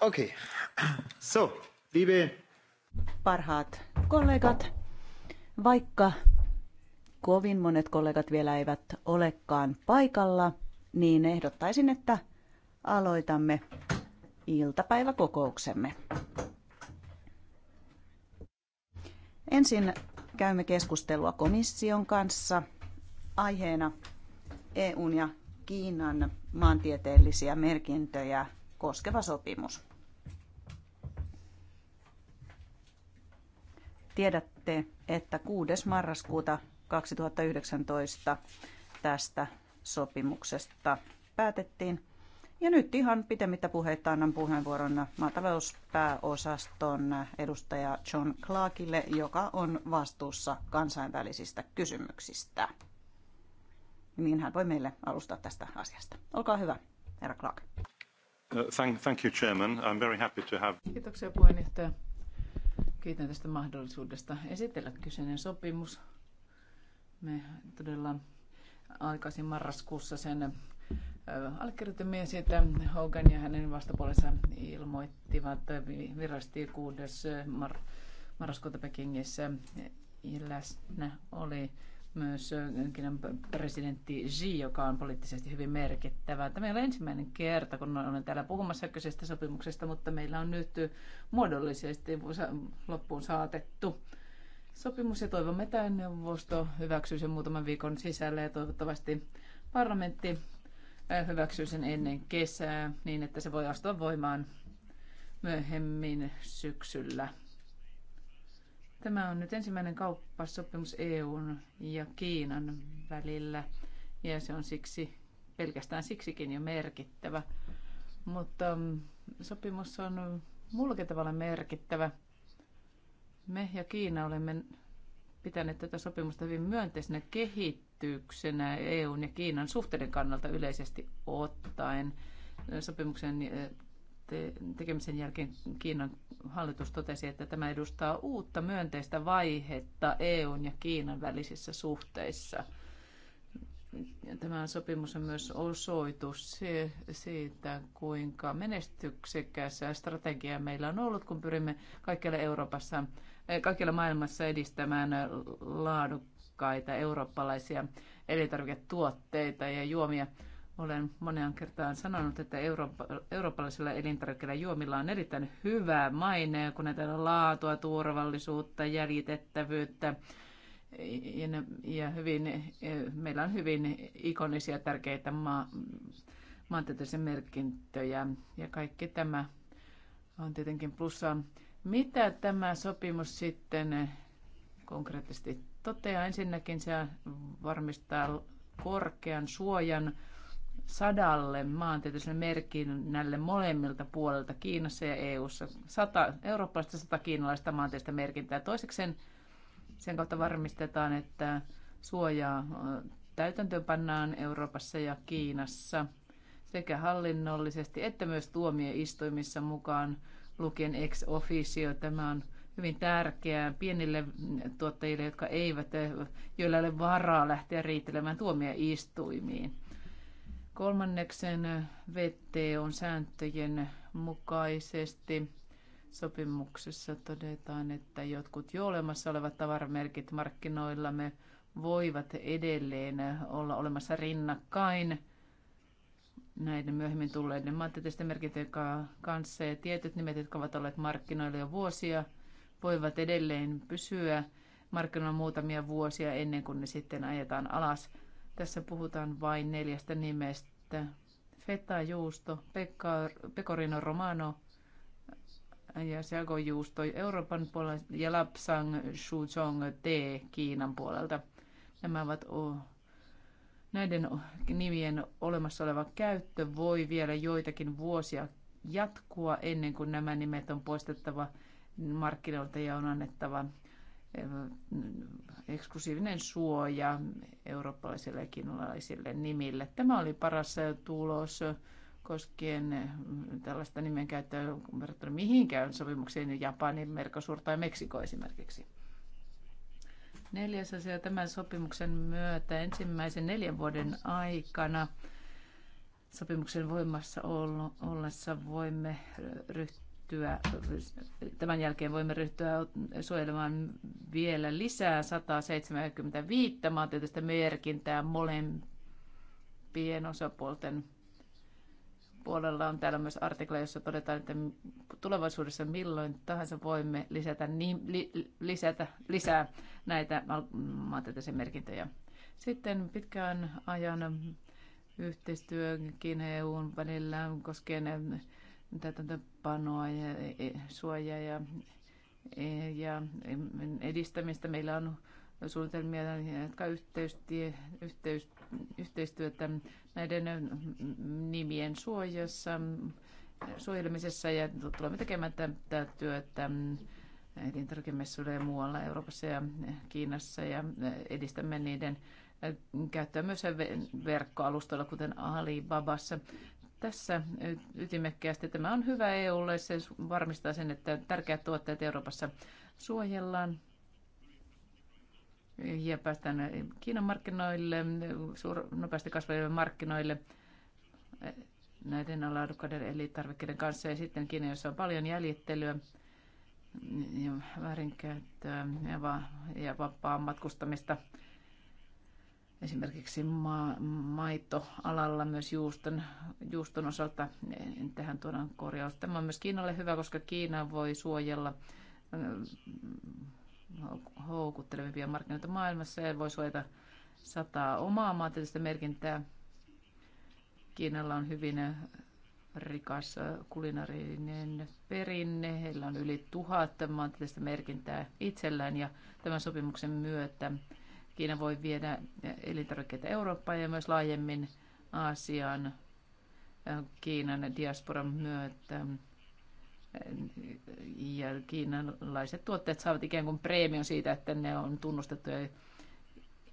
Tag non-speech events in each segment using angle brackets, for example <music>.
Okei. Okay. So, liebe... Parhaat kollegat, vaikka kovin monet kollegat vielä eivät olekaan paikalla, niin ehdottaisin, että aloitamme iltapäiväkokouksemme. Ensin käymme keskustelua komission kanssa aiheena EUn ja Kiinan maantieteellisiä merkintöjä koskeva sopimus. Tiedätte, että 6. marraskuuta 2019 tästä sopimuksesta päätettiin. Ja nyt ihan pitemmittä puheita annan puheenvuoron maatalouspääosaston edustaja John Clarkille, joka on vastuussa kansainvälisistä kysymyksistä. Niin hän voi meille alustaa tästä asiasta. Olkaa hyvä, herra Clark. Uh, thank, thank you, Chairman. I'm very happy to have... Kiitoksia puheenjohtaja. Kiitän tästä mahdollisuudesta esitellä kyseinen sopimus. Me todella aikaisin marraskuussa sen allekirjoitimme ja siitä Hogan ja hänen vastapuolensa ilmoittivat virallisesti 6. Mar- marraskuuta Pekingissä. Läsnä oli myös entinen presidentti Xi, joka on poliittisesti hyvin merkittävä. Tämä ei ole ensimmäinen kerta, kun olen täällä puhumassa kyseisestä sopimuksesta, mutta meillä on nyt muodollisesti loppuun saatettu sopimus ja toivomme, että neuvosto hyväksyy sen muutaman viikon sisällä ja toivottavasti parlamentti hyväksyy sen ennen kesää niin, että se voi astua voimaan myöhemmin syksyllä. Tämä on nyt ensimmäinen kauppasopimus EUn ja Kiinan välillä ja se on siksi pelkästään siksikin jo merkittävä. Mutta mm, sopimus on mullakin tavalla merkittävä. Me ja Kiina olemme pitäneet tätä sopimusta hyvin myönteisenä kehityksenä EUn ja Kiinan suhteiden kannalta yleisesti ottaen. Sopimuksen eh, te- tekemisen jälkeen Kiinan hallitus totesi, että tämä edustaa uutta myönteistä vaihetta EUn ja Kiinan välisissä suhteissa. Tämä sopimus on myös osoitus siitä, kuinka menestyksekäs strategia meillä on ollut, kun pyrimme kaikkialla Euroopassa, eh, kaikkialla maailmassa edistämään laadukkaita eurooppalaisia elintarviketuotteita ja juomia. Olen moneen kertaan sanonut, että eurooppa, eurooppalaisilla elintarvikkeilla juomilla on erittäin hyvä maine, kun näitä on laatua, turvallisuutta, jäljitettävyyttä ja, ne, ja hyvin, meillä on hyvin ikonisia tärkeitä maa, merkintöjä ja kaikki tämä on tietenkin plussaa. Mitä tämä sopimus sitten konkreettisesti toteaa? Ensinnäkin se varmistaa korkean suojan sadalle maantieteelliselle merkinnälle molemmilta puolelta Kiinassa ja EU:ssa. Sata, eurooppalaista sata kiinalaista maantieteellistä merkintää. Toiseksi sen kautta varmistetaan, että suojaa täytäntöön pannaan Euroopassa ja Kiinassa sekä hallinnollisesti että myös tuomioistuimissa mukaan lukien ex officio. Tämä on hyvin tärkeää pienille tuottajille, jotka eivät, joilla ei ole varaa lähteä riitelemään tuomioistuimiin. Kolmanneksen on sääntöjen mukaisesti sopimuksessa todetaan, että jotkut jo olemassa olevat tavaramerkit markkinoillamme voivat edelleen olla olemassa rinnakkain näiden myöhemmin tulleiden maantieteisten merkintöjen kanssa ja tietyt nimet, jotka ovat olleet markkinoilla jo vuosia, voivat edelleen pysyä markkinoilla muutamia vuosia ennen kuin ne sitten ajetaan alas – tässä puhutaan vain neljästä nimestä. Feta, juusto, Pekka, pecorino romano ja Siago juusto Euroopan puolelta ja Lapsang Shuzhong tee Kiinan puolelta. Nämä ovat näiden nimien olemassa oleva käyttö voi vielä joitakin vuosia jatkua ennen kuin nämä nimet on poistettava markkinoilta ja on annettava eksklusiivinen suoja eurooppalaisille ja kiinalaisille nimille. Tämä oli paras tulos koskien tällaista nimenkäyttöä verrattuna mihinkään sopimukseen Japanin, Mercosur tai Meksiko esimerkiksi. Neljäs asia tämän sopimuksen myötä ensimmäisen neljän vuoden aikana sopimuksen voimassa ollessa voimme ryhtyä ryhtyä, tämän jälkeen voimme ryhtyä suojelemaan vielä lisää 175 maantieteellistä merkintää molempien osapuolten puolella on täällä myös artikla, jossa todetaan, että tulevaisuudessa milloin tahansa voimme lisätä, niin, li, lisätä lisää näitä maantieteellisiä merkintöjä. Sitten pitkään ajan yhteistyökin EUn välillä koskien Tätä panoa ja e, suojaa ja, e, ja edistämistä. Meillä on suunnitelmia jatkaa yhteistyötä näiden nimien suojassa, suojelemisessa ja tulemme tekemään tätä työtä elintarvikemessuilla ja muualla Euroopassa ja Kiinassa ja edistämme niiden käyttöä myös verkkoalustoilla, kuten Alibabassa tässä ytimekkäästi. Tämä on hyvä EUlle. Se varmistaa sen, että tärkeät tuotteet Euroopassa suojellaan ja päästään Kiinan markkinoille, suur, nopeasti kasvaville markkinoille näiden alaadukkaiden elintarvikkeiden kanssa. Ja sitten Kiina, jossa on paljon jäljittelyä ja väärinkäyttöä ja, va- ja vapaa matkustamista esimerkiksi ma- maitoalalla myös juuston, juuston osalta tähän tuodaan korjaus. Tämä on myös Kiinalle hyvä, koska Kiina voi suojella äh, houkuttelevimpia markkinoita maailmassa ja voi suojata sataa omaa maantieteellistä merkintää. Kiinalla on hyvin rikas kulinaarinen perinne. Heillä on yli tuhat maantieteellistä merkintää itsellään ja tämän sopimuksen myötä Kiina voi viedä elintarvikkeita Eurooppaan ja myös laajemmin Aasiaan Kiinan diasporan myötä. Ja kiinalaiset tuotteet saavat ikään kuin preemion siitä, että ne on tunnustettu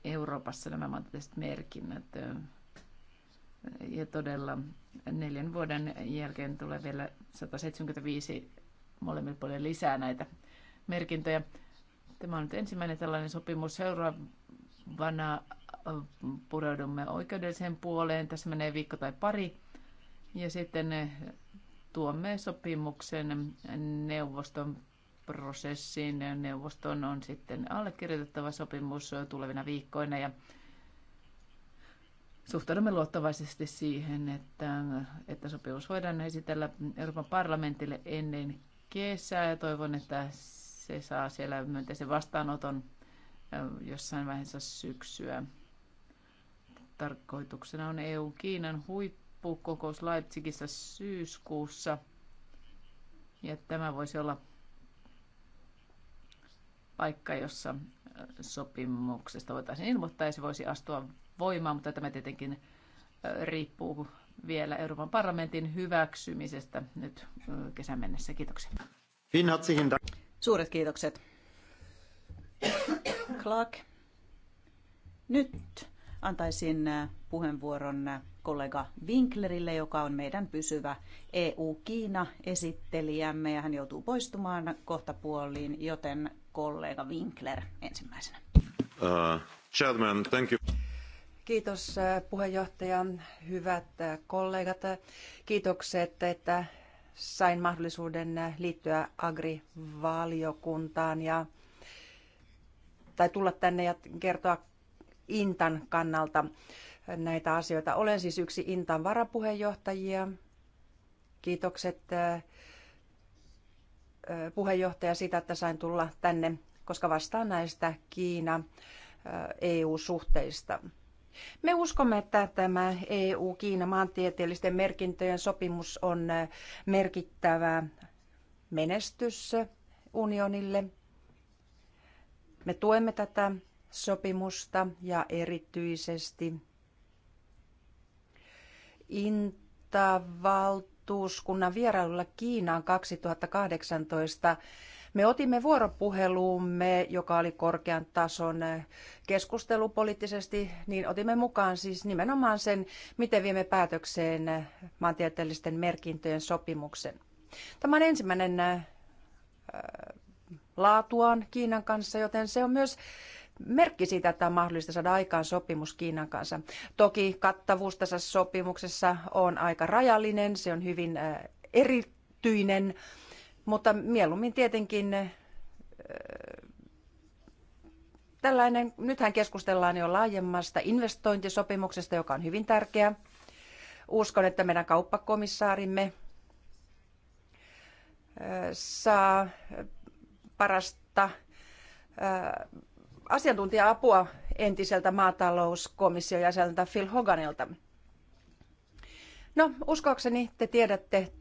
Euroopassa nämä maantieteelliset merkinnät. Ja todella neljän vuoden jälkeen tulee vielä 175 molemmille puolille lisää näitä merkintöjä. Tämä on nyt ensimmäinen tällainen sopimus. Seuraava vanha pureudumme oikeudelliseen puoleen. Tässä menee viikko tai pari. Ja sitten tuomme sopimuksen neuvoston prosessiin. Neuvoston on sitten allekirjoitettava sopimus tulevina viikkoina ja suhtaudumme luottavaisesti siihen, että, että sopimus voidaan esitellä Euroopan parlamentille ennen kesää ja toivon, että se saa siellä myönteisen vastaanoton jossain vaiheessa syksyä. Tarkoituksena on EU-Kiinan huippukokous Leipzigissä syyskuussa. Ja tämä voisi olla paikka, jossa sopimuksesta voitaisiin ilmoittaa ja se voisi astua voimaan, mutta tämä tietenkin riippuu vielä Euroopan parlamentin hyväksymisestä nyt kesän mennessä. Kiitoksia. Suuret kiitokset. Clark. Nyt antaisin äh, puheenvuoron äh, kollega Winklerille, joka on meidän pysyvä EU-Kiina-esittelijämme ja hän joutuu poistumaan kohta puoliin, joten kollega Winkler ensimmäisenä. Uh, chairman, thank you. Kiitos äh, puheenjohtaja, hyvät kollegat. Kiitokset, että sain mahdollisuuden liittyä agrivaliokuntaan ja tai tulla tänne ja kertoa Intan kannalta näitä asioita. Olen siis yksi Intan varapuheenjohtajia. Kiitokset puheenjohtaja siitä, että sain tulla tänne, koska vastaan näistä Kiina EU-suhteista. Me uskomme, että tämä EU-Kiina maantieteellisten merkintöjen sopimus on merkittävä menestys unionille – me tuemme tätä sopimusta ja erityisesti Intavaltuuskunnan vierailulla Kiinaan 2018 me otimme vuoropuheluumme, joka oli korkean tason keskustelu poliittisesti, niin otimme mukaan siis nimenomaan sen, miten viemme päätökseen maantieteellisten merkintöjen sopimuksen. Tämä on ensimmäinen äh, laatuaan Kiinan kanssa, joten se on myös merkki siitä, että on mahdollista saada aikaan sopimus Kiinan kanssa. Toki kattavuus tässä sopimuksessa on aika rajallinen, se on hyvin äh, erityinen, mutta mieluummin tietenkin äh, tällainen, nythän keskustellaan jo laajemmasta investointisopimuksesta, joka on hyvin tärkeä. Uskon, että meidän kauppakomissaarimme äh, saa parasta asiantuntija-apua entiseltä maatalouskomission jäseneltä Phil Hoganilta. No, uskoakseni te tiedätte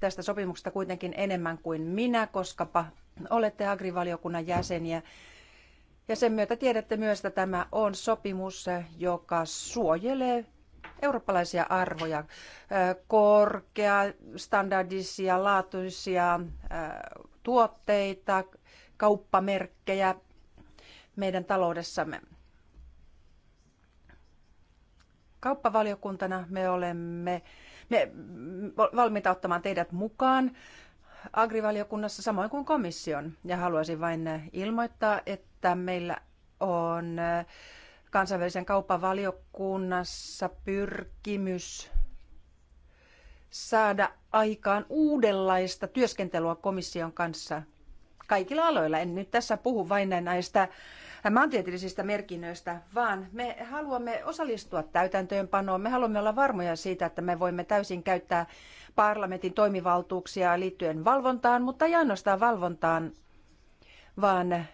tästä sopimuksesta kuitenkin enemmän kuin minä, koskapa olette agrivaliokunnan jäseniä. Ja sen myötä tiedätte myös, että tämä on sopimus, joka suojelee eurooppalaisia arvoja, korkea, standardisia, laatuisia tuotteita, kauppamerkkejä meidän taloudessamme. Kauppavaliokuntana me olemme me valmiita ottamaan teidät mukaan agrivaliokunnassa samoin kuin komission. Ja haluaisin vain ilmoittaa, että meillä on kansainvälisen kauppavaliokunnassa pyrkimys saada aikaan uudenlaista työskentelyä komission kanssa kaikilla aloilla. En nyt tässä puhu vain näistä maantieteellisistä merkinnöistä, vaan me haluamme osallistua täytäntöönpanoon. Me haluamme olla varmoja siitä, että me voimme täysin käyttää parlamentin toimivaltuuksia liittyen valvontaan, mutta ei ainoastaan valvontaan, vaan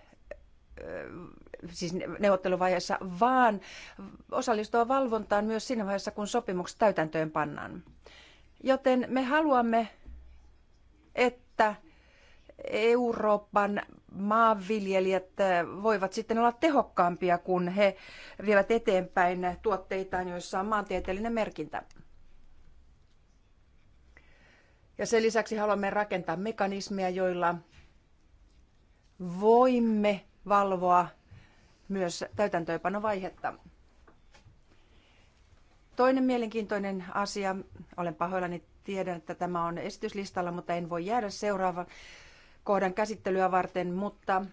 siis neuvotteluvaiheessa, vaan osallistua valvontaan myös siinä vaiheessa, kun sopimukset täytäntöön pannaan. Joten me haluamme, että Euroopan maanviljelijät eh, voivat sitten olla tehokkaampia, kun he vievät eteenpäin tuotteitaan, joissa on maantieteellinen merkintä. Ja sen lisäksi haluamme rakentaa mekanismia, joilla voimme valvoa myös täytäntöönpanovaihetta. Toinen mielenkiintoinen asia, olen pahoillani tiedän, että tämä on esityslistalla, mutta en voi jäädä seuraava kohdan käsittelyä varten, mutta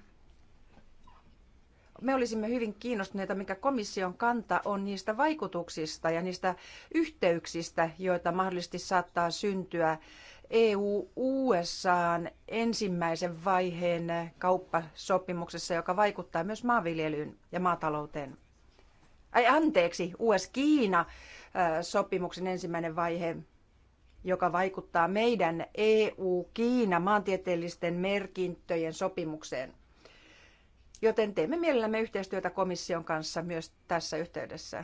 me olisimme hyvin kiinnostuneita, mikä komission kanta on niistä vaikutuksista ja niistä yhteyksistä, joita mahdollisesti saattaa syntyä eu n ensimmäisen vaiheen kauppasopimuksessa, joka vaikuttaa myös maanviljelyyn ja maatalouteen. Ai anteeksi, US-Kiina sopimuksen ensimmäinen vaihe, joka vaikuttaa meidän EU-Kiina maantieteellisten merkintöjen sopimukseen. Joten teemme mielellämme yhteistyötä komission kanssa myös tässä yhteydessä.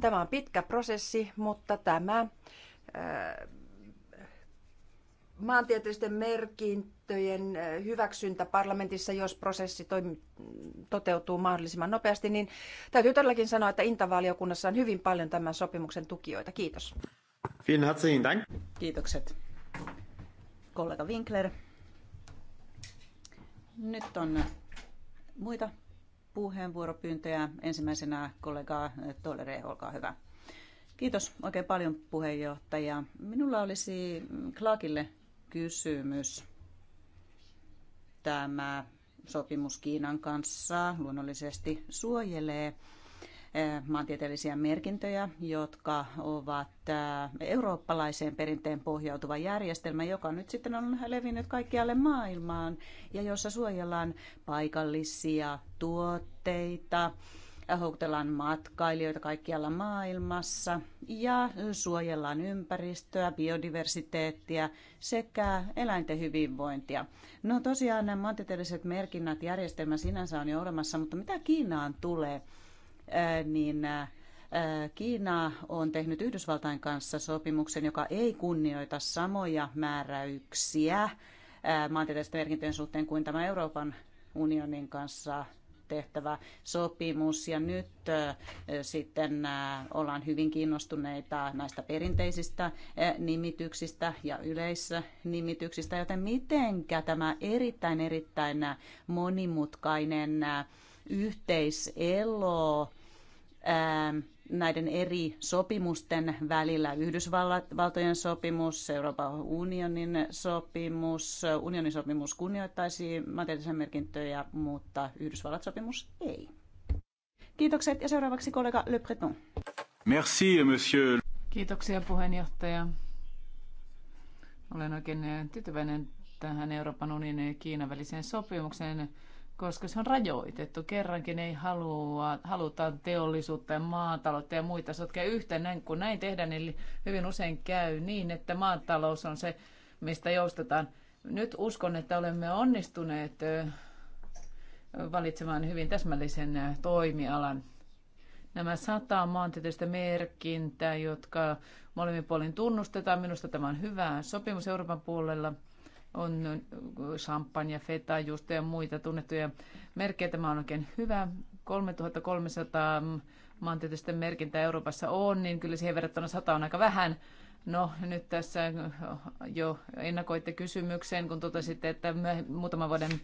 Tämä on pitkä prosessi, mutta tämä äh, maantieteellisten merkintöjen hyväksyntä parlamentissa, jos prosessi toimi, toteutuu mahdollisimman nopeasti, niin täytyy todellakin sanoa, että Intavaliokunnassa on hyvin paljon tämän sopimuksen tukijoita. Kiitos. Kiitokset. Kollega Winkler. Nyt on muita puheenvuoropyyntöjä. Ensimmäisenä kollega Tolere, olkaa hyvä. Kiitos oikein paljon puheenjohtaja. Minulla olisi Klaakille kysymys. Tämä sopimus Kiinan kanssa luonnollisesti suojelee eh, maantieteellisiä merkintöjä, jotka ovat eh, eurooppalaiseen perinteen pohjautuva järjestelmä, joka nyt sitten on levinnyt kaikkialle maailmaan ja jossa suojellaan paikallisia tuotteita, houkutellaan matkailijoita kaikkialla maailmassa ja suojellaan ympäristöä, biodiversiteettiä sekä eläinten hyvinvointia. No tosiaan nämä maantieteelliset merkinnät, järjestelmä sinänsä on jo olemassa, mutta mitä Kiinaan tulee, eh, niin eh, Kiina on tehnyt Yhdysvaltain kanssa sopimuksen, joka ei kunnioita samoja määräyksiä eh, maantieteellisten merkintöjen suhteen kuin tämä Euroopan unionin kanssa tehtävä sopimus. Ja nyt sitten ollaan hyvin kiinnostuneita näistä perinteisistä nimityksistä ja yleisnimityksistä, joten mitenkä tämä erittäin erittäin monimutkainen yhteiselo näiden eri sopimusten välillä. Yhdysvaltojen sopimus, Euroopan unionin sopimus, unionin sopimus kunnioittaisi materiaalisia merkintöjä, mutta Yhdysvallat sopimus ei. Kiitokset ja seuraavaksi kollega Le Breton. Merci, monsieur. Kiitoksia puheenjohtaja. Olen oikein tyytyväinen tähän Euroopan unionin ja Kiinan väliseen sopimukseen koska se on rajoitettu. Kerrankin ei halua, haluta teollisuutta ja maataloutta ja muita sotkea yhteen. Näin, kun näin tehdään, niin hyvin usein käy niin, että maatalous on se, mistä joustetaan. Nyt uskon, että olemme onnistuneet valitsemaan hyvin täsmällisen toimialan. Nämä sata maantieteellistä merkintää, jotka molemmin puolin tunnustetaan, minusta tämä on hyvä sopimus Euroopan puolella – on äh, champagne, feta, juusto ja muita tunnettuja merkkejä. Tämä on oikein hyvä. 3300 maantieteellistä merkintää Euroopassa on, niin kyllä siihen verrattuna 100 on aika vähän. No nyt tässä äh, jo ennakoitte kysymykseen, kun totesitte, että muutaman vuoden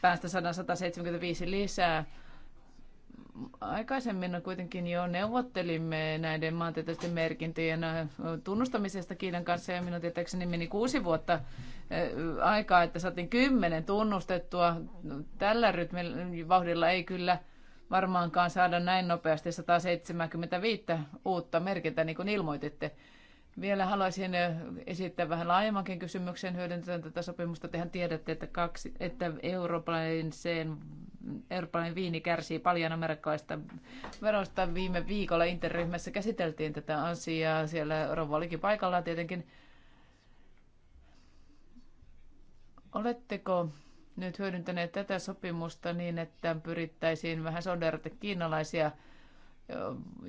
päästä saadaan 175 lisää Aikaisemmin kuitenkin jo neuvottelimme näiden maantieteellisten merkintöjen äh, tunnustamisesta Kiinan kanssa ja minun tietääkseni meni kuusi vuotta äh, aikaa, että saatiin kymmenen tunnustettua. Tällä vauhdilla ei kyllä varmaankaan saada näin nopeasti 175 uutta merkintä, niin kuin ilmoititte. Vielä haluaisin eh, esittää vähän laajemmankin kysymyksen hyödyntäen tätä sopimusta. Tehän tiedätte, että, kaksi, että eurooppalainen, eurooppalainen viini kärsii paljon amerikkalaista verosta. Viime viikolla interryhmässä käsiteltiin tätä asiaa. Siellä Rova olikin paikalla tietenkin. Oletteko nyt hyödyntäneet tätä sopimusta niin, että pyrittäisiin vähän soderata kiinalaisia –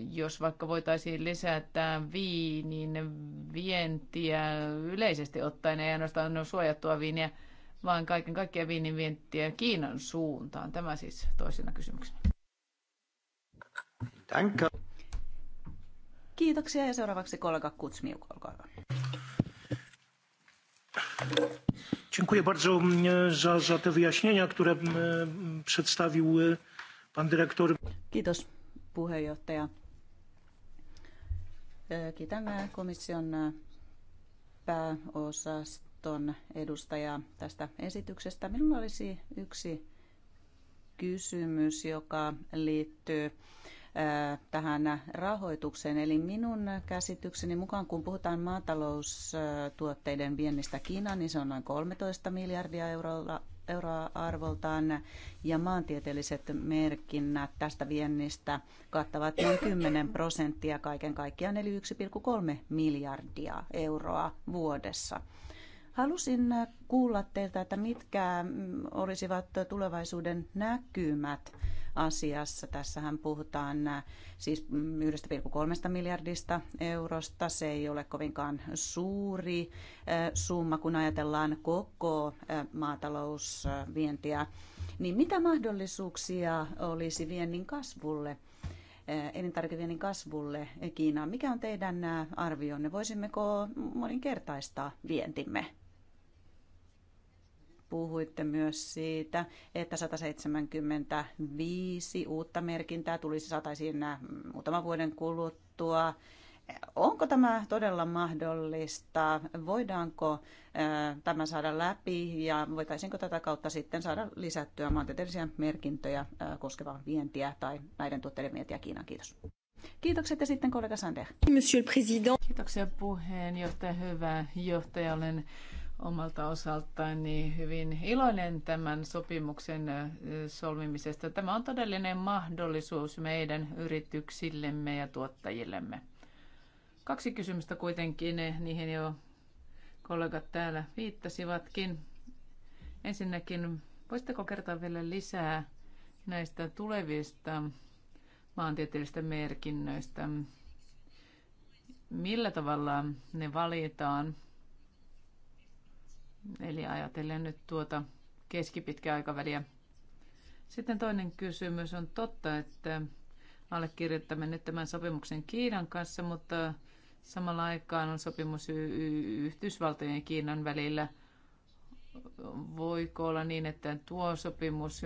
jos vaikka voitaisiin lisätä viinin vientiä yleisesti ottaen, ei ainoastaan suojattua viiniä, vaan kaiken kaikkiaan viinin vientiä Kiinan suuntaan. Tämä siis toisena kysymyksenä. Danke. Kiitoksia ja seuraavaksi kollega Kutsmiuk, olkaa hyvä. Dziękuję bardzo mm, za, za te wyjaśnienia, które mm, przedstawił pan dyrektor. Kiitos puheenjohtaja. Kiitän komission pääosaston edustajaa tästä esityksestä. Minulla olisi yksi kysymys, joka liittyy tähän rahoitukseen. Eli minun käsitykseni mukaan, kun puhutaan maataloustuotteiden viennistä Kiinaan, niin se on noin 13 miljardia euroa, euroa arvoltaan ja maantieteelliset merkinnät tästä viennistä kattavat noin 10 prosenttia kaiken kaikkiaan eli 1,3 miljardia euroa vuodessa. Halusin kuulla teiltä, että mitkä olisivat tulevaisuuden näkymät asiassa. Tässähän puhutaan äh, siis 1,3 mm, miljardista eurosta. Se ei ole kovinkaan suuri äh, summa, kun ajatellaan koko äh, maatalousvientiä. Niin mitä mahdollisuuksia olisi viennin kasvulle? elintarvikeviennin kasvulle Kiinaan. Mikä on teidän arvionne? Voisimmeko moninkertaistaa vientimme? puhuitte myös siitä, että 175 uutta merkintää tulisi saataisiin äh, muutaman vuoden kuluttua. Onko tämä todella mahdollista? Voidaanko äh, tämä saada läpi ja voitaisiinko tätä kautta sitten saada lisättyä maantieteellisiä merkintöjä äh, koskevaa vientiä tai näiden tuotteiden vientiä Kiinaan? Kiitos. Kiitokset ja sitten kollega Sander. Monsieur le Président. Kiitoksia puheenjohtaja, hyvä johtaja. Olen omalta osaltaan niin hyvin iloinen tämän sopimuksen solmimisesta. Tämä on todellinen mahdollisuus meidän yrityksillemme ja tuottajillemme. Kaksi kysymystä kuitenkin, eh, niihin jo kollegat täällä viittasivatkin. Ensinnäkin, voisitteko kertoa vielä lisää näistä tulevista maantieteellisistä merkinnöistä? Millä tavalla ne valitaan? Eli ajatellen nyt tuota keskipitkää aikaväliä. Sitten toinen kysymys on totta, että allekirjoittamme nyt tämän sopimuksen Kiinan kanssa, mutta samalla aikaan on sopimus Yhdysvaltojen ja Kiinan välillä. Voiko olla niin, että tuo sopimus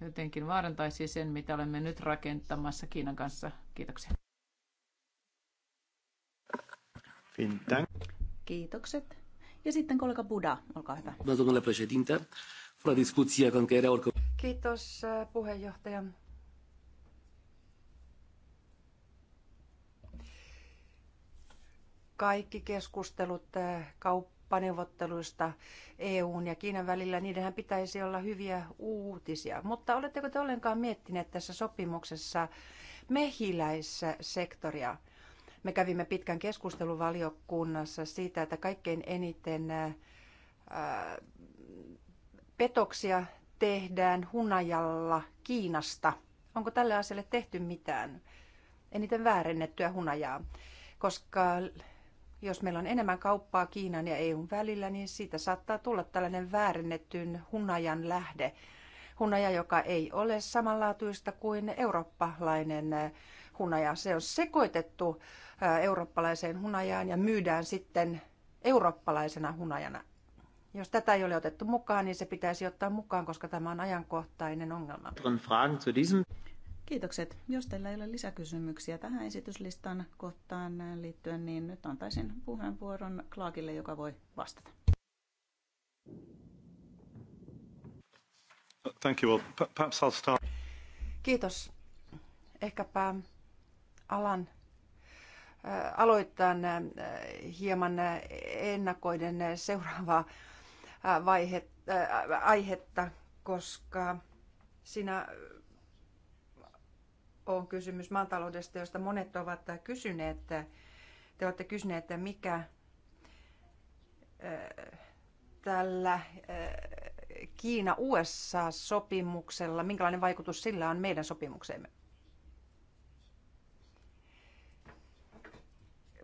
jotenkin vaarantaisi sen, mitä olemme nyt rakentamassa Kiinan kanssa? Kiitoksia. Kiitokset. Ja sitten kollega Buda, olkaa hyvä. Kiitos puheenjohtaja. Kaikki keskustelut kauppaneuvotteluista EUn ja Kiinan välillä, niidenhän pitäisi olla hyviä uutisia. Mutta oletteko te ollenkaan miettineet tässä sopimuksessa mehiläissektoria? sektoria? Me kävimme pitkän keskustelun valiokunnassa siitä, että kaikkein eniten petoksia tehdään hunajalla Kiinasta. Onko tälle asialle tehty mitään? Eniten väärennettyä hunajaa, koska jos meillä on enemmän kauppaa Kiinan ja EUn välillä, niin siitä saattaa tulla tällainen väärennetyn hunajan lähde. Hunaja, joka ei ole samanlaatuista kuin eurooppalainen hunajaa. Se on sekoitettu eurooppalaiseen hunajaan ja myydään sitten eurooppalaisena hunajana. Jos tätä ei ole otettu mukaan, niin se pitäisi ottaa mukaan, koska tämä on ajankohtainen ongelma. Kiitokset. Jos teillä ei ole lisäkysymyksiä tähän esityslistan kohtaan liittyen, niin nyt antaisin puheenvuoron Klaakille, joka voi vastata. Thank you Well, Perhaps I'll start. Kiitos. Ehkäpä alan äh, aloittaa äh, hieman äh, ennakoiden seuraavaa vaihe, aihetta, koska siinä on kysymys maataloudesta, josta monet ovat kysyneet. Te olette kysyneet, että mikä tällä Kiina-USA-sopimuksella, minkälainen vaikutus sillä on meidän sopimukseemme?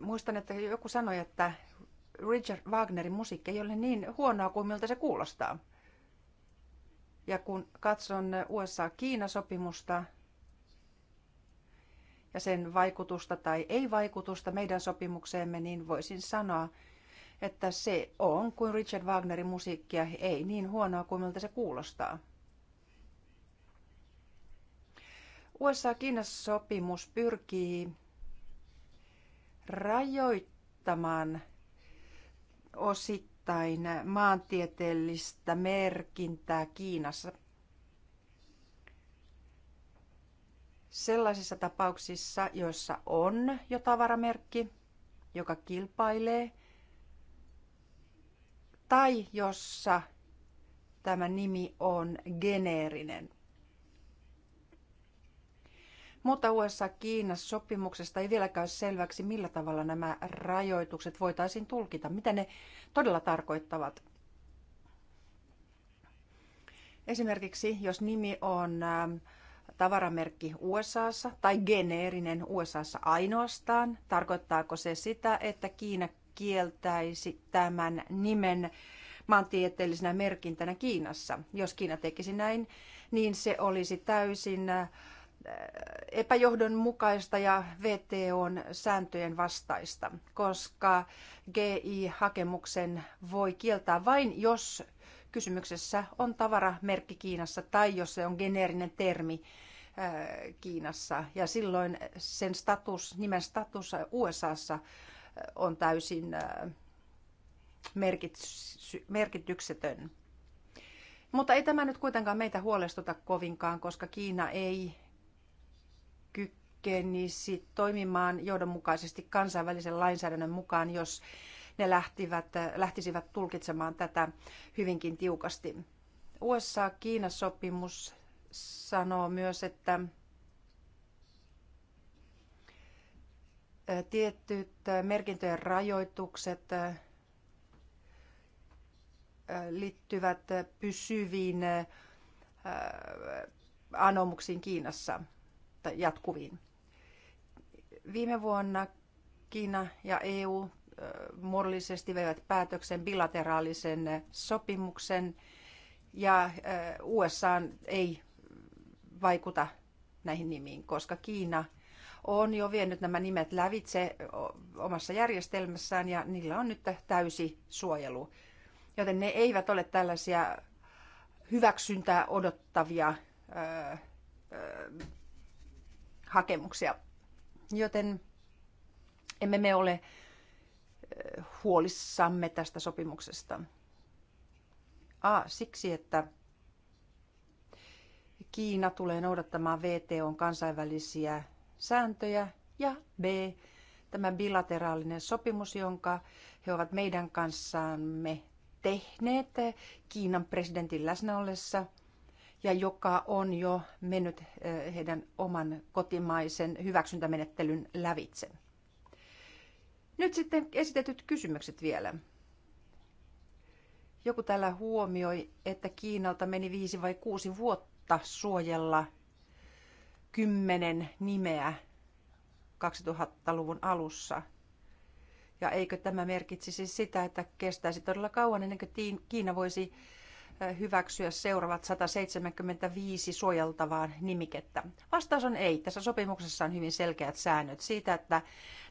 muistan, että joku sanoi, että Richard Wagnerin musiikki ei ole niin huonoa kuin miltä se kuulostaa. Ja kun katson USA-Kiina-sopimusta ja sen vaikutusta tai ei-vaikutusta meidän sopimukseemme, niin voisin sanoa, että se on kuin Richard Wagnerin musiikkia, ei niin huonoa kuin miltä se kuulostaa. USA-Kiina-sopimus pyrkii rajoittamaan osittain maantieteellistä merkintää Kiinassa. Sellaisissa tapauksissa, joissa on jo tavaramerkki, joka kilpailee, tai jossa tämä nimi on geneerinen. Mutta USA-Kiinassa sopimuksesta ei vielä käy selväksi, millä tavalla nämä rajoitukset voitaisiin tulkita, mitä ne todella tarkoittavat. Esimerkiksi jos nimi on ähm, tavaramerkki USAssa tai geneerinen USAssa ainoastaan, tarkoittaako se sitä, että Kiina kieltäisi tämän nimen maantieteellisenä merkintänä Kiinassa? Jos Kiina tekisi näin, niin se olisi täysin äh, epäjohdonmukaista ja VTOn sääntöjen vastaista, koska GI-hakemuksen voi kieltää vain, jos kysymyksessä on tavaramerkki Kiinassa tai jos se on geneerinen termi Kiinassa. Ja silloin sen status, nimen status USAssa on täysin merkityksetön. Mutta ei tämä nyt kuitenkaan meitä huolestuta kovinkaan, koska Kiina ei kykenisi toimimaan johdonmukaisesti kansainvälisen lainsäädännön mukaan, jos ne lähtivät, lähtisivät tulkitsemaan tätä hyvinkin tiukasti. USA-Kiina-sopimus sanoo myös, että tietyt merkintöjen rajoitukset liittyvät pysyviin anomuksiin Kiinassa tai jatkuviin. Viime vuonna Kiina ja EU muodollisesti veivät päätöksen bilateraalisen sopimuksen ja USA ei vaikuta näihin nimiin, koska Kiina on jo vienyt nämä nimet lävitse omassa järjestelmässään ja niillä on nyt täysi suojelu. Joten ne eivät ole tällaisia hyväksyntää odottavia hakemuksia. Joten emme me ole huolissamme tästä sopimuksesta. A, siksi, että Kiina tulee noudattamaan VTOn kansainvälisiä sääntöjä ja B, tämä bilateraalinen sopimus, jonka he ovat meidän kanssamme tehneet Kiinan presidentin läsnä ollessa – ja joka on jo mennyt eh, heidän oman kotimaisen hyväksyntämenettelyn lävitse. Nyt sitten esitetyt kysymykset vielä. Joku täällä huomioi, että Kiinalta meni viisi vai kuusi vuotta suojella kymmenen nimeä 2000-luvun alussa. Ja eikö tämä merkitsisi sitä, että kestäisi todella kauan ennen kuin Kiina voisi hyväksyä seuraavat 175 suojeltavaa nimikettä? Vastaus on ei. Tässä sopimuksessa on hyvin selkeät säännöt siitä, että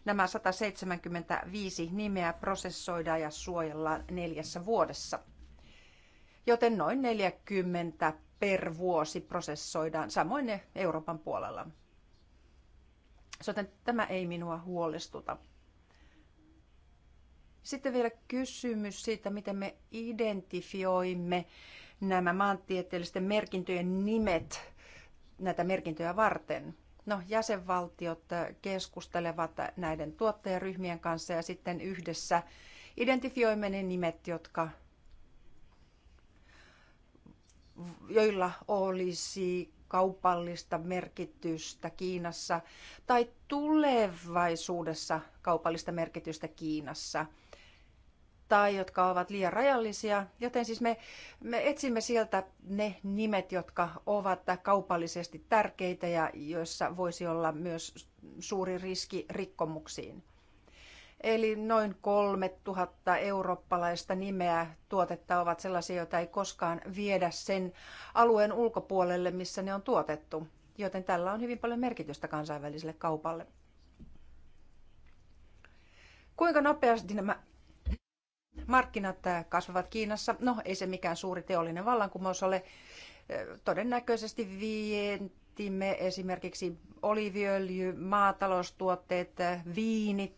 nämä 175 nimeä prosessoidaan ja suojellaan neljässä vuodessa. Joten noin 40 per vuosi prosessoidaan, samoin ne Euroopan puolella. Joten tämä ei minua huolestuta. Sitten vielä kysymys siitä, miten me identifioimme nämä maantieteellisten merkintöjen nimet näitä merkintöjä varten. No, jäsenvaltiot keskustelevat näiden tuottajaryhmien kanssa ja sitten yhdessä identifioimme ne nimet, jotka, joilla olisi kaupallista merkitystä Kiinassa tai tulevaisuudessa kaupallista merkitystä Kiinassa – tai jotka ovat liian rajallisia. Joten siis me, me etsimme sieltä ne nimet, jotka ovat kaupallisesti tärkeitä ja joissa voisi olla myös suuri riski rikkomuksiin. Eli noin 3000 eurooppalaista nimeä tuotetta ovat sellaisia, joita ei koskaan viedä sen alueen ulkopuolelle, missä ne on tuotettu. Joten tällä on hyvin paljon merkitystä kansainväliselle kaupalle. Kuinka nopeasti nämä Markkinat äh, kasvavat Kiinassa. No, ei se mikään suuri teollinen vallankumous ole. Äh, todennäköisesti vientimme esimerkiksi oliiviöljy, maataloustuotteet, äh, viinit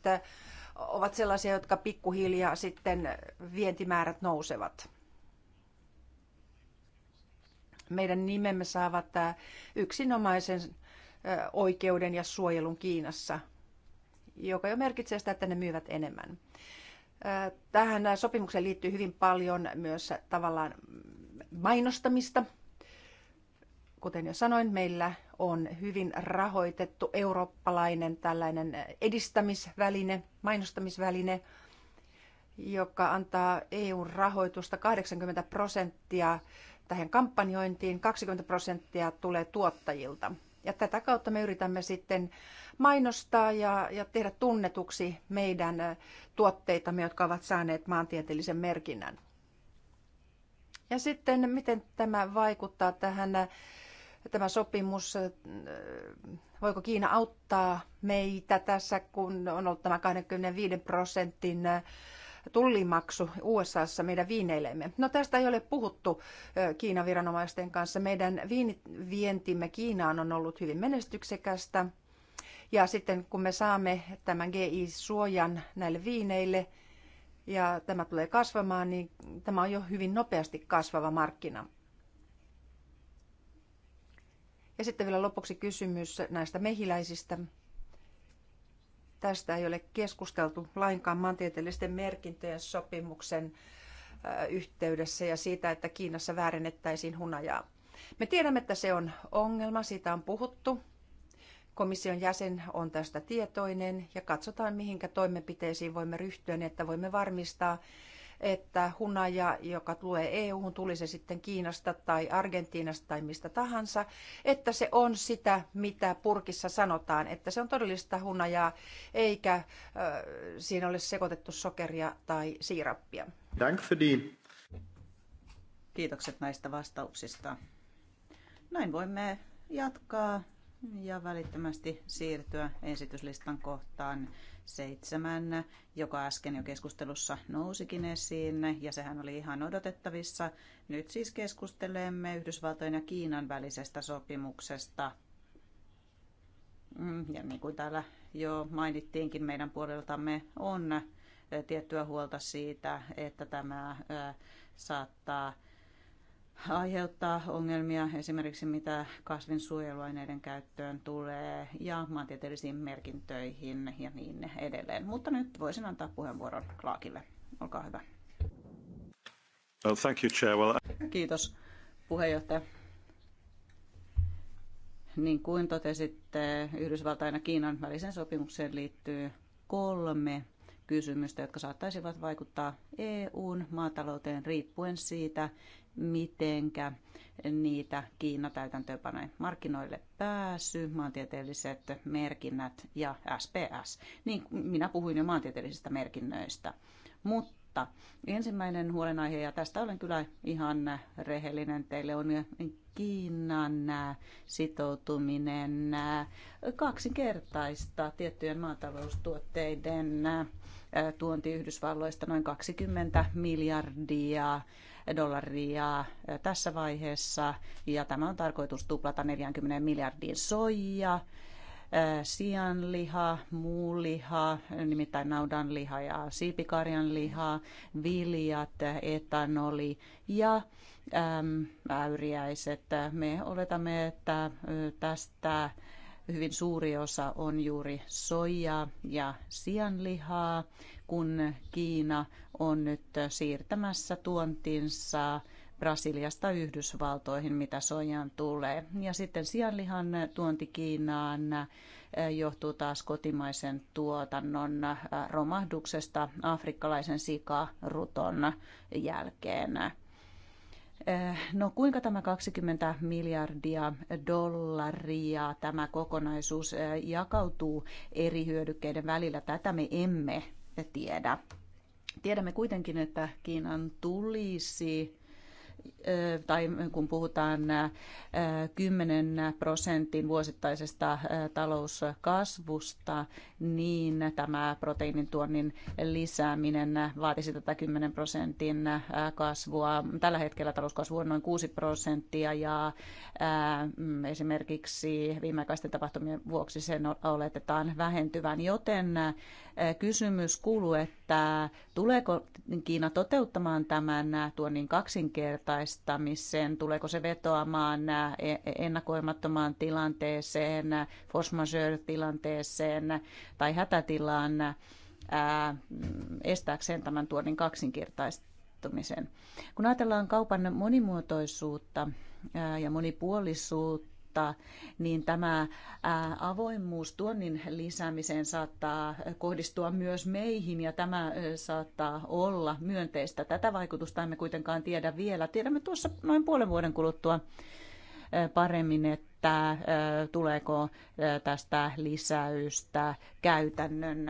ovat sellaisia, jotka pikkuhiljaa sitten vientimäärät nousevat meidän nimemme saavat yksinomaisen oikeuden ja suojelun Kiinassa, joka jo merkitsee sitä, että ne myyvät enemmän. Tähän sopimukseen liittyy hyvin paljon myös tavallaan mainostamista. Kuten jo sanoin, meillä on hyvin rahoitettu eurooppalainen tällainen edistämisväline, mainostamisväline, joka antaa EU-rahoitusta 80 prosenttia tähän kampanjointiin, 20 prosenttia tulee tuottajilta. Ja tätä kautta me yritämme sitten mainostaa ja, ja tehdä tunnetuksi meidän tuotteitamme, jotka ovat saaneet maantieteellisen merkinnän. Ja sitten miten tämä vaikuttaa tähän, tämä sopimus, voiko Kiina auttaa meitä tässä, kun on ollut tämä 25 prosentin tullimaksu USAssa meidän viineillemme. No tästä ei ole puhuttu Kiinan viranomaisten kanssa. Meidän vientimme Kiinaan on ollut hyvin menestyksekästä. Ja sitten kun me saamme tämän GI-suojan näille viineille ja tämä tulee kasvamaan, niin tämä on jo hyvin nopeasti kasvava markkina. Ja sitten vielä lopuksi kysymys näistä mehiläisistä. Tästä ei ole keskusteltu lainkaan maantieteellisten merkintöjen sopimuksen yhteydessä ja siitä, että Kiinassa väärennettäisiin hunajaa. Me tiedämme, että se on ongelma, siitä on puhuttu. Komission jäsen on tästä tietoinen ja katsotaan, mihinkä toimenpiteisiin voimme ryhtyä, niin että voimme varmistaa, että hunaja, joka tulee EU-hun, tuli se sitten Kiinasta tai Argentiinasta tai mistä tahansa, että se on sitä, mitä purkissa sanotaan, että se on todellista hunajaa, eikä äh, siinä ole sekoitettu sokeria tai siirappia. Kiitokset näistä vastauksista. Näin voimme jatkaa ja välittömästi siirtyä esityslistan kohtaan seitsemän, joka äsken jo keskustelussa nousikin esiin, ja sehän oli ihan odotettavissa. Nyt siis keskustelemme Yhdysvaltojen ja Kiinan välisestä sopimuksesta. Mm, ja niin kuin täällä jo mainittiinkin, meidän puoleltamme on tiettyä huolta siitä, että tämä saattaa aiheuttaa ongelmia esimerkiksi mitä kasvinsuojeluaineiden käyttöön tulee ja maantieteellisiin merkintöihin ja niin edelleen. Mutta nyt voisin antaa puheenvuoron Klaakille. Olkaa hyvä. Well, thank you, Chair. Well, I... Kiitos puheenjohtaja. Niin kuin totesitte, Yhdysvaltain ja Kiinan välisen sopimukseen liittyy kolme kysymystä, jotka saattaisivat vaikuttaa EUn maatalouteen riippuen siitä, mitenkä niitä Kiina täytäntöönpanoi markkinoille pääsy, maantieteelliset merkinnät ja SPS. Niin minä puhuin jo maantieteellisistä merkinnöistä. Mutta ensimmäinen huolenaihe, ja tästä olen kyllä ihan rehellinen teille, on Kiinan sitoutuminen kaksinkertaista tiettyjen maataloustuotteiden tuonti Yhdysvalloista noin 20 miljardia dollaria tässä vaiheessa ja tämä on tarkoitus tuplata 40 miljardin soija, sianliha, muuliha, nimittäin naudanliha ja siipikarjanliha, viljat, etanoli ja äyriäiset. Me oletamme, että tästä hyvin suuri osa on juuri soijaa ja sianlihaa, kun Kiina on nyt siirtämässä tuontinsa Brasiliasta Yhdysvaltoihin, mitä soijaan tulee. Ja sitten sianlihan tuonti Kiinaan eh, johtuu taas kotimaisen tuotannon eh, romahduksesta afrikkalaisen sikaruton jälkeen. Eh, no kuinka tämä 20 miljardia dollaria, tämä kokonaisuus eh, jakautuu eri hyödykkeiden välillä, tätä me emme tiedä. Tiedämme kuitenkin, että Kiinan tulisi tai kun puhutaan 10 prosentin vuosittaisesta talouskasvusta, niin tämä proteiinituonnin lisääminen vaatisi tätä 10 prosentin kasvua. Tällä hetkellä talouskasvu on noin 6 prosenttia ja mm, esimerkiksi viimeaikaisten tapahtumien vuoksi sen oletetaan vähentyvän, joten kysymys kuuluu, että tuleeko Kiina toteuttamaan tämän tuonnin kaksinkertaisen yksinkertaistamiseen? Tuleeko se vetoamaan e, ennakoimattomaan tilanteeseen, force majeure-tilanteeseen tai hätätilaan estääkseen tämän tuonnin kaksinkertaistumisen? Kun ajatellaan kaupan monimuotoisuutta ja monipuolisuutta, valvontaa, niin tämä avoimuus tuonnin lisäämiseen saattaa kohdistua myös meihin ja tämä saattaa olla myönteistä. Tätä vaikutusta emme kuitenkaan tiedä vielä. Tiedämme tuossa noin puolen vuoden kuluttua paremmin, että tuleeko tästä lisäystä käytännön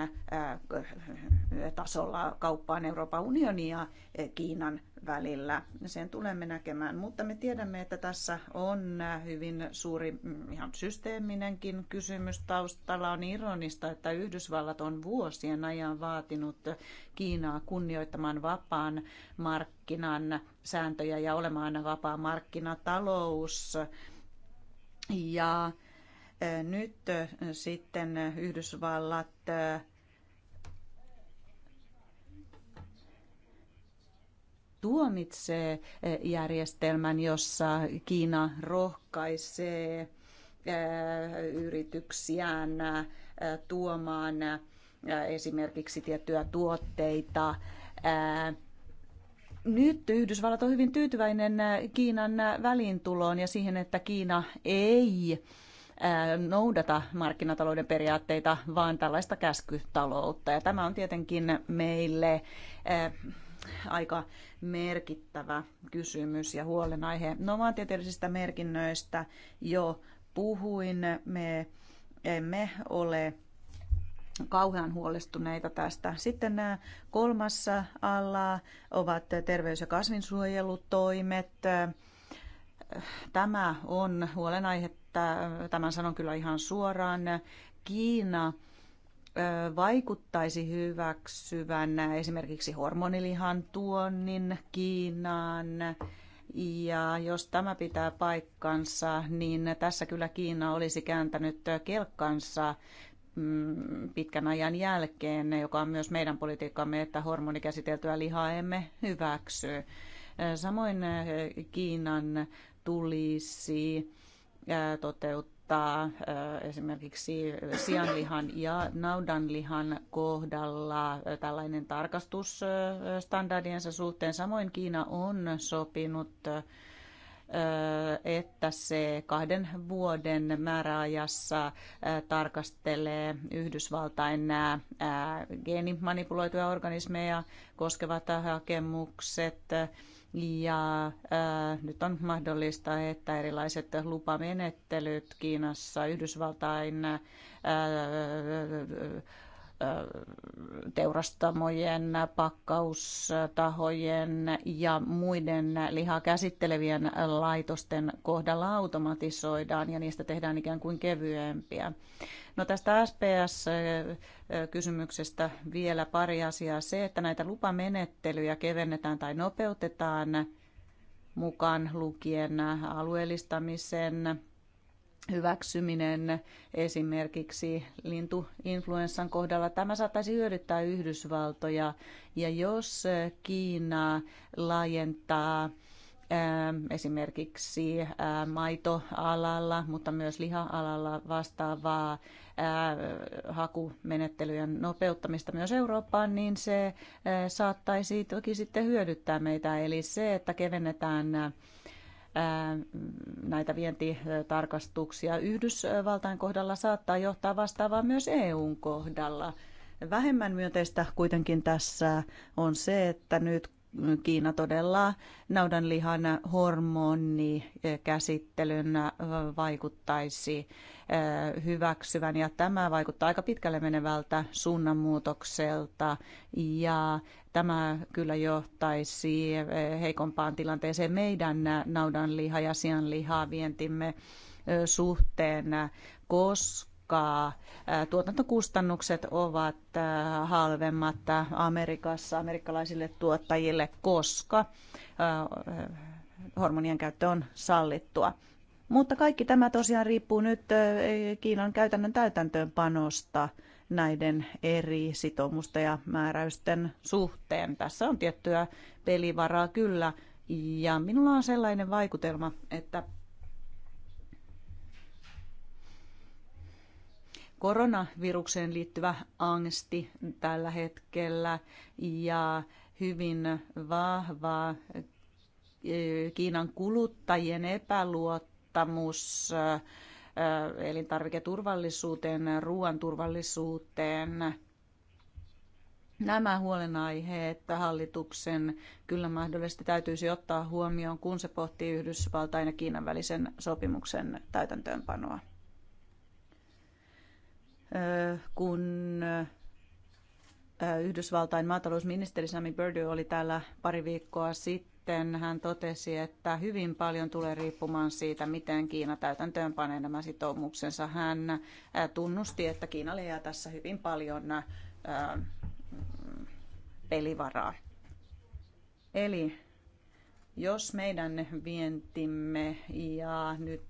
tasolla kauppaan Euroopan unionin ja Kiinan välillä. Sen tulemme näkemään, mutta me tiedämme, että tässä on hyvin suuri mm, ihan systeeminenkin kysymys taustalla. On ironista, että Yhdysvallat on vuosien ajan vaatinut Kiinaa kunnioittamaan vapaan markkinan sääntöjä ja olemaan vapaa markkinatalous. Ja eh, nyt sitten Yhdysvallat eh, tuomitsee eh, järjestelmän, jossa Kiina rohkaisee eh, yrityksiään eh, tuomaan esimerkiksi tiettyjä tuotteita. Nyt Yhdysvallat on hyvin tyytyväinen Kiinan väliintuloon ja siihen, että Kiina ei noudata markkinatalouden periaatteita, vaan tällaista käskytaloutta. Ja tämä on tietenkin meille aika merkittävä kysymys ja huolenaihe. No maantieteellisistä merkinnöistä jo puhuin. Me emme ole kauhean huolestuneita tästä. Sitten nämä äh, kolmassa alla ovat terveys- ja kasvinsuojelutoimet. Tämä on huolenaihe, tämän sanon kyllä ihan suoraan. Kiina vaikuttaisi hyväksyvän esimerkiksi hormonilihan tuonnin Kiinaan. Ja jos tämä pitää paikkansa, niin tässä kyllä Kiina olisi kääntänyt kelkkansa mm, pitkän ajan jälkeen, joka on myös meidän politiikkamme, että hormonikäsiteltyä lihaa emme hyväksy. Samoin Kiinan tulisi toteuttaa kannattaa esimerkiksi sianlihan ja naudanlihan kohdalla tällainen tarkastus standardiensa suhteen. Samoin Kiina on sopinut, että se kahden vuoden määräajassa tarkastelee Yhdysvaltain nämä geenimanipuloituja organismeja koskevat hakemukset ja äh, nyt on mahdollista, että erilaiset lupamenettelyt Kiinassa, Yhdysvaltain äh, teurastamojen, pakkaustahojen ja muiden lihaa käsittelevien laitosten kohdalla automatisoidaan ja niistä tehdään ikään kuin kevyempiä. No tästä SPS-kysymyksestä vielä pari asiaa. Se, että näitä lupamenettelyjä kevennetään tai nopeutetaan mukaan lukien alueellistamisen hyväksyminen esimerkiksi lintuinfluenssan kohdalla. Tämä saattaisi hyödyttää Yhdysvaltoja ja jos Kiina laajentaa ähm, esimerkiksi äh, maitoalalla, mutta myös liha-alalla vastaavaa äh, hakumenettelyjen nopeuttamista myös Eurooppaan, niin se äh, saattaisi toki sitten hyödyttää meitä. Eli se, että kevennetään näitä vientitarkastuksia Yhdysvaltain kohdalla saattaa johtaa vastaavaa myös EUn kohdalla. Vähemmän myönteistä kuitenkin tässä on se, että nyt Kiina todella naudanlihan hormonikäsittelyn äh, vaikuttaisi äh, hyväksyvän. Ja tämä vaikuttaa aika pitkälle menevältä suunnanmuutokselta ja tämä kyllä johtaisi äh, heikompaan tilanteeseen meidän naudanliha- ja sianlihaa vientimme suhteen, koska aikaa. Tuotantokustannukset ovat halvemmat Amerikassa amerikkalaisille tuottajille, koska hormonien käyttö on sallittua. Mutta kaikki tämä tosiaan riippuu nyt Kiinan käytännön täytäntöönpanosta näiden eri sitoumusten ja määräysten suhteen. Tässä on tiettyä pelivaraa kyllä, ja minulla on sellainen vaikutelma, että koronavirukseen liittyvä angsti tällä hetkellä ja hyvin vahva e, Kiinan kuluttajien epäluottamus e, elintarviketurvallisuuteen, ruoan turvallisuuteen. Nämä huolenaiheet hallituksen kyllä mahdollisesti täytyisi ottaa huomioon, kun se pohtii Yhdysvaltain ja Kiinan välisen sopimuksen täytäntöönpanoa kun Yhdysvaltain maatalousministeri Sami Purdy oli täällä pari viikkoa sitten. Hän totesi, että hyvin paljon tulee riippumaan siitä, miten Kiina täytäntöön panee nämä sitoumuksensa. Hän tunnusti, että Kiinalle jää tässä hyvin paljon pelivaraa. Eli jos meidän vientimme ja nyt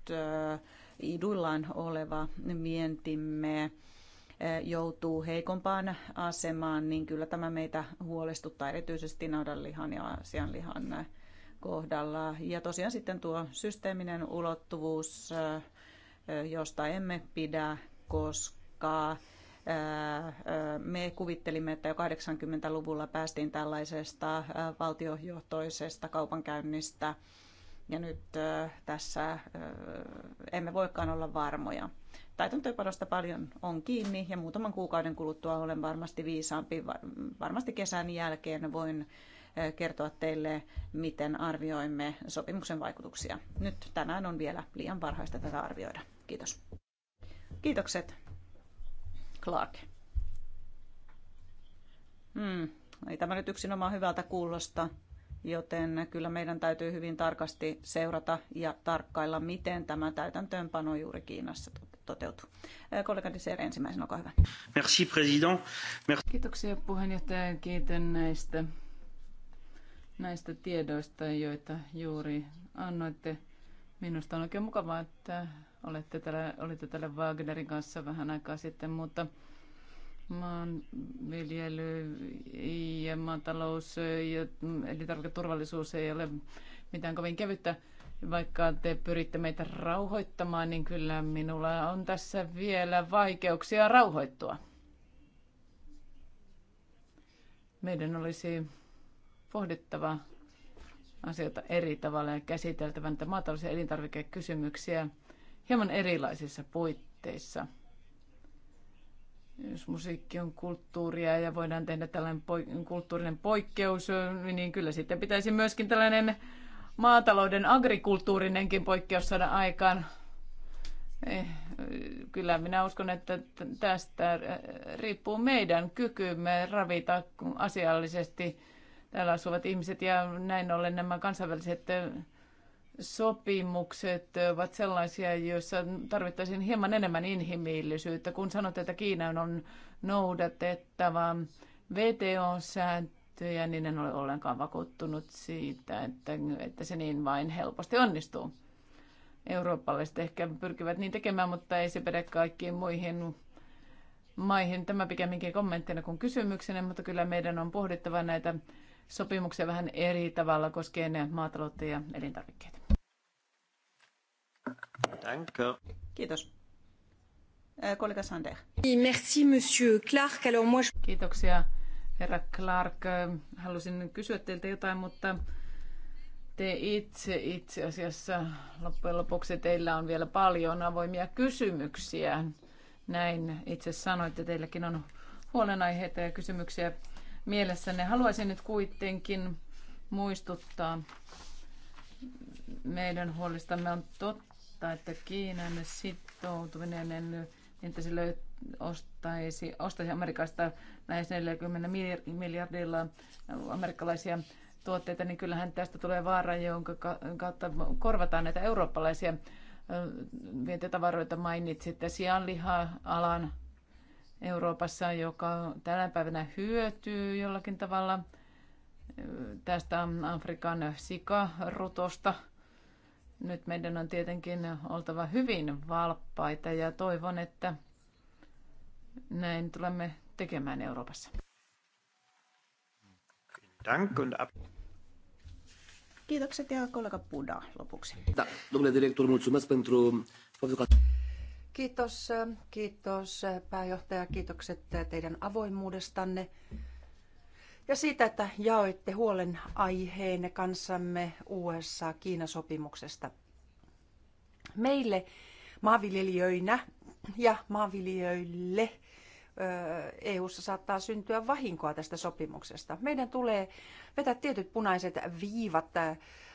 iduillaan oleva mientimme eh, joutuu heikompaan asemaan, niin kyllä tämä meitä huolestuttaa erityisesti naudanlihan ja asianlihan eh, kohdalla. Ja tosiaan sitten tuo systeeminen ulottuvuus, eh, josta emme pidä, koska me kuvittelimme, että jo 80-luvulla päästiin tällaisesta valtiojohtoisesta kaupankäynnistä – ja nyt tässä emme voikaan olla varmoja. Täytäntöönpanosta paljon on kiinni ja muutaman kuukauden kuluttua olen varmasti viisaampi. Varmasti kesän jälkeen voin kertoa teille, miten arvioimme sopimuksen vaikutuksia. Nyt tänään on vielä liian varhaista tätä arvioida. Kiitos. Kiitokset, Clark. Hmm, ei tämä nyt yksinomaan hyvältä kuulosta joten kyllä meidän täytyy hyvin tarkasti seurata ja tarkkailla, miten tämä täytäntöönpano juuri Kiinassa toteutuu. Kollega Diser ensimmäisenä, olkaa hyvä. Merci, president. Merci. Kiitoksia puheenjohtaja, kiitän näistä, näistä tiedoista, joita juuri annoitte. Minusta on oikein mukavaa, että olette täällä, olitte täällä Wagnerin kanssa vähän aikaa sitten, mutta maanviljely ja maatalous ja turvallisuus ei ole mitään kovin kevyttä. Vaikka te pyritte meitä rauhoittamaan, niin kyllä minulla on tässä vielä vaikeuksia rauhoittua. Meidän olisi pohdittava asioita eri tavalla ja käsiteltävä näitä maatalous- ja elintarvikekysymyksiä hieman erilaisissa puitteissa – jos musiikki on kulttuuria ja voidaan tehdä tällainen poik- kulttuurinen poikkeus, niin kyllä sitten pitäisi myöskin tällainen maatalouden agrikulttuurinenkin poikkeus saada aikaan. Eh, kyllä minä uskon, että tästä riippuu meidän kykymme ravita asiallisesti täällä asuvat ihmiset ja näin ollen nämä kansainväliset sopimukset ovat sellaisia, joissa tarvittaisiin hieman enemmän inhimillisyyttä, kun sanot, että Kiinan on noudatettava VTO-sääntöjä, niin en ole ollenkaan vakuuttunut siitä, että, että se niin vain helposti onnistuu. Eurooppalaiset ehkä pyrkivät niin tekemään, mutta ei se pidä kaikkiin muihin maihin. Tämä pikemminkin kommenttina kuin kysymyksenä, mutta kyllä meidän on pohdittava näitä sopimuksia vähän eri tavalla koskien maataloutta ja elintarvikkeita. Danke. Kiitos. Äh, kollega Sander. Merci, monsieur Clark. Alors moi... Kiitoksia, herra Clark. Halusin kysyä teiltä jotain, mutta te itse itse asiassa loppujen lopuksi teillä on vielä paljon avoimia kysymyksiä. Näin itse sanoitte, teilläkin on huolenaiheita ja kysymyksiä mielessänne. Haluaisin nyt kuitenkin muistuttaa meidän huolistamme on totta, että Kiinan sitoutuminen, että se ostaisi, ostaisi Amerikasta lähes 40 miljardilla amerikkalaisia tuotteita, niin kyllähän tästä tulee vaara, jonka kautta korvataan näitä eurooppalaisia vientitavaroita. mainitsit, sianliha-alan Euroopassa, joka tänä päivänä hyötyy jollakin tavalla tästä Afrikan sikarutosta. Nyt meidän on tietenkin oltava hyvin valppaita ja toivon, että näin tulemme tekemään Euroopassa. Kiitokset ja kollega Buda lopuksi. Da, domnule director, mulțumesc pentru faptul că... Kiitos, kiitos pääjohtaja, kiitokset teidän avoimuudestanne ja siitä, että jaoitte huolen aiheen kanssamme USA-Kiina-sopimuksesta. Meille maanviljelijöinä ja maanviljelijöille EU:ssa saattaa syntyä vahinkoa tästä sopimuksesta. Meidän tulee vetää tietyt punaiset viivat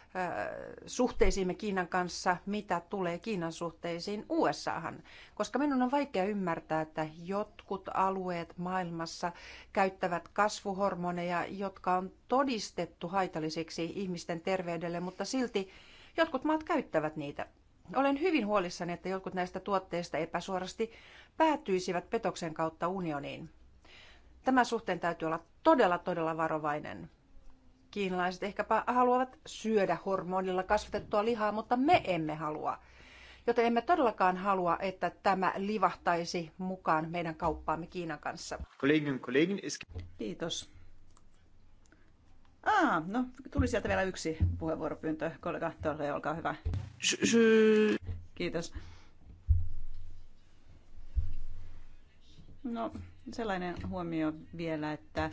Äh, suhteisiimme Kiinan kanssa, mitä tulee Kiinan suhteisiin USAhan. Koska minun on vaikea ymmärtää, että jotkut alueet maailmassa käyttävät kasvuhormoneja, jotka on todistettu haitallisiksi ihmisten terveydelle, mutta silti jotkut maat käyttävät niitä. Olen hyvin huolissani, että jotkut näistä tuotteista epäsuorasti päätyisivät petoksen kautta unioniin. Tämä suhteen täytyy olla todella, todella varovainen kiinalaiset ehkäpä haluavat syödä hormonilla kasvatettua lihaa, mutta me emme halua. Joten emme todellakaan halua, että tämä livahtaisi mukaan meidän kauppaamme Kiinan kanssa. Kiitos. Ah, no, tuli sieltä vielä yksi puheenvuoropyyntö. Kollega Torre, olkaa hyvä. Kiitos. No, sellainen huomio vielä, että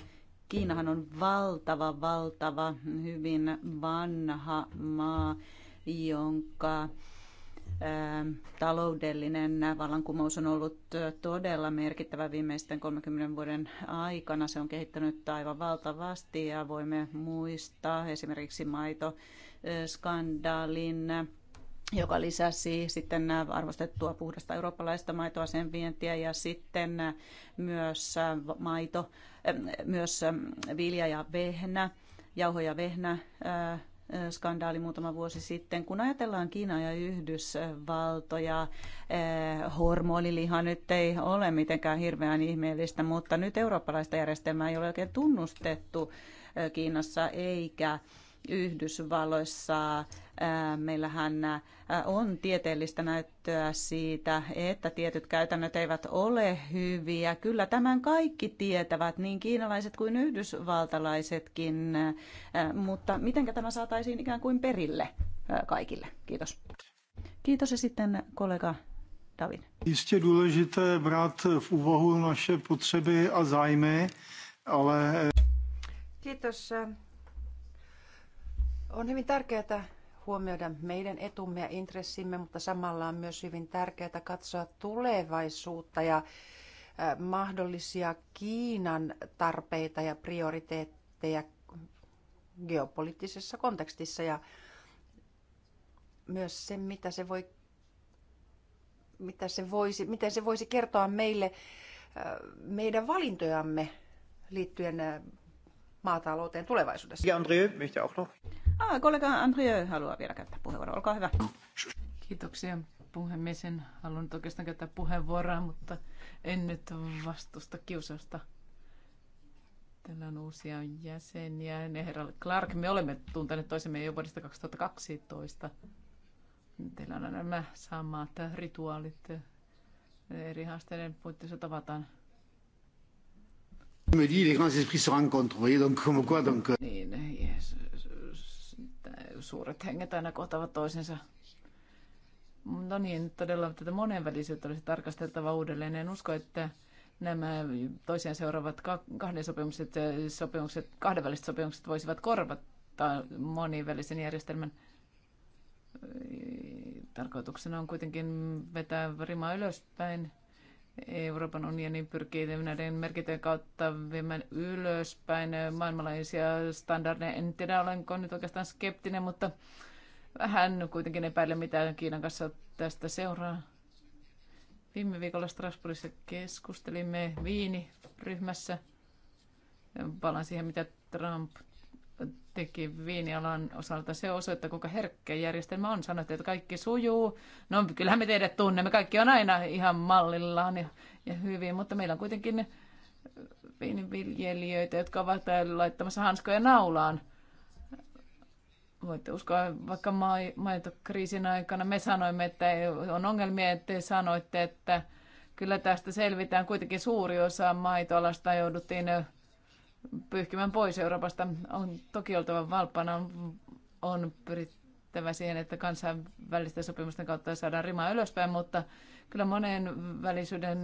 Kiinahan on valtava, valtava, hyvin vanha maa, jonka ähm, taloudellinen vallankumous on ollut äh, todella merkittävä viimeisten 30 vuoden aikana. Se on kehittynyt aivan valtavasti ja voimme muistaa esimerkiksi maitoskandaalin joka lisäsi sitten äh, arvostettua puhdasta eurooppalaista maitoa sen vientiä ja sitten äh, myös äh, maito, myös ähm, vilja ja vehnä, jauho ja vehnä skandaali muutama vuosi sitten. Kun ajatellaan Kiinaa ja Yhdysvaltoja, hormoniliha nyt ei ole mitenkään hirveän ihmeellistä, mutta nyt eurooppalaista järjestelmää ei ole oikein tunnustettu Kiinassa eikä Yhdysvalloissa. Meillähän on tieteellistä näyttöä siitä, että tietyt käytännöt eivät ole hyviä. Kyllä tämän kaikki tietävät, niin kiinalaiset kuin yhdysvaltalaisetkin, mutta miten tämä saataisiin ikään kuin perille kaikille? Kiitos. Kiitos ja sitten kollega David. Jistě důležité brát v úvahu naše potřeby a zájmy, ale... Kiitos. On hyvin tärkeää huomioida meidän etumme ja intressimme, mutta samalla on myös hyvin tärkeää katsoa tulevaisuutta ja mahdollisia Kiinan tarpeita ja prioriteetteja geopoliittisessa kontekstissa ja myös se, mitä se voi, mitä se voisi, miten se voisi kertoa meille meidän valintojamme liittyen maatalouteen tulevaisuudessa. Ja Andrieu, mitä auch noch? Ah, kollega Andrieu haluaa vielä käyttää puheenvuoron. Olkaa hyvä. Kiitoksia puhemies. En halunnut oikeastaan käyttää puheenvuoroa, mutta en nyt vastusta kiusausta. Täällä on uusia jäseniä. Herra Clark, me olemme tunteneet toisemme jo vuodesta 2012. Teillä on nämä samat rituaalit eri haasteiden puitteissa tavataan me dit, les grands esprits se rencontrent, voyez, donc comme quoi, donc... Euh. Niin, suuret henget aina kohtavat toisensa. No niin, todella tätä monenvälisyyttä olisi tarkasteltava uudelleen. En usko, että nämä toisiaan seuraavat kahden sopimukset, sopimukset, kahdenväliset sopimukset voisivat korvata monivälisen järjestelmän. Tarkoituksena on kuitenkin vetää rimaa ylöspäin Euroopan unioni pyrkii näiden merkintöjen kautta viemään ylöspäin maailmanlaisia standardeja. En tiedä, olenko nyt oikeastaan skeptinen, mutta vähän kuitenkin epäilen, mitä Kiinan kanssa tästä seuraa. Viime viikolla Strasbourgissa keskustelimme viiniryhmässä. Palaan siihen, mitä Trump teki viinialan osalta, se osoittaa, kuinka herkkä järjestelmä on. Sanoitte, että kaikki sujuu. No kyllähän me teidät tunnemme, kaikki on aina ihan mallillaan ja, ja hyvin, mutta meillä on kuitenkin viiniviljelijöitä, jotka ovat laittamassa hanskoja naulaan. Voitte uskoa, vaikka ma- maitokriisin aikana me sanoimme, että on ongelmia, että sanoitte, että kyllä tästä selvitään. Kuitenkin suuri osa maitoalasta jouduttiin pyyhkimään pois Euroopasta. On toki oltava valppana, on, on pyrittävä siihen, että kansainvälisten sopimusten kautta saadaan rimaa ylöspäin, mutta kyllä monen välisyyden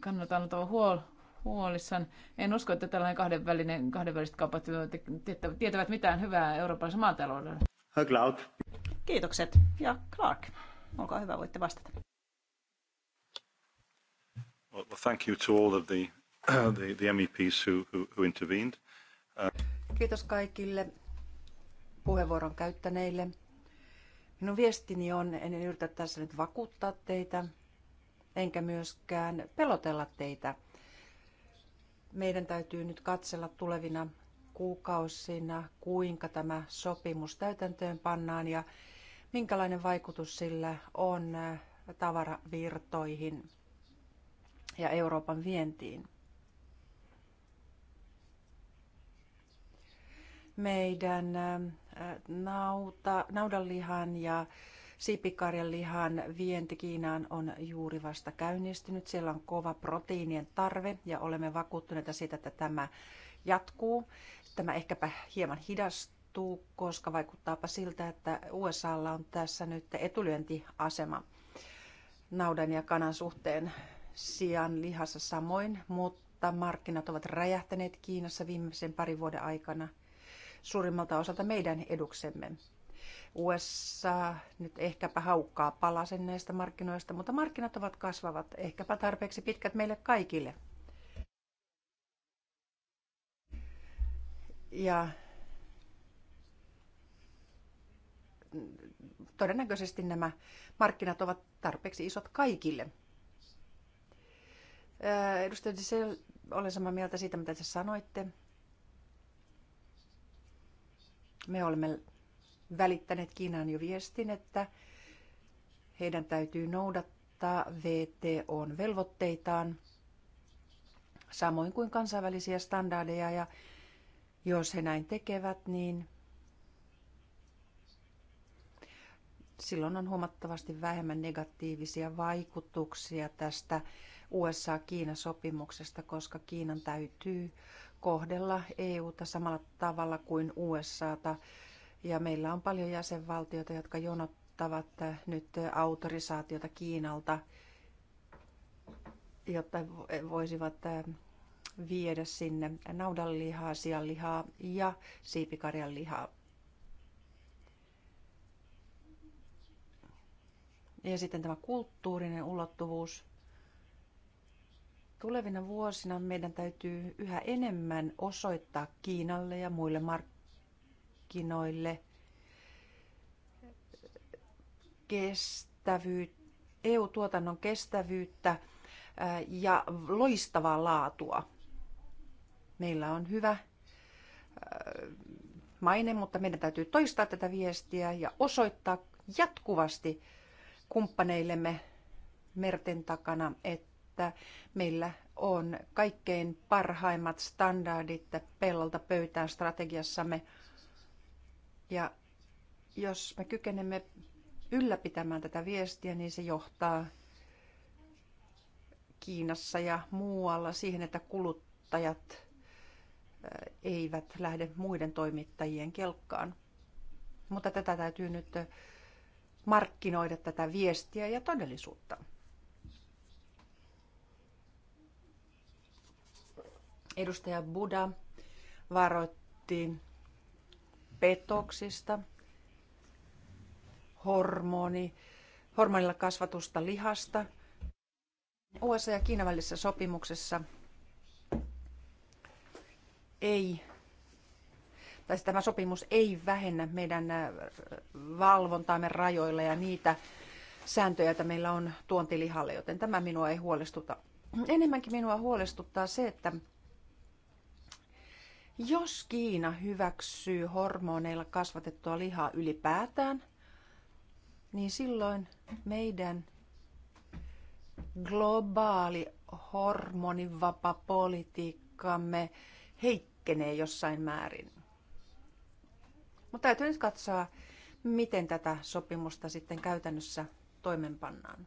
kannalta on oltava huol, huolissaan. En usko, että tällainen kahdenvälinen, kahdenväliset kaupat tietävät mitään hyvää eurooppalaisessa maataloudelle. Kiitokset. Ja Clark, olkaa hyvä, voitte vastata. Well, thank you to all of the the, the MEPs who, who, who intervened. Uh... Kiitos kaikille puheenvuoron käyttäneille. Minun viestini on, en yritä tässä nyt vakuuttaa teitä, enkä myöskään pelotella teitä. Meidän täytyy nyt katsella tulevina kuukausina, kuinka tämä sopimus täytäntöön pannaan ja minkälainen vaikutus sillä on äh, tavaravirtoihin ja Euroopan vientiin. meidän ähm, äh, nauta, naudanlihan ja siipikarjan lihan vienti Kiinaan on juuri vasta käynnistynyt. Siellä on kova proteiinien tarve ja olemme vakuuttuneita siitä, että tämä jatkuu. Tämä ehkäpä hieman hidastuu, koska vaikuttaapa siltä, että USAlla on tässä nyt etulyöntiasema naudan ja kanan suhteen sijaan lihassa samoin, mutta markkinat ovat räjähtäneet Kiinassa viimeisen parin vuoden aikana – suurimmalta osalta meidän eduksemme. USA nyt ehkäpä haukkaa palasen näistä markkinoista, mutta markkinat ovat kasvavat, ehkäpä tarpeeksi pitkät meille kaikille. Ja todennäköisesti nämä markkinat ovat tarpeeksi isot kaikille. Edustaja Diesel, olen samaa mieltä siitä, mitä te sanoitte. Me olemme välittäneet Kiinaan jo viestin, että heidän täytyy noudattaa VTOn velvoitteitaan, samoin kuin kansainvälisiä standardeja, ja jos he näin tekevät, niin silloin on huomattavasti vähemmän negatiivisia vaikutuksia tästä USA-Kiina-sopimuksesta, koska Kiinan täytyy kohdella EUta samalla tavalla kuin USAta. Ja meillä on paljon jäsenvaltioita, jotka jonottavat nyt autorisaatiota Kiinalta, jotta voisivat viedä sinne naudanlihaa, sianlihaa ja siipikarjan lihaa. Ja sitten tämä kulttuurinen ulottuvuus. Tulevina vuosina meidän täytyy yhä enemmän osoittaa Kiinalle ja muille markkinoille e kestävyyttä, EU-tuotannon kestävyyttä ja loistavaa laatua. Meillä on hyvä maine, mutta meidän täytyy toistaa tätä viestiä ja osoittaa jatkuvasti kumppaneillemme merten takana, että että meillä on kaikkein parhaimmat standardit pellolta pöytään strategiassamme. Ja jos me kykenemme ylläpitämään tätä viestiä, niin se johtaa Kiinassa ja muualla siihen, että kuluttajat eivät lähde muiden toimittajien kelkkaan. Mutta tätä täytyy nyt markkinoida tätä viestiä ja todellisuutta. Edustaja Buda varoitti petoksista, hormoni, hormonilla kasvatusta lihasta. USA ja Kiinan välisessä sopimuksessa ei, tai siis tämä sopimus ei vähennä meidän äh, valvontaamme rajoilla ja niitä sääntöjä, joita meillä on tuontilihalle, joten tämä minua ei huolestuta. Enemmänkin minua huolestuttaa se, että jos Kiina hyväksyy hormoneilla kasvatettua lihaa ylipäätään, niin silloin meidän globaali hormonivapapolitiikkamme heikkenee jossain määrin. Mutta täytyy nyt katsoa, miten tätä sopimusta sitten käytännössä toimenpannaan.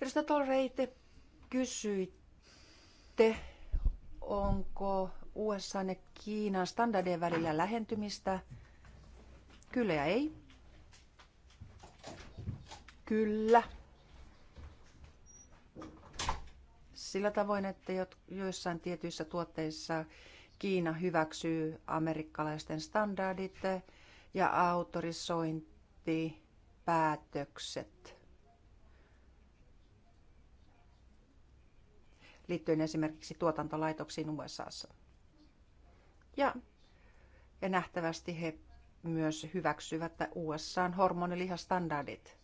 Edustaja Tolreite, kysyitte onko USA ja Kiinan standardien välillä lähentymistä? Kyllä ja ei. Kyllä. Sillä tavoin, että joissain tietyissä tuotteissa Kiina hyväksyy amerikkalaisten standardit ja autorisointipäätökset. liittyen esimerkiksi tuotantolaitoksiin USAssa. Ja, ja nähtävästi he myös hyväksyvät USAn hormonilihastandardit.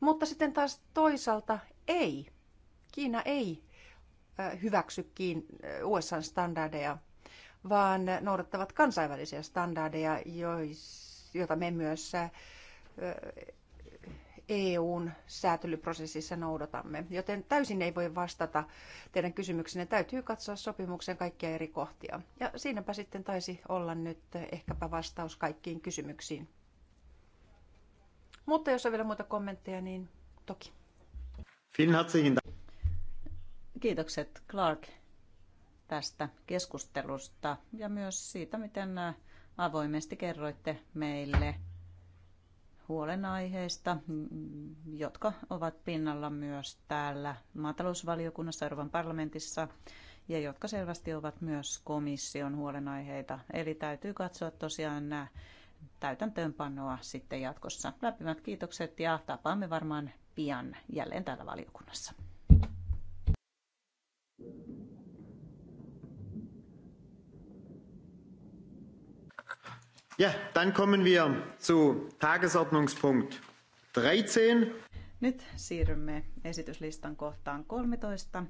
Mutta sitten taas toisaalta ei. Kiina ei hyväksy USAn standardeja, vaan noudattavat kansainvälisiä standardeja, joita me myös EUn säätelyprosessissa noudatamme. Joten täysin ei voi vastata teidän kysymyksenne. Täytyy katsoa sopimuksen kaikkia eri kohtia. Ja siinäpä sitten taisi olla nyt ehkäpä vastaus kaikkiin kysymyksiin. Mutta jos on vielä muita kommentteja, niin toki. Kiitokset Clark tästä keskustelusta ja myös siitä, miten avoimesti kerroitte meille huolenaiheista, jotka ovat pinnalla myös täällä maatalousvaliokunnassa Euroopan parlamentissa ja jotka selvästi ovat myös komission huolenaiheita. Eli täytyy katsoa tosiaan nämä täytäntöönpanoa sitten jatkossa. Lämpimät kiitokset ja tapaamme varmaan pian jälleen täällä valiokunnassa. Ja, dann kommen wir zu Tagesordnungspunkt 13. Nyt siirrymme esityslistan kohtaan 13.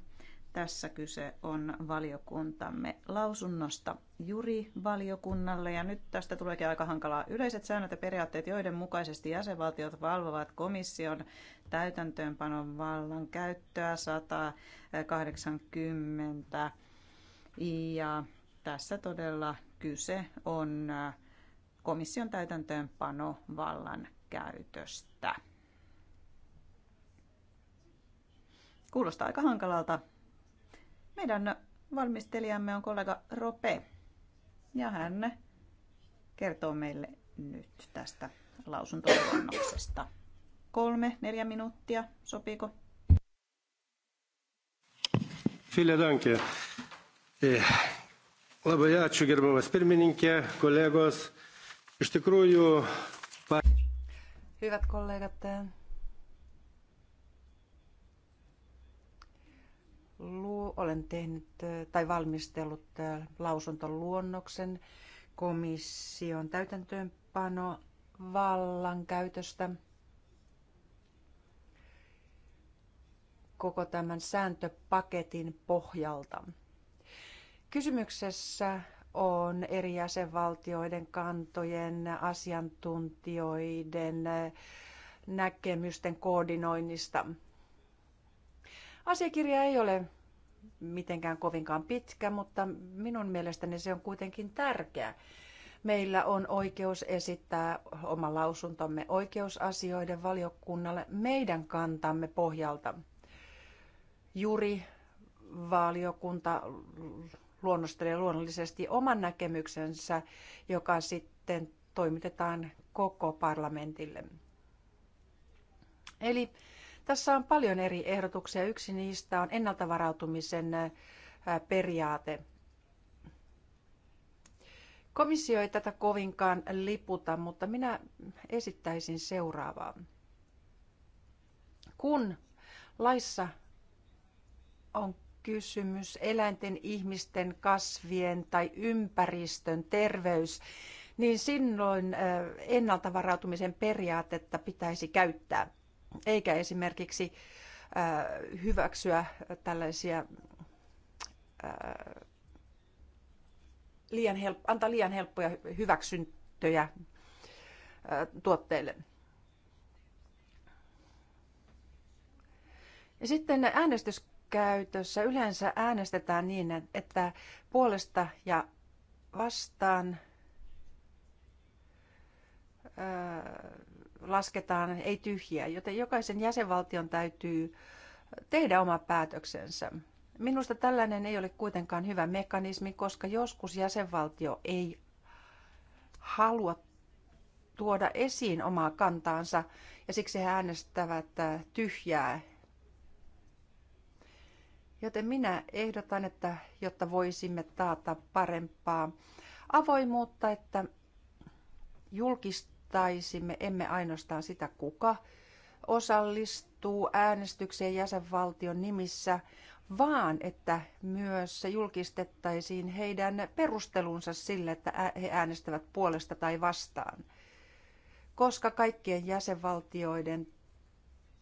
Tässä kyse on valiokuntamme lausunnosta jurivaliokunnalle ja nyt tästä tuleekin aika hankalaa. Yleiset säännöt ja periaatteet, joiden mukaisesti jäsenvaltiot valvovat komission täytäntöönpanon vallan käyttöä 180 ja tässä todella kyse on komission täytäntöönpano vallan käytöstä. Kuulostaa aika hankalalta. Meidän valmistelijamme on kollega Rope ja hän kertoo meille nyt tästä lausuntoluonnoksesta. Kolme, neljä minuuttia, sopiiko? Fille danke. Eh, Labai ačiū gerbiamas pirmininkė, kolegos. Hyvät kollegat, eh, olen tehnyt eh, tai valmistellut eh, lausuntoluonnoksen komission täytäntöönpano vallan käytöstä koko tämän sääntöpaketin pohjalta. Kysymyksessä on eri jäsenvaltioiden kantojen, asiantuntijoiden näkemysten koordinoinnista. Asiakirja ei ole mitenkään kovinkaan pitkä, mutta minun mielestäni se on kuitenkin tärkeä. Meillä on oikeus esittää oma lausuntomme oikeusasioiden valiokunnalle meidän kantamme pohjalta. Juri valiokunta luonnostelee luonnollisesti oman näkemyksensä, joka sitten toimitetaan koko parlamentille. Eli tässä on paljon eri ehdotuksia. Yksi niistä on ennaltavarautumisen periaate. Komissio ei tätä kovinkaan liputa, mutta minä esittäisin seuraavaa. Kun laissa on kysymys eläinten, ihmisten, kasvien tai ympäristön terveys, niin silloin ennalta varautumisen periaatetta pitäisi käyttää, eikä esimerkiksi hyväksyä tällaisia liian help, antaa liian helppoja hyväksyntöjä tuotteille. Ja sitten äänestys käytössä yleensä äänestetään niin, että puolesta ja vastaan äh, lasketaan, ei tyhjiä, joten jokaisen jäsenvaltion täytyy tehdä oma päätöksensä. Minusta tällainen ei ole kuitenkaan hyvä mekanismi, koska joskus jäsenvaltio ei halua tuoda esiin omaa kantaansa ja siksi he äänestävät äh, tyhjää Joten minä ehdotan, että jotta voisimme taata parempaa avoimuutta, että julkistaisimme emme ainoastaan sitä, kuka osallistuu äänestykseen jäsenvaltion nimissä, vaan että myös julkistettaisiin heidän perustelunsa sille, että he äänestävät puolesta tai vastaan. Koska kaikkien jäsenvaltioiden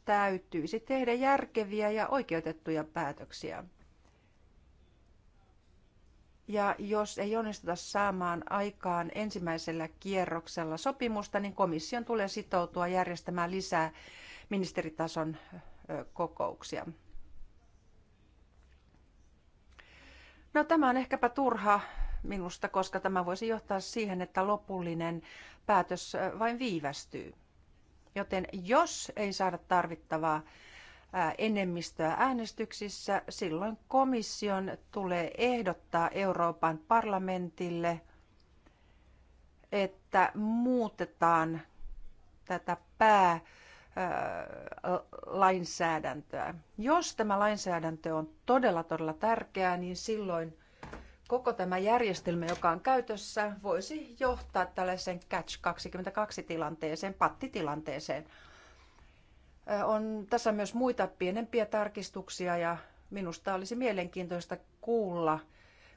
täytyisi tehdä järkeviä ja oikeutettuja päätöksiä. Ja jos ei onnistuta saamaan aikaan ensimmäisellä kierroksella sopimusta, niin komission tulee sitoutua järjestämään lisää ministeritason kokouksia. No tämä on ehkäpä turha minusta, koska tämä voisi johtaa siihen, että lopullinen päätös vain viivästyy. Joten jos ei saada tarvittavaa enemmistöä äänestyksissä, silloin komission tulee ehdottaa Euroopan parlamentille, että muutetaan tätä päälainsäädäntöä. Jos tämä lainsäädäntö on todella, todella tärkeää, niin silloin koko tämä järjestelmä, joka on käytössä, voisi johtaa tällaiseen catch 22 tilanteeseen, pattitilanteeseen. On tässä myös muita pienempiä tarkistuksia ja minusta olisi mielenkiintoista kuulla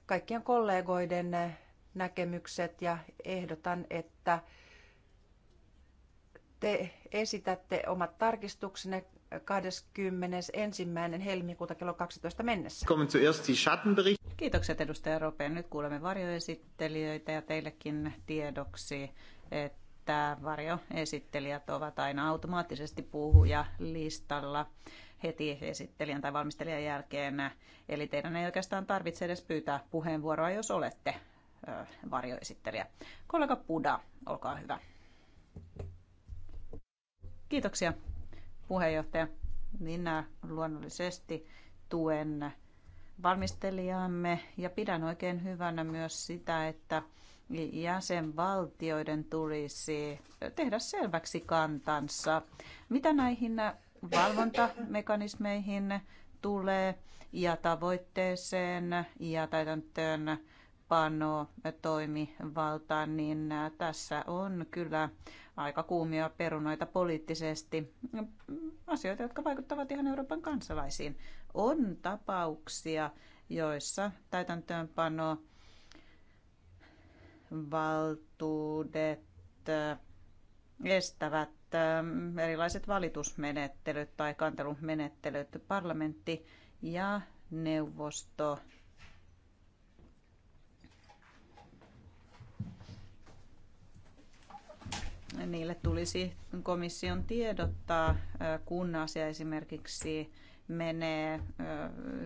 kaikkien kollegoiden näkemykset ja ehdotan, että te esitätte omat tarkistuksenne 21. helmikuuta kello 12 mennessä. Kiitokset edustaja Rope. Nyt kuulemme varjoesittelijöitä ja teillekin tiedoksi, että varjoesittelijät ovat aina automaattisesti puhuja listalla heti esittelijän tai valmistelijan jälkeen. Eli teidän ei oikeastaan tarvitse edes pyytää puheenvuoroa, jos olette varjoesittelijä. Kollega Puda, olkaa hyvä. Kiitoksia puheenjohtaja. Minä luonnollisesti tuen valmistelijamme ja pidän oikein hyvänä myös sitä, että jäsenvaltioiden tulisi tehdä selväksi kantansa, mitä näihin valvontamekanismeihin tulee ja tavoitteeseen ja täytäntöön pano toimivalta, niin tässä on kyllä aika kuumia perunoita poliittisesti. Asioita, jotka vaikuttavat ihan Euroopan kansalaisiin. On tapauksia, joissa täytäntöönpano valtuudet eh, estävät eh, erilaiset valitusmenettelyt tai kantelumenettelyt. Parlamentti ja neuvosto niille tulisi komission tiedottaa, kun asia esimerkiksi menee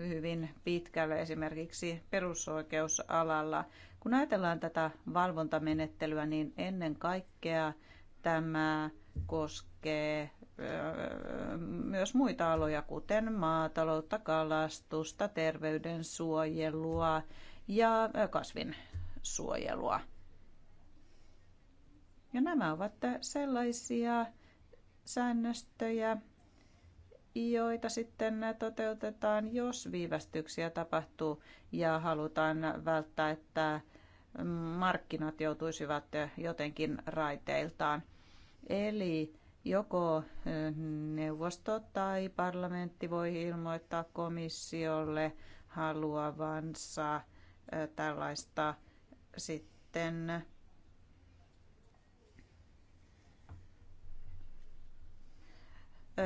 hyvin pitkälle esimerkiksi perusoikeusalalla. Kun ajatellaan tätä valvontamenettelyä, niin ennen kaikkea tämä koskee myös muita aloja, kuten maataloutta, kalastusta, terveydensuojelua ja kasvinsuojelua. Ja nämä ovat sellaisia säännöstöjä, joita sitten toteutetaan, jos viivästyksiä tapahtuu ja halutaan välttää, että markkinat joutuisivat jotenkin raiteiltaan. Eli joko neuvosto tai parlamentti voi ilmoittaa komissiolle haluavansa tällaista sitten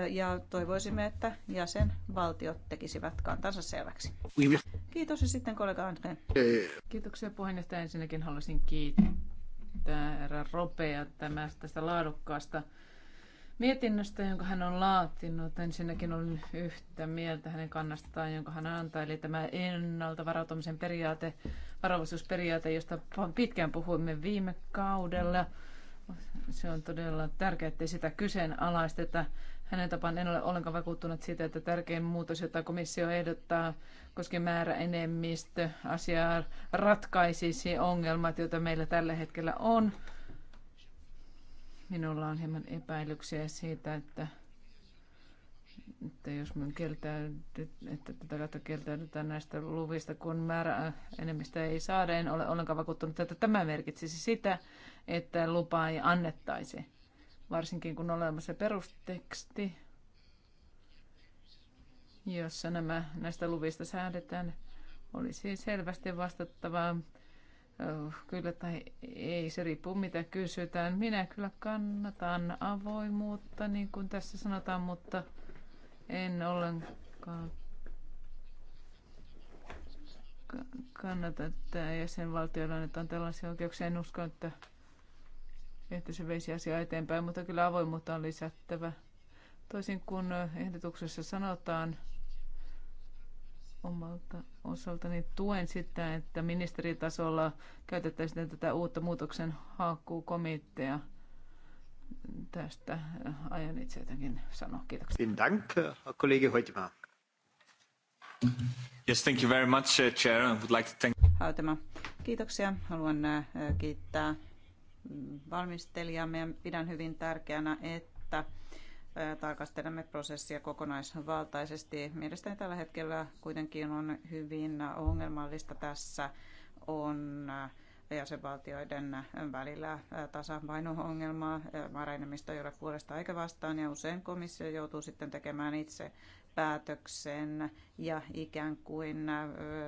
ja toivoisimme, että jäsenvaltiot tekisivät kantansa selväksi. Kiitos ja sitten kollega Andre. Kiitoksia puheenjohtaja. Ensinnäkin haluaisin kiittää herra Ropea tästä laadukkaasta mietinnöstä, jonka hän on laatinut. Ensinnäkin olen yhtä mieltä hänen kannastaan, jonka hän antaa, eli tämä ennalta varautumisen periaate, varovaisuusperiaate, josta pitkään puhuimme viime kaudella. Se on todella tärkeää, että sitä kyseenalaisteta hänen tapaan en ole ollenkaan vakuuttunut siitä, että tärkein muutos, jota komissio ehdottaa, koskee määräenemmistö asiaa ratkaisisi ongelmat, joita meillä tällä hetkellä on. Minulla on hieman epäilyksiä siitä, että, että jos minun että tätä kautta kieltäydytään näistä luvista, kun määrä enemmistö ei saada, en ole ollenkaan vakuuttunut, että tämä merkitsisi sitä, että lupaa ei annettaisi varsinkin kun on olemassa perusteksti, jossa nämä, näistä luvista säädetään, olisi selvästi vastattavaa öh, kyllä tai ei, se riippuu mitä kysytään. Minä kyllä kannatan avoimuutta, niin kuin tässä sanotaan, mutta en ollenkaan kannata, että jäsenvaltioilla annetaan tällaisia oikeuksia. En usko, että että se veisi asiaa eteenpäin, mutta kyllä avoimuutta on lisättävä. Toisin kuin ehdotuksessa sanotaan, omalta osaltani tuen sitä, että ministeritasolla käytettäisiin tätä uutta muutoksen hakukomitea. Tästä ajan itse jotenkin sanoa. Kiitoksia. Dank, kollegi Hoitema. Yes, thank you very much, uh, Chair. I would like to thank... Hautema. Kiitoksia. Haluan äh, kiittää valmistelijamme ja pidän hyvin tärkeänä, että tarkastelemme prosessia kokonaisvaltaisesti. Mielestäni tällä hetkellä kuitenkin on hyvin ongelmallista tässä on jäsenvaltioiden välillä tasapaino-ongelmaa. Määräenemmistö ei ole puolesta eikä vastaan ja usein komissio joutuu sitten tekemään itse päätöksen ja ikään kuin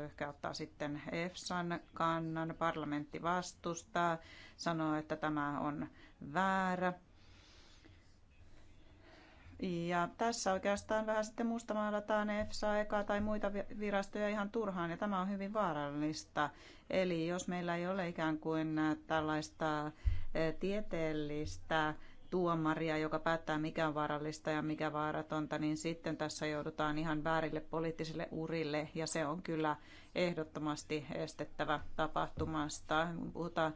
ehkä ottaa sitten EFSAn kannan. Parlamentti vastustaa, sanoo, että tämä on väärä. Ja tässä oikeastaan vähän sitten mustamaalataan EFSA, EKA tai muita virastoja ihan turhaan, ja tämä on hyvin vaarallista. Eli jos meillä ei ole ikään kuin tällaista tieteellistä tuomaria, joka päättää mikä on vaarallista ja mikä vaaratonta, niin sitten tässä joudutaan ihan väärille poliittisille urille ja se on kyllä ehdottomasti estettävä tapahtumasta. puhutaan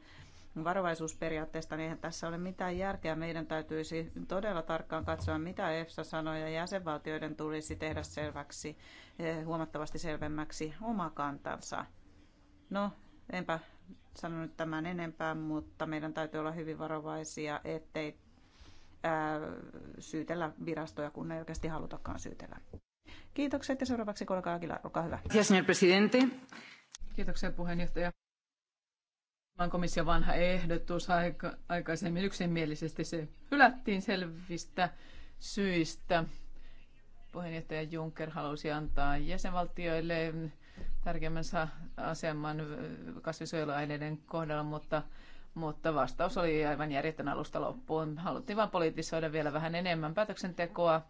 varovaisuusperiaatteesta, niin eihän tässä ole mitään järkeä. Meidän täytyisi todella tarkkaan katsoa, mitä EFSA sanoi, ja jäsenvaltioiden tulisi tehdä selväksi, eh, huomattavasti selvemmäksi oma kantansa. No, enpä sanonut tämän enempää, mutta meidän täytyy olla hyvin varovaisia, ettei syytellä virastoja, kun ei oikeasti halutakaan syytellä. Kiitokset ja seuraavaksi kollega Aguilar, olkaa hyvä. Kiitoksia puheenjohtaja. Tämän komission vanha ehdotus aika, aikaisemmin yksimielisesti se hylättiin selvistä syistä. Puheenjohtaja Juncker halusi antaa jäsenvaltioille tärkeimmänsä aseman kasvisuojeluaineiden kohdalla, mutta mutta vastaus oli aivan järjetön alusta loppuun. Haluttiin vain politisoida vielä vähän enemmän päätöksentekoa,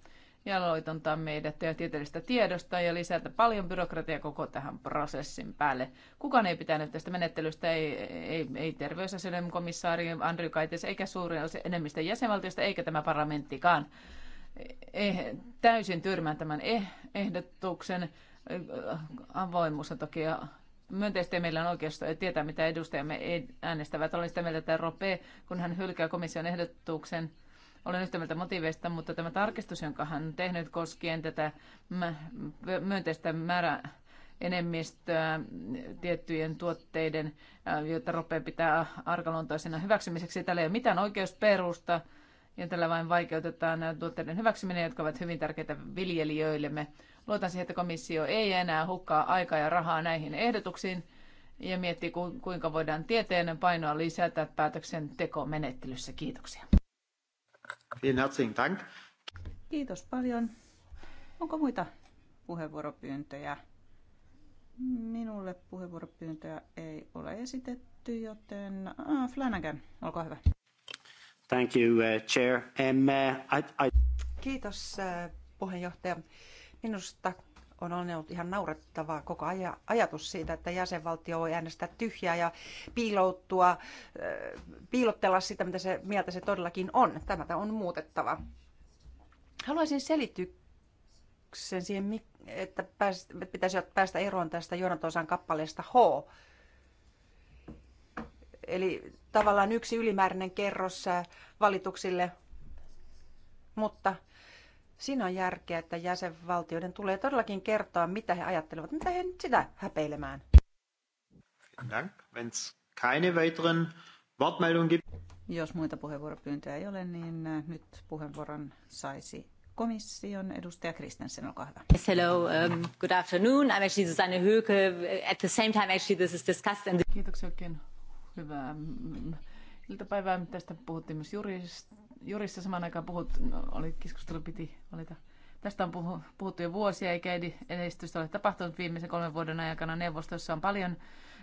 ja loitontaa meidät ja tieteellistä tiedosta ja lisätä paljon byrokratiaa koko tähän prosessin päälle. Kukaan ei pitänyt tästä menettelystä, ei, ei, ei terveysasioiden komissaari Andri Kaites, eikä suurin enemmistö jäsenvaltiosta, eikä tämä parlamenttikaan. Eh, täysin tyrmään tämän eh, ehdotuksen. Avoimuus on toki myönteistä meillä on oikeus tietää, mitä edustajamme äänestävät. Olen sitä mieltä, että Rope, kun hän hylkää komission ehdotuksen, olen yhtä mieltä motiveista, mutta tämä tarkistus, jonka hän on tehnyt koskien tätä myönteistä määrä enemmistöä tiettyjen tuotteiden, äh, joita Rope pitää arkaluontoisena hyväksymiseksi. Tällä ei ole mitään oikeusperusta ja tällä vain vaikeutetaan äh, tuotteiden hyväksyminen, jotka ovat hyvin tärkeitä viljelijöillemme. Luotan siihen, että komissio ei enää hukkaa aikaa ja rahaa näihin ehdotuksiin ja miettii, kuinka voidaan tieteen painoa lisätä päätöksentekomenettelyssä. Kiitoksia. Kiitos paljon. Onko muita puheenvuoropyyntöjä? Minulle puheenvuoropyyntöjä ei ole esitetty, joten ah, Flanagan, olkaa hyvä. Thank you, uh, Chair. Um, uh, I, I... Kiitos, uh, puheenjohtaja. Minusta on ollut ihan naurettavaa koko aja, ajatus siitä, että jäsenvaltio voi äänestää tyhjää ja piiloutua, piilottella sitä, mitä se, mieltä se todellakin on. Tämä on muutettava. Haluaisin selityksen siihen, että pitäisi päästä eroon tästä Jonatosan kappaleesta H. Eli tavallaan yksi ylimääräinen kerros valituksille, mutta Siinä on järkeä, että jäsenvaltioiden tulee todellakin kertoa, mitä he ajattelevat, mitä he nyt sitä häpeilemään. keine weiteren Wortmeldungen gibt. Jos muita puheenvuoropyyntöjä ei ole, niin äh, nyt puheenvuoron saisi komission edustaja Kristensen, olkaa hyvä. Yes, hello, um, good afternoon. I'm actually Susanne Höke. At the same time actually this is discussed. And... Kiitoksia oikein. Hyvää mm, mm, iltapäivää. Tästä puhuttiin myös jurist jurissa samaan aikaan puhut, no, oli keskustelu piti valita. Tästä on puhuttu jo vuosia eikä edistystä ole tapahtunut viimeisen kolmen vuoden aikana. Neuvostossa on paljon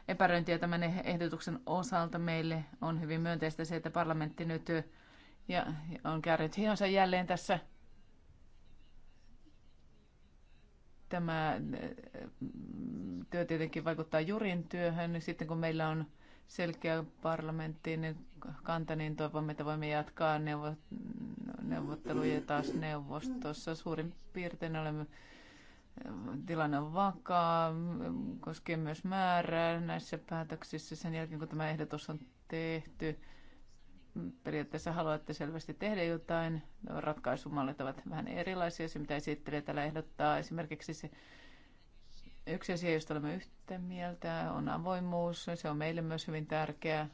epäröintiä tämän ehdotuksen osalta. Meille on hyvin myönteistä se, että parlamentti nyt ja, on käynyt hionsa jälleen tässä. Tämä työ tietenkin vaikuttaa jurin työhön. Sitten kun meillä on selkeä parlamenttiin kanta, niin toivomme, että voimme jatkaa neuvotteluja taas neuvostossa. Suurin piirtein olemme tilanne on vakaa, koskee myös määrää näissä päätöksissä sen jälkeen, kun tämä ehdotus on tehty. Periaatteessa haluatte selvästi tehdä jotain. Ratkaisumallit ovat vähän erilaisia. Se, mitä esittelijä täällä ehdottaa, esimerkiksi se Yksi asia, josta olemme yhtä mieltä, on avoimuus. Se on meille myös hyvin tärkeää.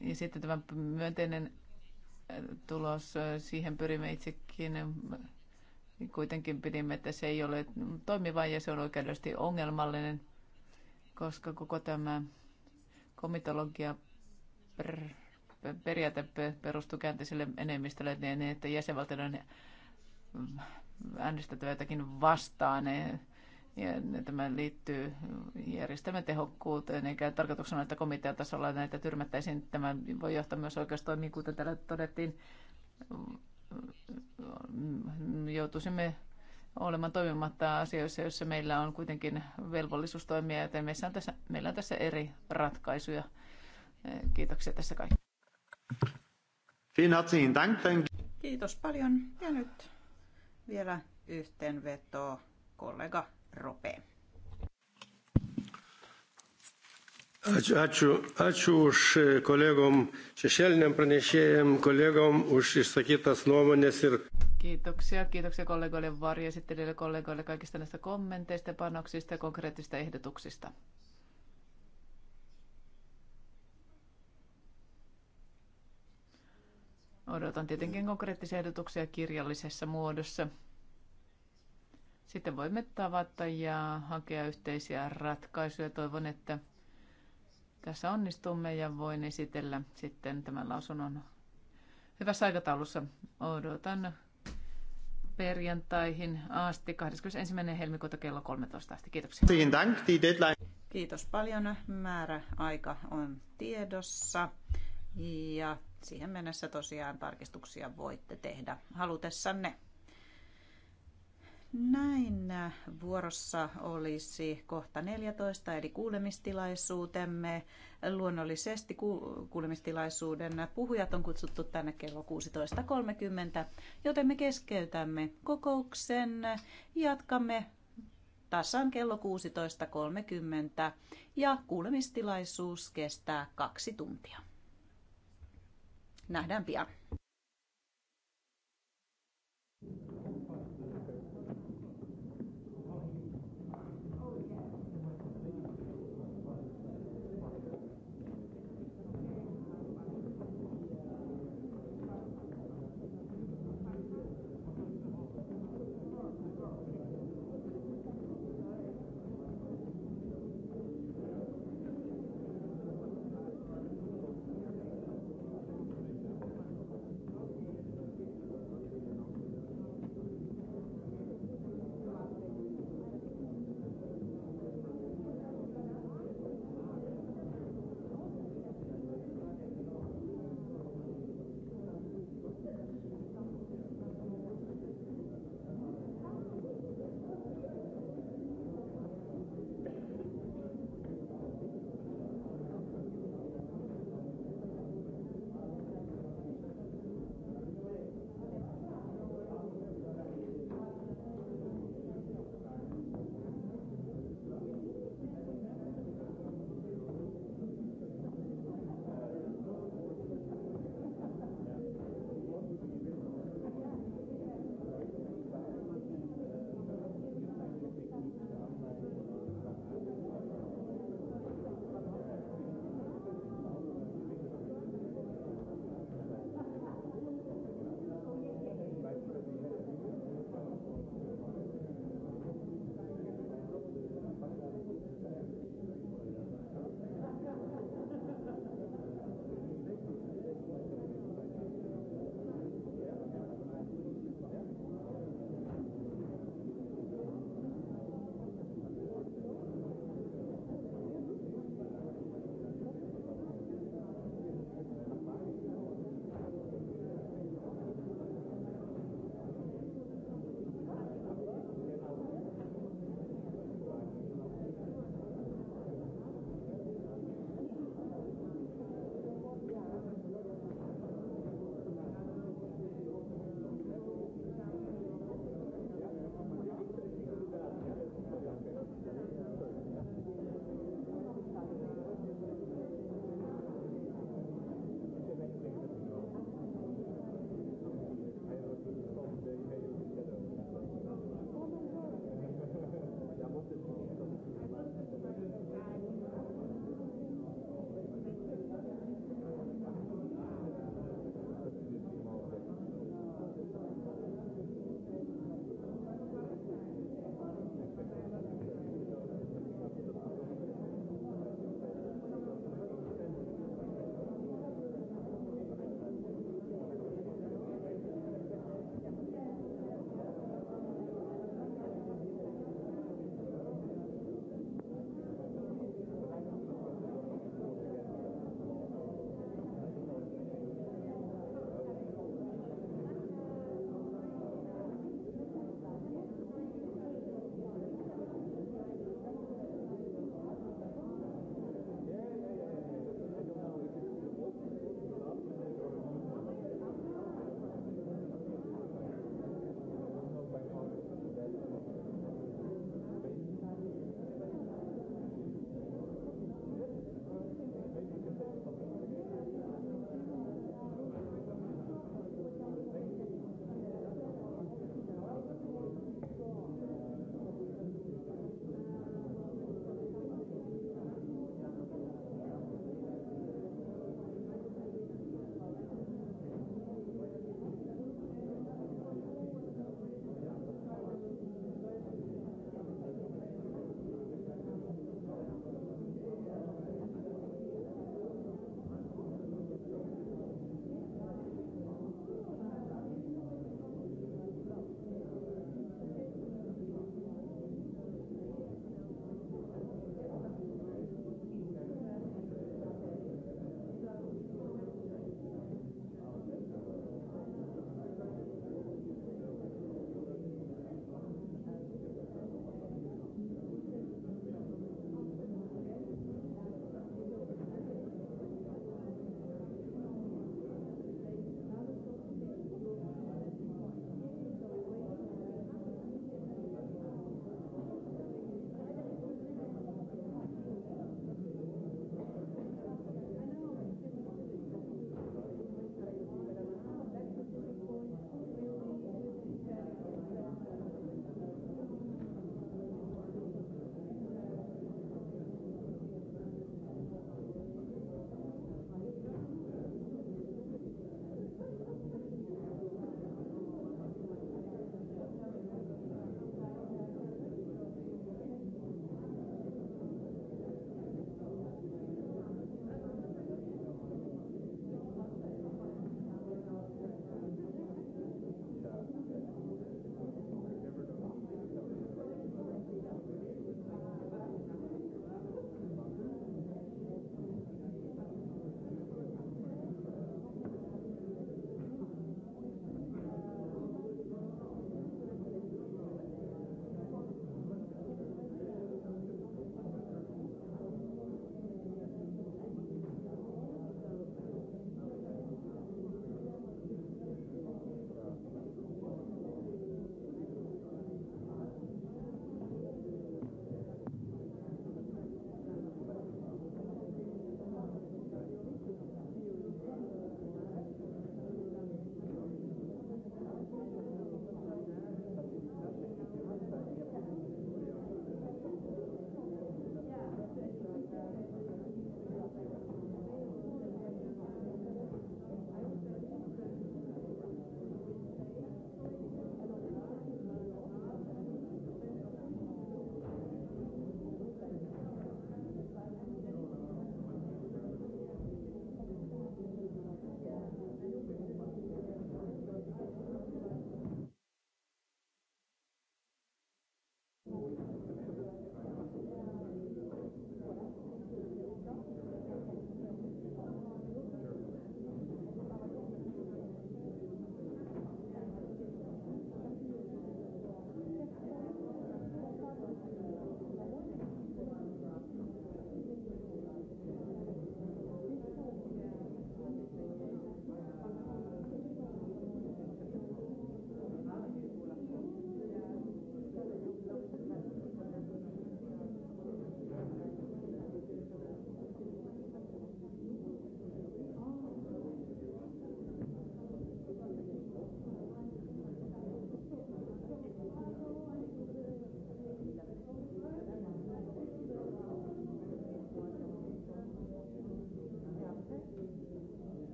Ja sitten tämä myönteinen äh, tulos, äh, siihen pyrimme itsekin. Kuitenkin pidimme, että se ei ole toimiva ja se on oikeudellisesti ongelmallinen, koska koko tämä komitologia per, per, periaate perustuu käänteiselle enemmistölle niin, että jäsenvaltioiden äänestettävä jotakin vastaan. Niin, ja tämä liittyy järjestelmän tehokkuuteen, eikä tarkoituksena, että komiteatasolla näitä tyrmättäisiin. Tämä voi johtaa myös oikeustoimiin, kuten täällä todettiin. Joutuisimme olemaan toimimatta asioissa, joissa meillä on kuitenkin velvollisuus toimia, joten meillä on tässä, meillä on tässä eri ratkaisuja. Kiitoksia tässä kaikki. Kiitos paljon. Ja nyt vielä yhteenveto kollega Rope. Ačiū, ačiū, ačiū už kolegom šešėliniam pranešėjim, kolegom už išsakytas nuomonės ir... Kiitoksia, kiitoksia kollegoille varjesittelijöille, kollegoille kaikista näistä kommenteista, panoksista ja konkreettisista ehdotuksista. Odotan tietenkin konkreettisia ehdotuksia kirjallisessa muodossa. Sitten voimme tavata ja hakea yhteisiä ratkaisuja. Toivon, että tässä onnistumme ja voin esitellä sitten tämän lausunnon hyvässä aikataulussa. Odotan perjantaihin asti 21. helmikuuta kello 13 asti. Kiitoksia. Kiitos paljon. Määrä aika on tiedossa. Ja siihen mennessä tosiaan tarkistuksia voitte tehdä halutessanne. Näin vuorossa olisi kohta 14 eli kuulemistilaisuutemme. Luonnollisesti kuulemistilaisuuden puhujat on kutsuttu tänne kello 16.30, joten me keskeytämme kokouksen. Jatkamme tasan kello 16.30 ja kuulemistilaisuus kestää kaksi tuntia. Nähdään pian.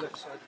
left side.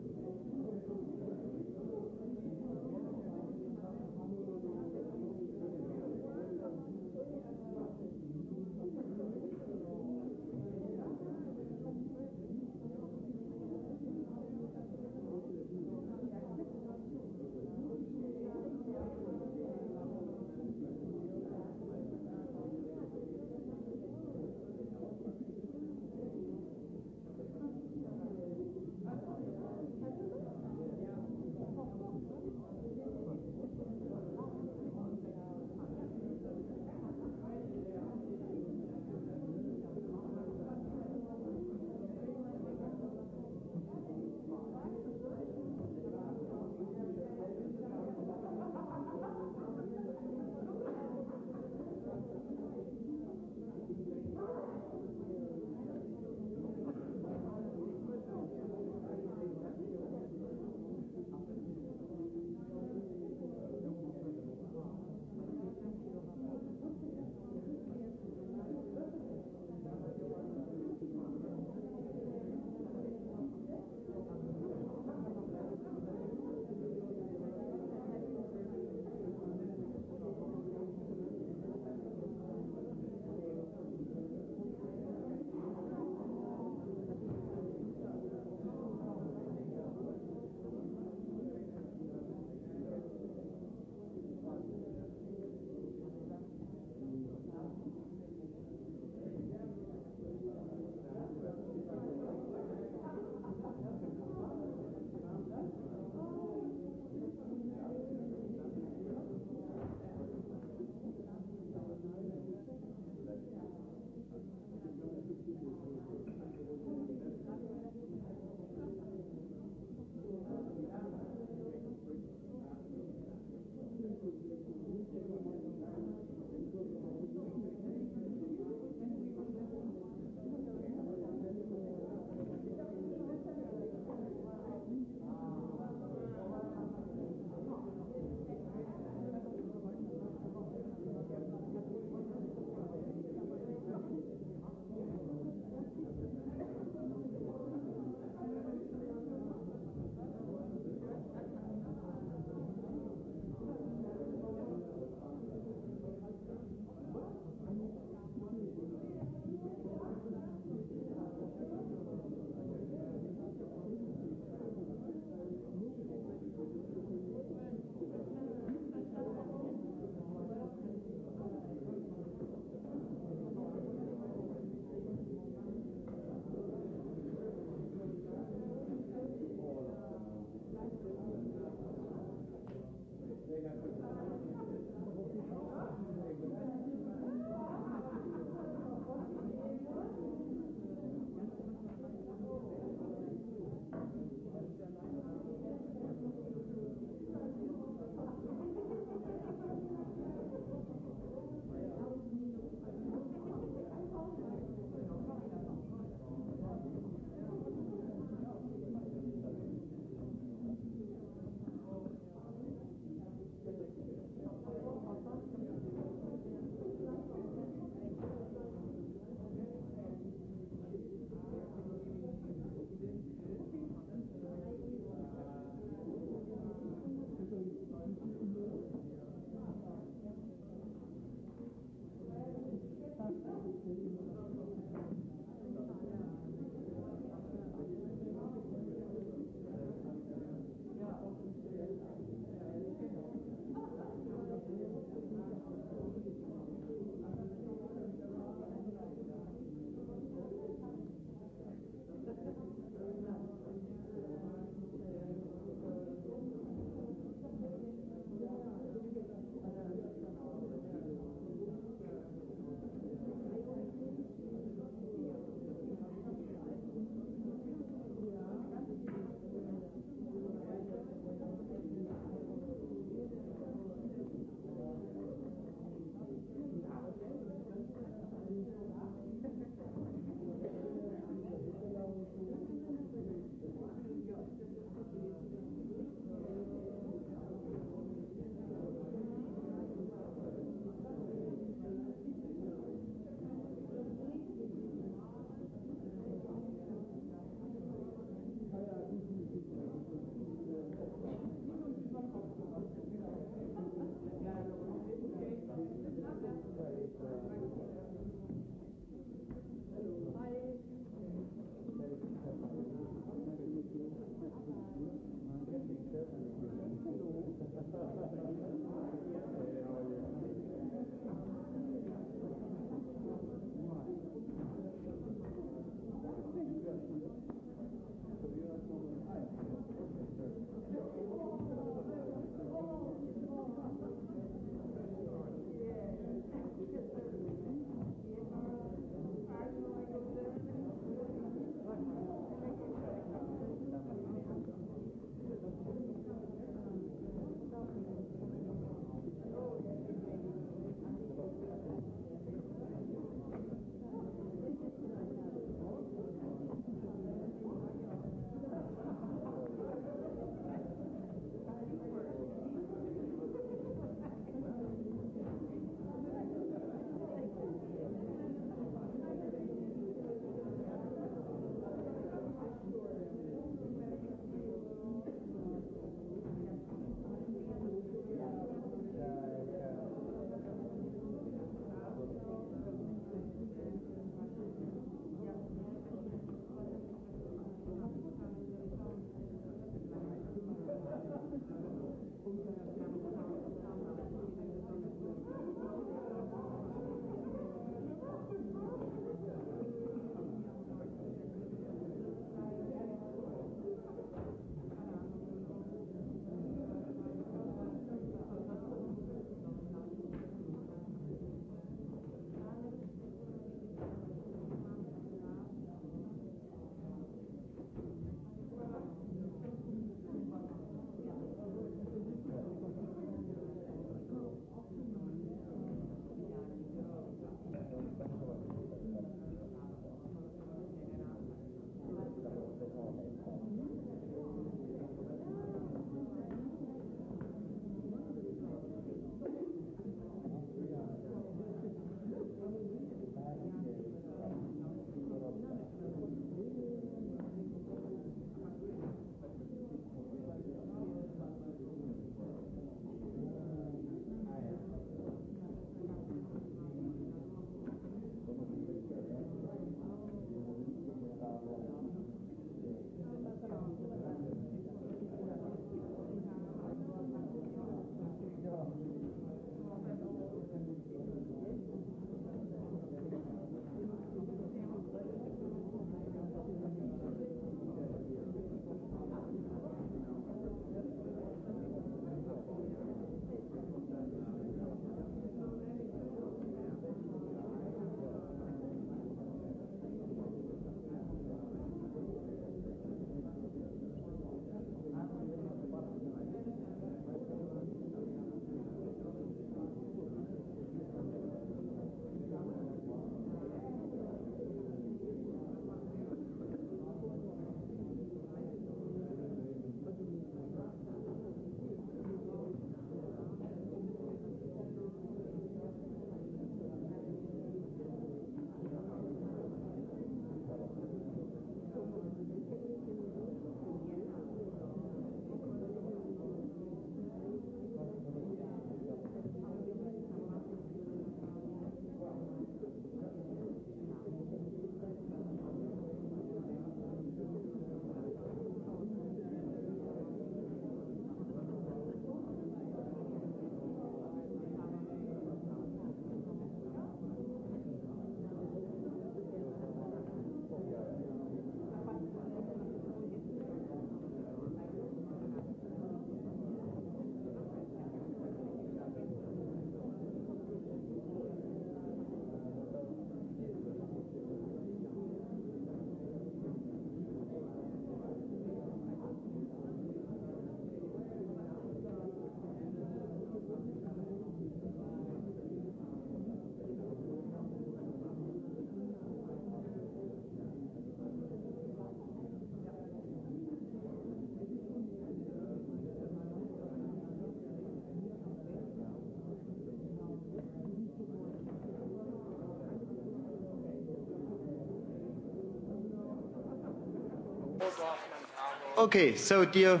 Okay, so dear...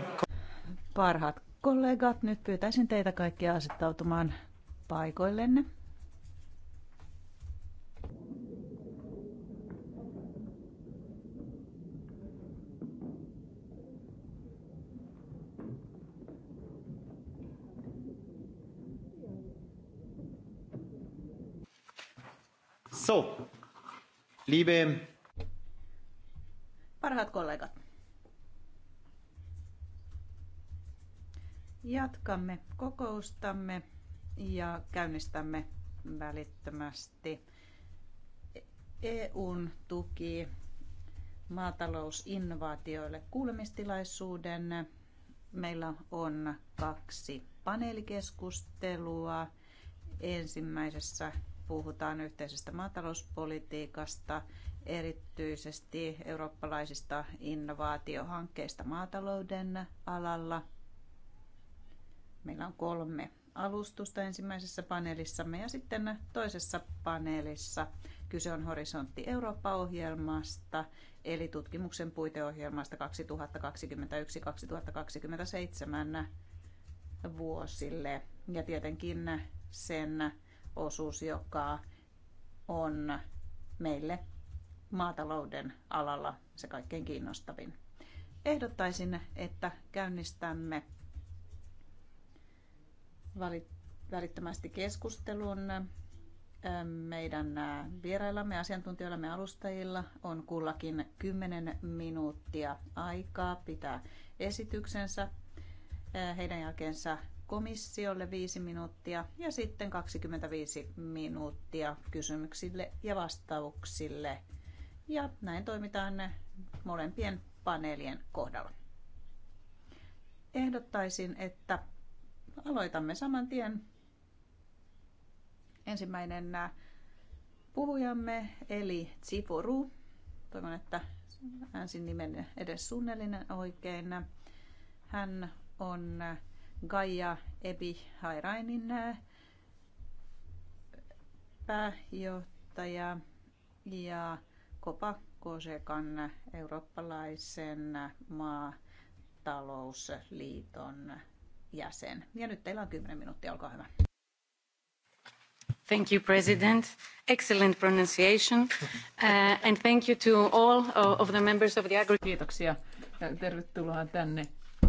Parhaat kollegat, nyt pyytäisin teitä kaikkia asettautumaan paikoillenne. So, liebe Jatkamme kokoustamme ja käynnistämme välittömästi EUn tuki maatalousinnovaatioille kuulemistilaisuuden. Meillä on kaksi paneelikeskustelua. Ensimmäisessä puhutaan yhteisestä maatalouspolitiikasta, erityisesti eurooppalaisista innovaatiohankkeista maatalouden alalla – Meillä on kolme alustusta ensimmäisessä paneelissamme ja sitten toisessa paneelissa kyse on Horisontti Eurooppa-ohjelmasta eli tutkimuksen puiteohjelmasta 2021-2027 vuosille ja tietenkin sen osuus, joka on meille maatalouden alalla se kaikkein kiinnostavin. Ehdottaisin, että käynnistämme välittömästi keskustelun. Meidän vieraillamme, asiantuntijoillamme alustajilla on kullakin 10 minuuttia aikaa pitää esityksensä. Heidän jälkeensä komissiolle 5 minuuttia ja sitten 25 minuuttia kysymyksille ja vastauksille. Ja näin toimitaan molempien paneelien kohdalla ehdottaisin, että aloitamme saman tien. Ensimmäinen äh, puhujamme, eli Tsipuru. Toivon, että ensin nimen edes suunnellinen oikein. Hän on äh, Gaia Ebi Hairainin äh, pääjohtaja ja Kopa Kosekan eurooppalaisen maatalousliiton jäsen. Ja nyt teillä on 10 minuuttia, olkaa hyvä. Thank you, President. Excellent pronunciation. Uh, and thank you to all of the members of the Agri... Kiitoksia. Tervetuloa tänne.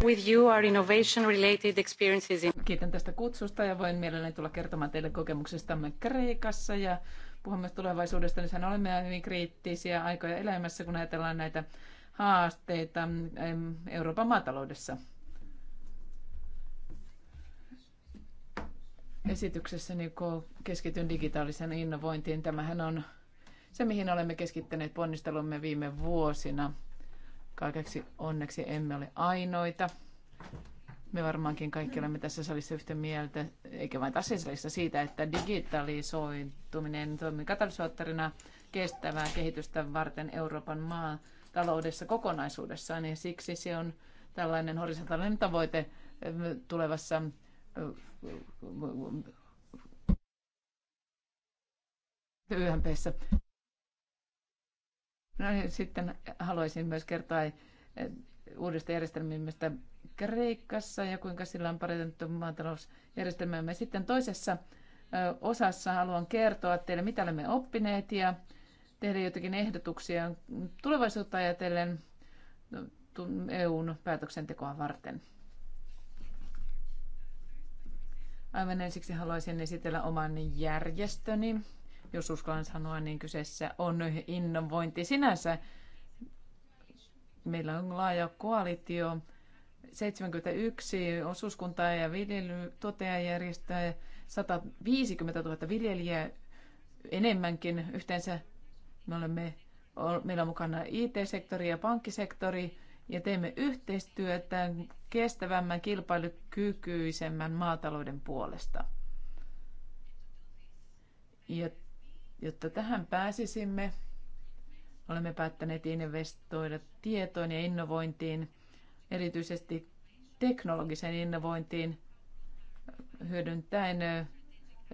With you are innovation related experiences in... Kiitän tästä kutsusta ja voin mielelläni tulla kertomaan teille kokemuksestamme Kreikassa ja puhumme myös tulevaisuudesta. Nythän olemme hyvin kriittisiä aikoja elämässä, kun ajatellaan näitä haasteita Euroopan maataloudessa. esityksessäni, niin kun keskityn digitaalisen innovointiin, tämähän on se, mihin olemme keskittäneet ponnistelumme viime vuosina. Kaikeksi onneksi emme ole ainoita. Me varmaankin kaikki olemme tässä salissa yhtä mieltä, eikä vain tässä salissa siitä, että digitalisoituminen toimii katalysoottorina kestävää kehitystä varten Euroopan maa taloudessa kokonaisuudessaan, ja siksi se on tällainen horisontaalinen tavoite eh, tulevassa eh, YMPssä. No niin, sitten haluaisin myös kertoa eh, uudesta järjestelmistä Kreikassa ja kuinka sillä on parantettu maatalousjärjestelmäämme. Sitten toisessa osassa haluan kertoa teille, mitä olemme oppineet ja tehdä jotakin ehdotuksia tulevaisuutta ajatellen no, EUn päätöksentekoa varten. Aivan ensiksi haluaisin esitellä oman järjestöni. Jos uskallan sanoa, niin kyseessä on innovointi sinänsä. Meillä on laaja koalitio 71 osuuskuntaa ja viljelytuottajajärjestöä, 150 000 viljelijää enemmänkin yhteensä. Me olemme, meillä on mukana IT-sektori ja pankkisektori, ja teemme yhteistyötä kestävämmän kilpailukykyisemmän maatalouden puolesta. Ja jotta tähän pääsisimme, olemme päättäneet investoida tietoon ja innovointiin, erityisesti teknologiseen innovointiin, hyödyntäen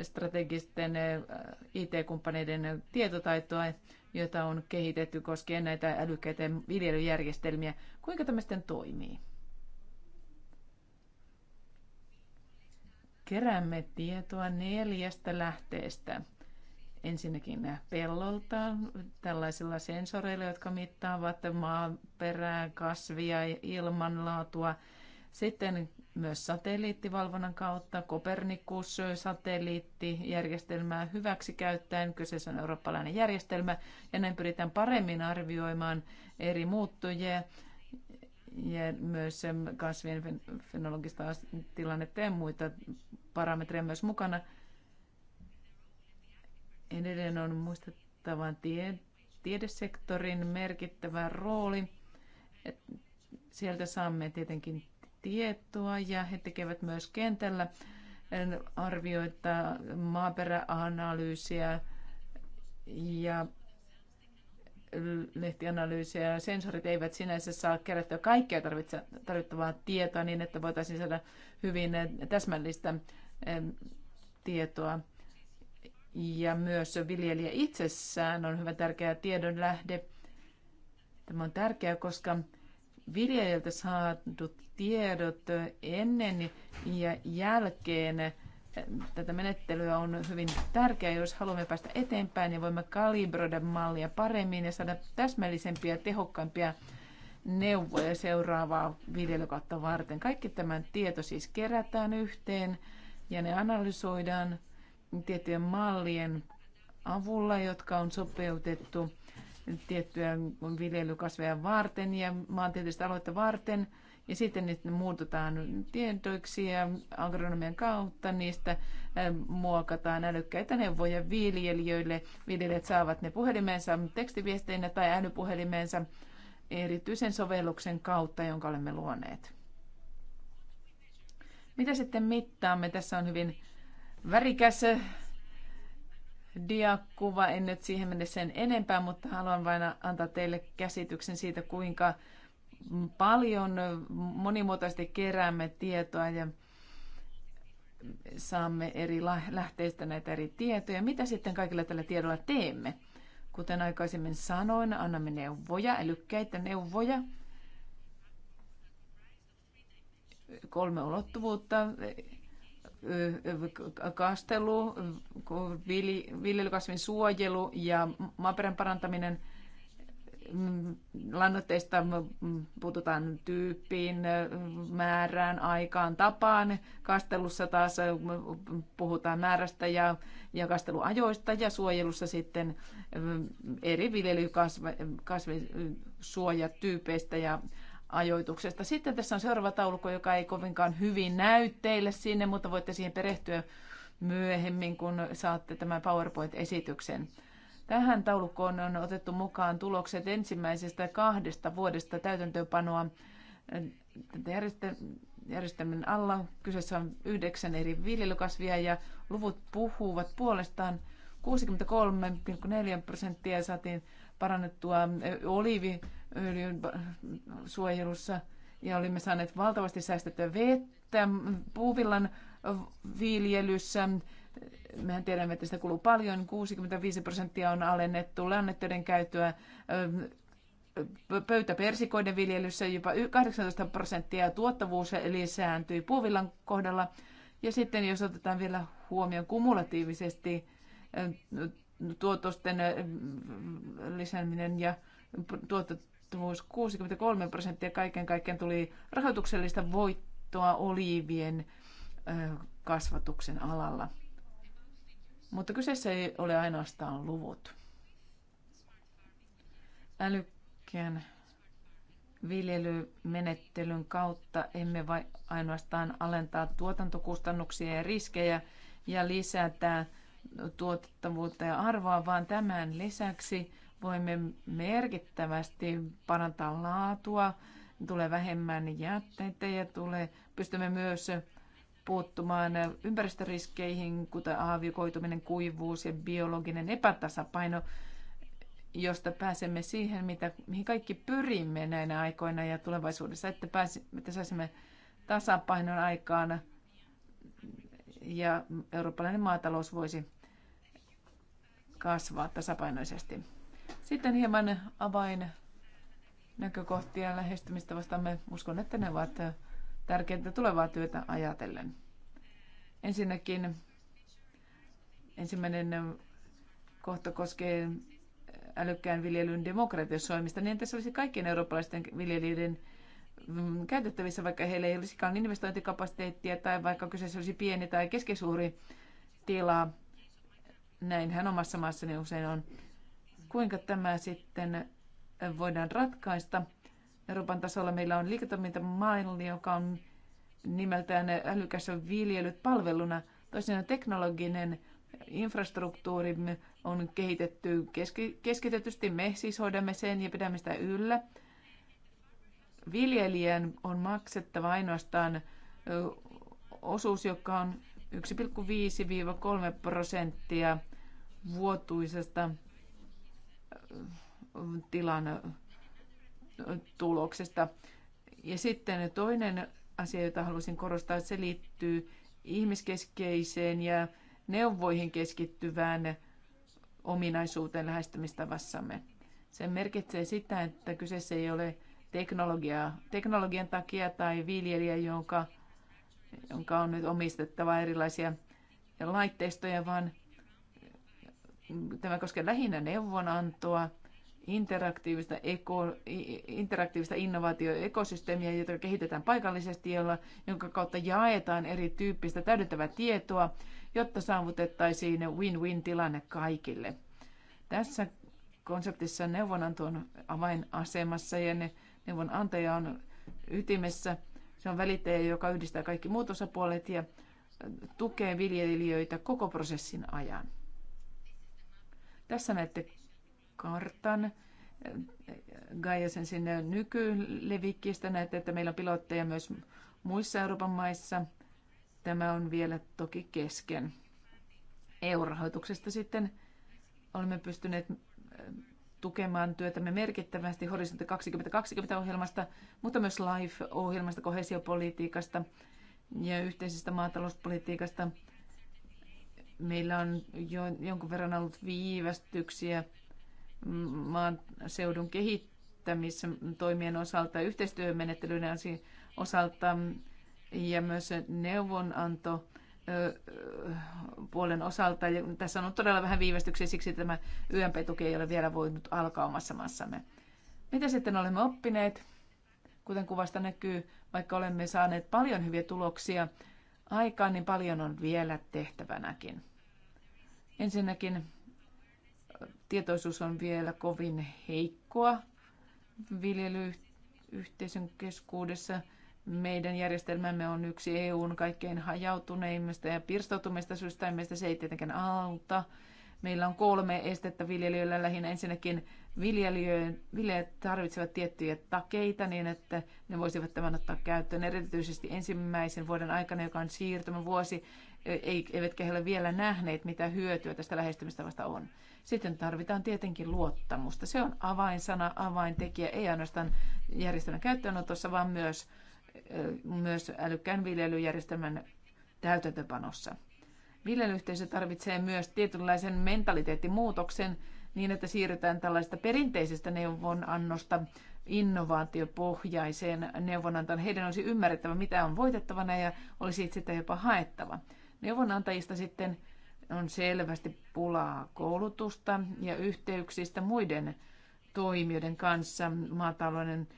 strategisten äh, IT-kumppaneiden tietotaitoa jota on kehitetty koskien näitä älykkäitä viljelyjärjestelmiä. Kuinka tämä sitten toimii? Keräämme tietoa neljästä lähteestä. Ensinnäkin pellolta tällaisilla sensoreilla, jotka mittaavat maaperää, kasvia, ilmanlaatua. Sitten myös satelliittivalvonnan kautta. Kopernikus-satelliittijärjestelmää hyväksi käyttäen. Kyseessä on eurooppalainen järjestelmä ja näin pyritään paremmin arvioimaan eri muuttujia ja myös kasvien fenologista tilannetta ja muita parametreja myös mukana. Edelleen on muistettava tie, tiedesektorin merkittävä rooli. Sieltä saamme tietenkin tietoa ja he tekevät myös kentällä arvioita, maaperäanalyysiä ja lehtianalyysiä. Sensorit eivät sinänsä saa kerättyä kaikkea tarvittavaa tietoa niin, että voitaisiin saada hyvin täsmällistä tietoa. Ja myös viljelijä itsessään on hyvä tärkeä tiedonlähde. Tämä on tärkeää, koska viljelijöiltä saadut tiedot ennen ja jälkeen tätä menettelyä on hyvin tärkeää, jos haluamme päästä eteenpäin ja voimme kalibroida mallia paremmin ja saada täsmällisempiä ja tehokkaampia neuvoja seuraavaa viljelykautta varten. Kaikki tämän tieto siis kerätään yhteen ja ne analysoidaan tiettyjen mallien avulla, jotka on sopeutettu tiettyä viljelykasveja varten ja maantieteellistä aluetta varten. Ja sitten nyt ne muututaan tietoiksi ja agronomian kautta niistä muokataan älykkäitä neuvoja viljelijöille. Viljelijät saavat ne puhelimeensa tekstiviesteinä tai älypuhelimeensa erityisen sovelluksen kautta, jonka olemme luoneet. Mitä sitten mittaamme? Tässä on hyvin värikäs diakuva. En nyt siihen mene sen enempää, mutta haluan vain antaa teille käsityksen siitä, kuinka paljon monimuotoisesti keräämme tietoa ja saamme eri lähteistä näitä eri tietoja. Mitä sitten kaikilla tällä tiedolla teemme? Kuten aikaisemmin sanoin, annamme neuvoja, älykkäitä neuvoja, kolme ulottuvuutta, kastelu, viljelykasvin suojelu ja maaperän parantaminen. Mm, lannoitteista puututaan tyyppiin, määrään, aikaan, tapaan. Kastelussa taas puhutaan määrästä ja, ja kasteluajoista ja suojelussa sitten eri viljelykasvisuojatyypeistä ja ajoituksesta. Sitten tässä on seuraava taulukko, joka ei kovinkaan hyvin näy teille sinne, mutta voitte siihen perehtyä myöhemmin, kun saatte tämän PowerPoint-esityksen. Tähän taulukkoon on otettu mukaan tulokset ensimmäisestä kahdesta vuodesta täytäntöönpanoa järjestelmän alla. Kyseessä on yhdeksän eri viljelykasvia ja luvut puhuvat puolestaan. 63,4 prosenttia saatiin parannettua oliivi öljyn suojelussa ja olimme saaneet valtavasti säästettyä vettä puuvillan viljelyssä. Mehän tiedämme, että sitä kuluu paljon. 65 prosenttia on alennettu lannetteiden käyttöä pöytäpersikoiden viljelyssä jopa 18 prosenttia tuottavuus lisääntyi puuvillan kohdalla. Ja sitten jos otetaan vielä huomioon kumulatiivisesti tuotosten lisääminen ja tuotot ulottuvuus 63 prosenttia kaiken kaikkiaan tuli rahoituksellista voittoa oliivien kasvatuksen alalla. Mutta kyseessä ei ole ainoastaan luvut. Älykkään viljelymenettelyn kautta emme vain ainoastaan alentaa tuotantokustannuksia ja riskejä ja lisätä tuottavuutta ja arvoa, vaan tämän lisäksi voimme merkittävästi parantaa laatua, tulee vähemmän jätteitä ja tulee, pystymme myös puuttumaan ympäristöriskeihin, kuten aavikoituminen, kuivuus ja biologinen epätasapaino, josta pääsemme siihen, mitä, mihin kaikki pyrimme näinä aikoina ja tulevaisuudessa, että, pääs, että saisimme tasapainon aikaan ja eurooppalainen maatalous voisi kasvaa tasapainoisesti. Sitten hieman avain näkökohtia lähestymistä vastamme. Uskon, että ne ovat tärkeintä tulevaa työtä ajatellen. Ensinnäkin ensimmäinen kohta koskee älykkään viljelyn demokratisoimista, niin tässä olisi kaikkien eurooppalaisten viljelijöiden mm, käytettävissä, vaikka heillä ei olisikaan investointikapasiteettia tai vaikka kyseessä olisi pieni tai keskisuuri tila. Näinhän omassa maassani usein on. Kuinka tämä sitten voidaan ratkaista? Euroopan tasolla meillä on liiketoimintamalli, joka on nimeltään älykäs viljelyt palveluna. Toisinaan teknologinen infrastruktuuri on kehitetty keski, keskitetysti. Me siis hoidamme sen ja pidämme sitä yllä. Viljelijän on maksettava ainoastaan osuus, joka on 1,5-3 prosenttia vuotuisesta tilan tuloksesta. Ja sitten toinen asia, jota haluaisin korostaa, se liittyy ihmiskeskeiseen ja neuvoihin keskittyvään ominaisuuteen lähestymistavassamme. Se merkitsee sitä, että kyseessä ei ole teknologiaa, teknologian takia tai viljelijä, jonka, jonka on nyt omistettava erilaisia laitteistoja, vaan Tämä koskee lähinnä neuvonantoa, interaktiivista, eko, interaktiivista innovaatioekosysteemiä, jota kehitetään paikallisesti, jolla, jonka kautta jaetaan erityyppistä täydentävää tietoa, jotta saavutettaisiin win-win-tilanne kaikille. Tässä konseptissa neuvonanto on avainasemassa ja ne, neuvonantaja on ytimessä. Se on välittäjä, joka yhdistää kaikki muut osapuolet ja tukee viljelijöitä koko prosessin ajan. Tässä näette kartan. Gaiasen sinne nykylevikkiistä näette, että meillä on pilotteja myös muissa Euroopan maissa. Tämä on vielä toki kesken. EU-rahoituksesta sitten olemme pystyneet äh, tukemaan työtämme merkittävästi Horisontti 2020-ohjelmasta, mutta myös LIFE-ohjelmasta, kohesiopolitiikasta ja yhteisestä maatalouspolitiikasta – Meillä on jo jonkun verran ollut viivästyksiä maanseudun kehittämistoimien osalta, yhteistyömenettelyiden osalta ja myös neuvonanto puolen osalta. Ja tässä on todella vähän viivästyksiä, siksi tämä YMP-tuki ei ole vielä voinut alkaa omassa maassamme. Mitä sitten olemme oppineet? Kuten kuvasta näkyy, vaikka olemme saaneet paljon hyviä tuloksia aikaan, niin paljon on vielä tehtävänäkin. Ensinnäkin tietoisuus on vielä kovin heikkoa viljelyyhteisön keskuudessa. Meidän järjestelmämme on yksi EUn kaikkein hajautuneimmista ja pirstoutuneista syystä, ja meistä se ei tietenkään auta. Meillä on kolme estettä viljelijöillä lähinnä. Ensinnäkin viljelijät tarvitsevat tiettyjä takeita niin, että ne voisivat tämän ottaa käyttöön. Erityisesti ensimmäisen vuoden aikana, joka on siirtymävuosi, eivätkä he ole vielä nähneet, mitä hyötyä tästä lähestymistavasta on. Sitten tarvitaan tietenkin luottamusta. Se on avainsana, avaintekijä, ei ainoastaan järjestelmän käyttöönotossa, vaan myös, myös älykkään viljelyjärjestelmän täytäntöpanossa. Viljelyyhteisö tarvitsee myös tietynlaisen mentaliteettimuutoksen niin, että siirrytään tällaista perinteisestä neuvonannosta innovaatiopohjaiseen neuvonantaan. Heidän olisi ymmärrettävä, mitä on voitettavana ja olisi itse jopa haettava. Neuvonantajista sitten on selvästi pulaa koulutusta ja yhteyksistä muiden toimijoiden kanssa maatalouden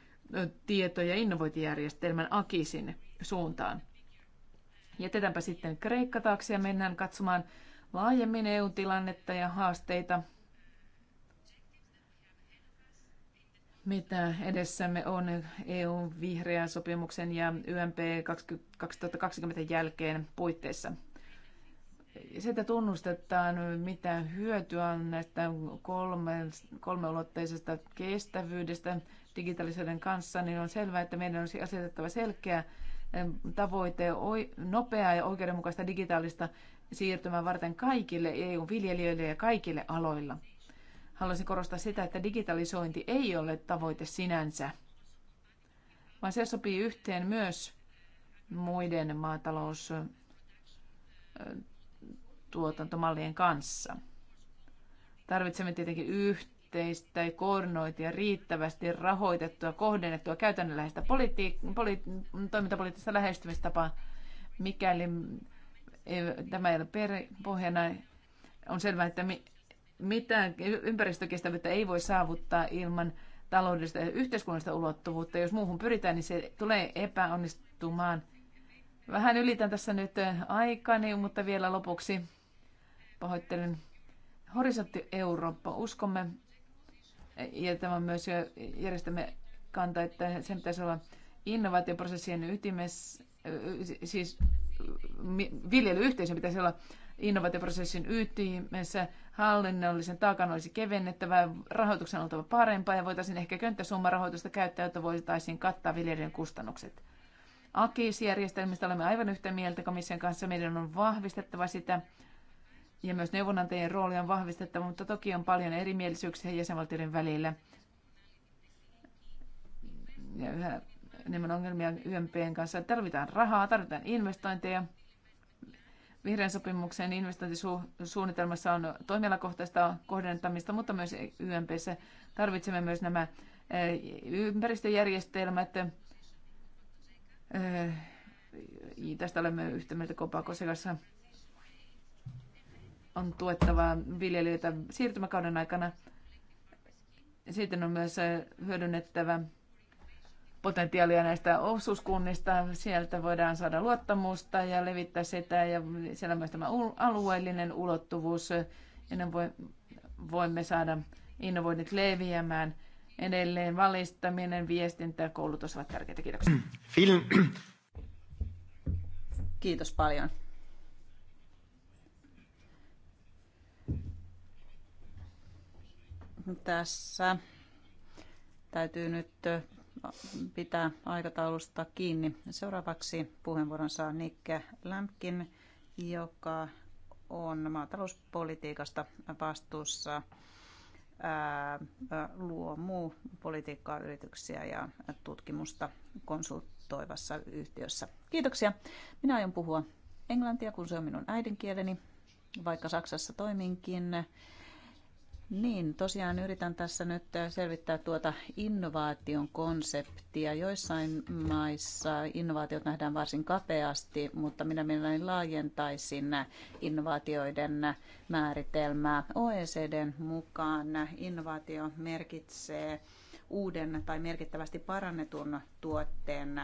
tieto- ja innovointijärjestelmän AKISin suuntaan. Jätetäänpä sitten Kreikka taakse ja mennään katsomaan laajemmin EU-tilannetta ja haasteita. Mitä edessämme on EU-vihreän sopimuksen ja YMP 2020 jälkeen puitteissa? sitä tunnustetaan, mitä hyötyä on näistä kolme, kolmeulotteisesta kestävyydestä digitaalisuuden kanssa, niin on selvää, että meidän olisi asetettava selkeä tavoite nopeaa ja oikeudenmukaista digitaalista siirtymää varten kaikille EU-viljelijöille ja kaikille aloilla. Haluaisin korostaa sitä, että digitalisointi ei ole tavoite sinänsä, vaan se sopii yhteen myös muiden maatalous tuotantomallien kanssa. Tarvitsemme tietenkin yhteistä ja koordinoitia riittävästi rahoitettua, kohdennettua käytännönläheistä politi- poli- toimintapoliittista lähestymistapaa, mikäli ei, tämä ei ole per- pohjana. On selvää, että mi- mitään ympäristökestävyyttä ei voi saavuttaa ilman taloudellista ja yhteiskunnallista ulottuvuutta. Jos muuhun pyritään, niin se tulee epäonnistumaan. Vähän ylitän tässä nyt aikani, mutta vielä lopuksi Pahoittelen. Horisontti Eurooppa. Uskomme, ja tämä on myös järjestämme kanta, että sen pitäisi olla innovaatioprosessien ytimessä, siis viljelyyhteisön pitäisi olla innovaatioprosessin ytimessä, hallinnollisen taakan olisi kevennettävä, rahoituksen on oltava parempaa ja voitaisiin ehkä könttäsumma rahoitusta käyttää, jotta voitaisiin kattaa viljelijöiden kustannukset. AKIS-järjestelmistä olemme aivan yhtä mieltä komission kanssa. Meidän on vahvistettava sitä ja myös neuvonantajien rooli on vahvistettava, mutta toki on paljon erimielisyyksiä jäsenvaltioiden välillä. Ja yhä enemmän ongelmia YMPn kanssa. Tarvitaan rahaa, tarvitaan investointeja. Vihreän sopimuksen investointisuunnitelmassa on toimialakohtaista kohdentamista, mutta myös YMPssä tarvitsemme myös nämä eh, ympäristöjärjestelmät. Eh, tästä olemme yhtä mieltä Kopakosekassa. kanssa on tuettava viljelijöitä siirtymäkauden aikana. Sitten on myös hyödynnettävä potentiaalia näistä osuuskunnista. Sieltä voidaan saada luottamusta ja levittää sitä. Ja siellä on myös tämä alueellinen ulottuvuus. Ja ne voimme saada innovoinnit leviämään. Edelleen valistaminen, viestintä ja koulutus ovat tärkeitä. Kiitoksia. Kiitos paljon. tässä täytyy nyt pitää aikataulusta kiinni. Seuraavaksi puheenvuoron saa Nikke Lämpkin, joka on maatalouspolitiikasta vastuussa muu politiikkaa, yrityksiä ja tutkimusta konsultoivassa yhtiössä. Kiitoksia. Minä aion puhua englantia, kun se on minun äidinkieleni, vaikka Saksassa toiminkin. Niin, tosiaan yritän tässä nyt selvittää tuota innovaation konseptia. Joissain maissa innovaatiot nähdään varsin kapeasti, mutta minä mielelläni laajentaisin innovaatioiden määritelmää. OECDn mukaan innovaatio merkitsee uuden tai merkittävästi parannetun tuotteen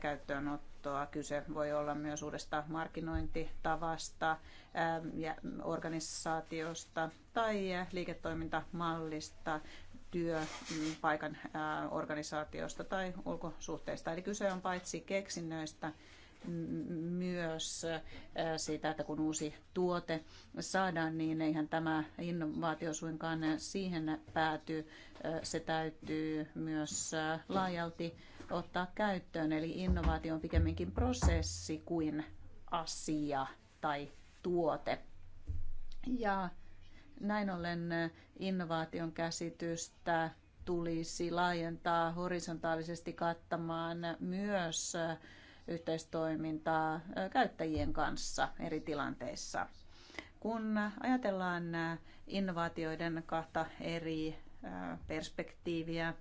käyttöönottoa johtoa. Kyse voi olla myös uudesta markkinointitavasta, ähm, organisaatiosta tai liiketoimintamallista, työpaikan mm, äh, organisaatiosta tai ulkosuhteista. Eli kyse on paitsi keksinnöistä, myös äh, siitä, että kun uusi tuote saadaan, niin eihän tämä innovaatio suinkaan siihen pääty. Äh, se täytyy myös laajalti ottaa käyttöön. Eli innovaatio on pikemminkin prosessi kuin asia tai tuote. Ja näin ollen innovaation käsitystä tulisi laajentaa horisontaalisesti kattamaan myös yhteistoimintaa käyttäjien kanssa eri tilanteissa. Kun ajatellaan innovaatioiden kahta eri perspektiiviä,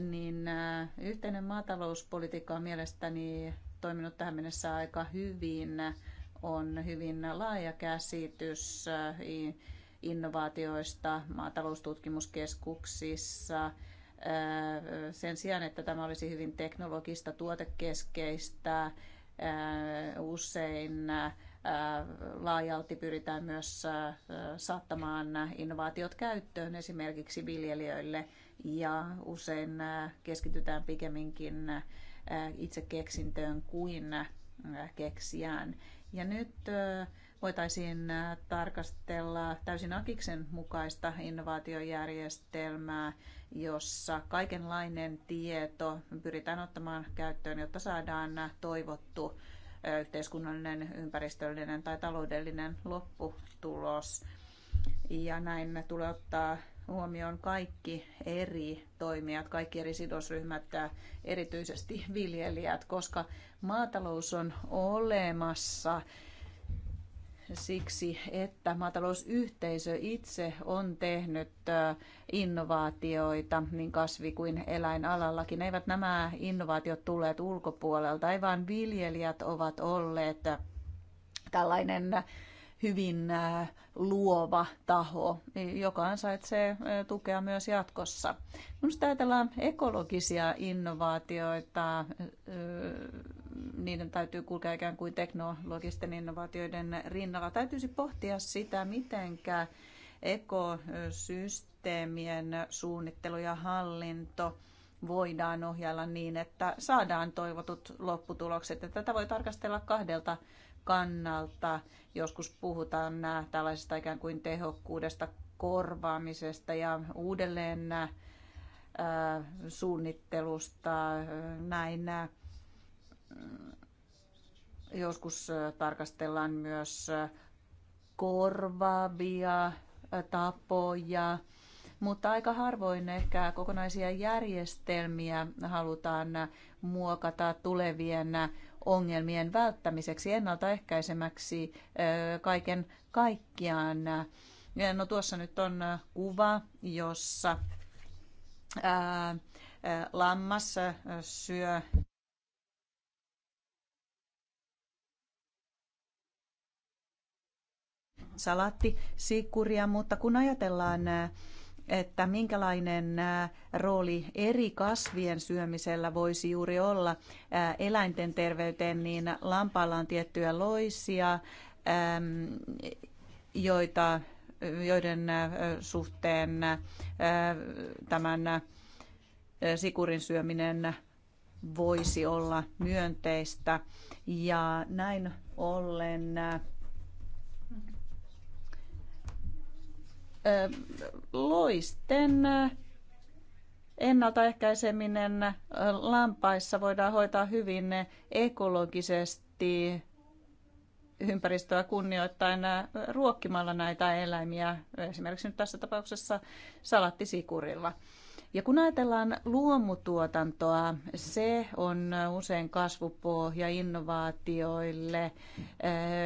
niin äh, yhteinen maatalouspolitiikka on mielestäni toiminut tähän mennessä aika hyvin. On hyvin laaja käsitys äh, innovaatioista maataloustutkimuskeskuksissa. Äh, sen sijaan, että tämä olisi hyvin teknologista, tuotekeskeistä, usein laajalti pyritään myös saattamaan innovaatiot käyttöön esimerkiksi viljelijöille – ja usein äh, keskitytään pikemminkin äh, itse keksintöön kuin äh, keksijään. Ja nyt voitaisiin tarkastella täysin Akiksen mukaista innovaatiojärjestelmää, jossa kaikenlainen tieto pyritään ottamaan käyttöön, jotta saadaan toivottu yhteiskunnallinen, ympäristöllinen tai taloudellinen lopputulos. Ja näin tulee ottaa huomioon kaikki eri toimijat, kaikki eri sidosryhmät, erityisesti <laughs> viljelijät, koska maatalous on olemassa siksi, että maatalousyhteisö itse on tehnyt innovaatioita niin kasvi- kuin eläinalallakin. Ne eivät nämä innovaatiot tulleet ulkopuolelta, ei vaan viljelijät ovat olleet tällainen hyvin äh, luova taho, joka ansaitsee äh, tukea myös jatkossa. Minusta ajatellaan ekologisia innovaatioita, äh, niiden täytyy kulkea ikään kuin teknologisten innovaatioiden rinnalla. Täytyisi pohtia sitä, mitenkä ekosysteemien suunnittelu ja hallinto voidaan ohjailla niin, että saadaan toivotut lopputulokset. tätä voi tarkastella kahdelta kannalta. Joskus puhutaan äh, tällaisesta ikään kuin tehokkuudesta korvaamisesta ja uudelleen äh, suunnittelusta äh, näin. Joskus tarkastellaan myös korvaavia tapoja, mutta aika harvoin ehkä kokonaisia järjestelmiä halutaan muokata tulevien ongelmien välttämiseksi, ennaltaehkäisemäksi kaiken kaikkiaan. No tuossa nyt on kuva, jossa lammas syö salaattisikuria, mutta kun ajatellaan että minkälainen rooli eri kasvien syömisellä voisi juuri olla eläinten terveyteen, niin lampaalla on tiettyjä loisia, joita, joiden suhteen tämän sikurin syöminen voisi olla myönteistä. Ja näin ollen loisten ennaltaehkäiseminen lampaissa voidaan hoitaa hyvin ekologisesti ympäristöä kunnioittain ruokkimalla näitä eläimiä, esimerkiksi nyt tässä tapauksessa salattisikkurilla. Ja kun ajatellaan luomutuotantoa, se on usein kasvupohja innovaatioille, eh,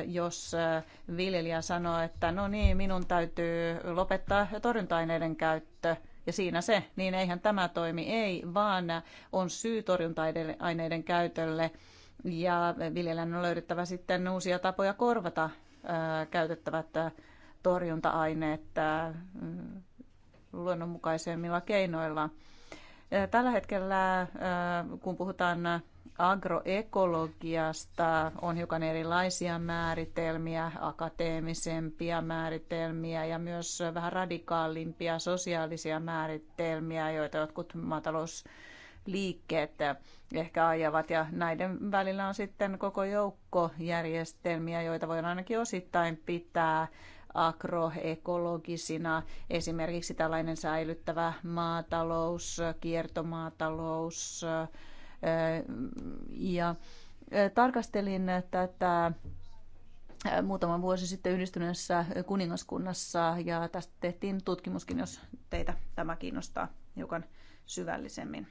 jos eh, viljelijä sanoo, että no niin, minun täytyy lopettaa torjunta-aineiden käyttö, ja siinä se, niin eihän tämä toimi, ei, vaan on syy torjunta-aineiden käytölle ja viljelijän on löydettävä sitten uusia tapoja korvata eh, käytettävät torjunta-aineet luonnonmukaisemmilla keinoilla. Tällä hetkellä, kun puhutaan agroekologiasta, on hiukan erilaisia määritelmiä, akateemisempia määritelmiä ja myös vähän radikaalimpia sosiaalisia määritelmiä, joita jotkut maatalousliikkeet ehkä ajavat. Ja näiden välillä on sitten koko joukko järjestelmiä, joita voidaan ainakin osittain pitää agroekologisina. Esimerkiksi tällainen säilyttävä maatalous, kiertomaatalous ja tarkastelin tätä muutama vuosi sitten yhdistyneessä kuningaskunnassa ja tästä tehtiin tutkimuskin, jos teitä tämä kiinnostaa hiukan syvällisemmin.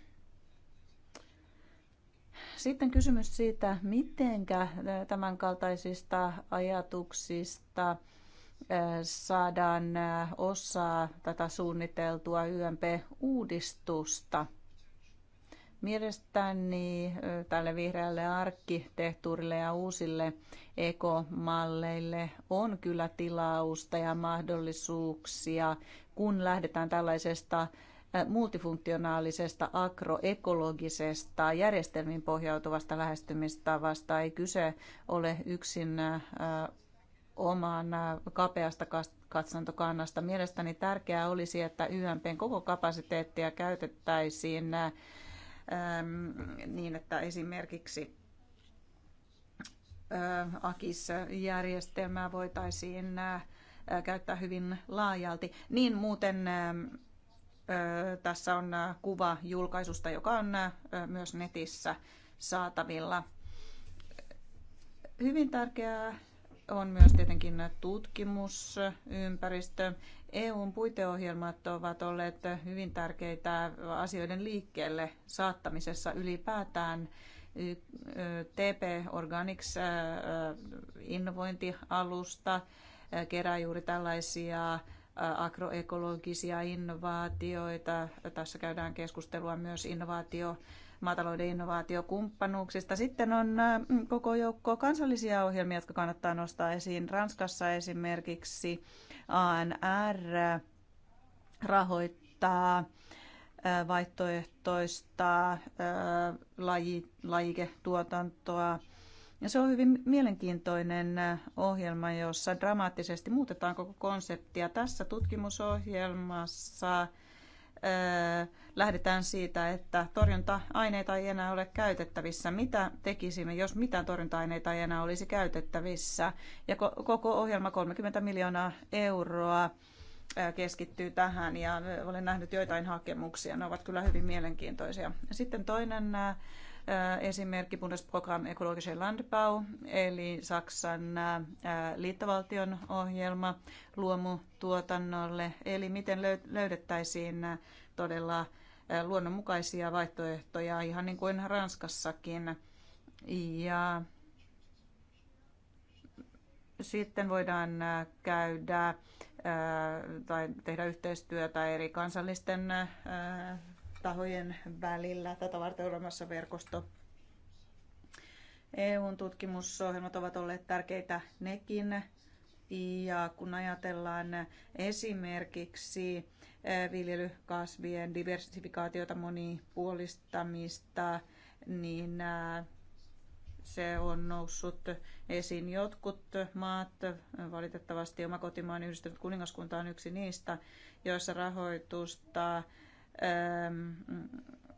Sitten kysymys siitä, mitenkä tämänkaltaisista ajatuksista saadaan osaa tätä suunniteltua YMP-uudistusta. Mielestäni tälle vihreälle arkkitehtuurille ja uusille ekomalleille on kyllä tilausta ja mahdollisuuksia, kun lähdetään tällaisesta multifunktionaalisesta agroekologisesta järjestelmiin pohjautuvasta lähestymistavasta. Ei kyse ole yksin oman kapeasta katsantokannasta. Mielestäni tärkeää olisi, että YMPn koko kapasiteettia käytettäisiin niin, että esimerkiksi AKIS-järjestelmää voitaisiin käyttää hyvin laajalti. Niin muuten tässä on kuva julkaisusta, joka on myös netissä saatavilla. Hyvin tärkeää on myös tietenkin tutkimusympäristö. EUn puiteohjelmat ovat olleet hyvin tärkeitä asioiden liikkeelle saattamisessa ylipäätään. TP Organics innovointialusta kerää juuri tällaisia agroekologisia innovaatioita. Tässä käydään keskustelua myös innovaatio maatalouden innovaatiokumppanuuksista. Sitten on äh, koko joukko kansallisia ohjelmia, jotka kannattaa nostaa esiin. Ranskassa esimerkiksi ANR rahoittaa äh, vaihtoehtoista äh, laji, lajiketuotantoa. Ja se on hyvin mielenkiintoinen ohjelma, jossa dramaattisesti muutetaan koko konseptia. Tässä tutkimusohjelmassa lähdetään siitä, että torjunta-aineita ei enää ole käytettävissä. Mitä tekisimme, jos mitään torjunta-aineita ei enää olisi käytettävissä? Ja koko ohjelma 30 miljoonaa euroa keskittyy tähän ja olen nähnyt joitain hakemuksia. Ne ovat kyllä hyvin mielenkiintoisia. Sitten toinen Äh, esimerkki Bundesprogramm Ökologische Landbau, eli Saksan äh, liittovaltion ohjelma luomutuotannolle, eli miten löydettäisiin äh, todella luonnonmukaisia vaihtoehtoja, ihan niin kuin Ranskassakin. Ja sitten voidaan käydä tai tehdä yhteistyötä eri kansallisten tahojen välillä. Tätä varten olemassa verkosto. eu tutkimusohjelmat ovat olleet tärkeitä nekin. Ja kun ajatellaan esimerkiksi e, viljelykasvien diversifikaatiota, monipuolistamista, niin e, se on noussut esiin. Jotkut maat, valitettavasti oma kotimaan yhdistynyt kuningaskunta on yksi niistä, joissa rahoitusta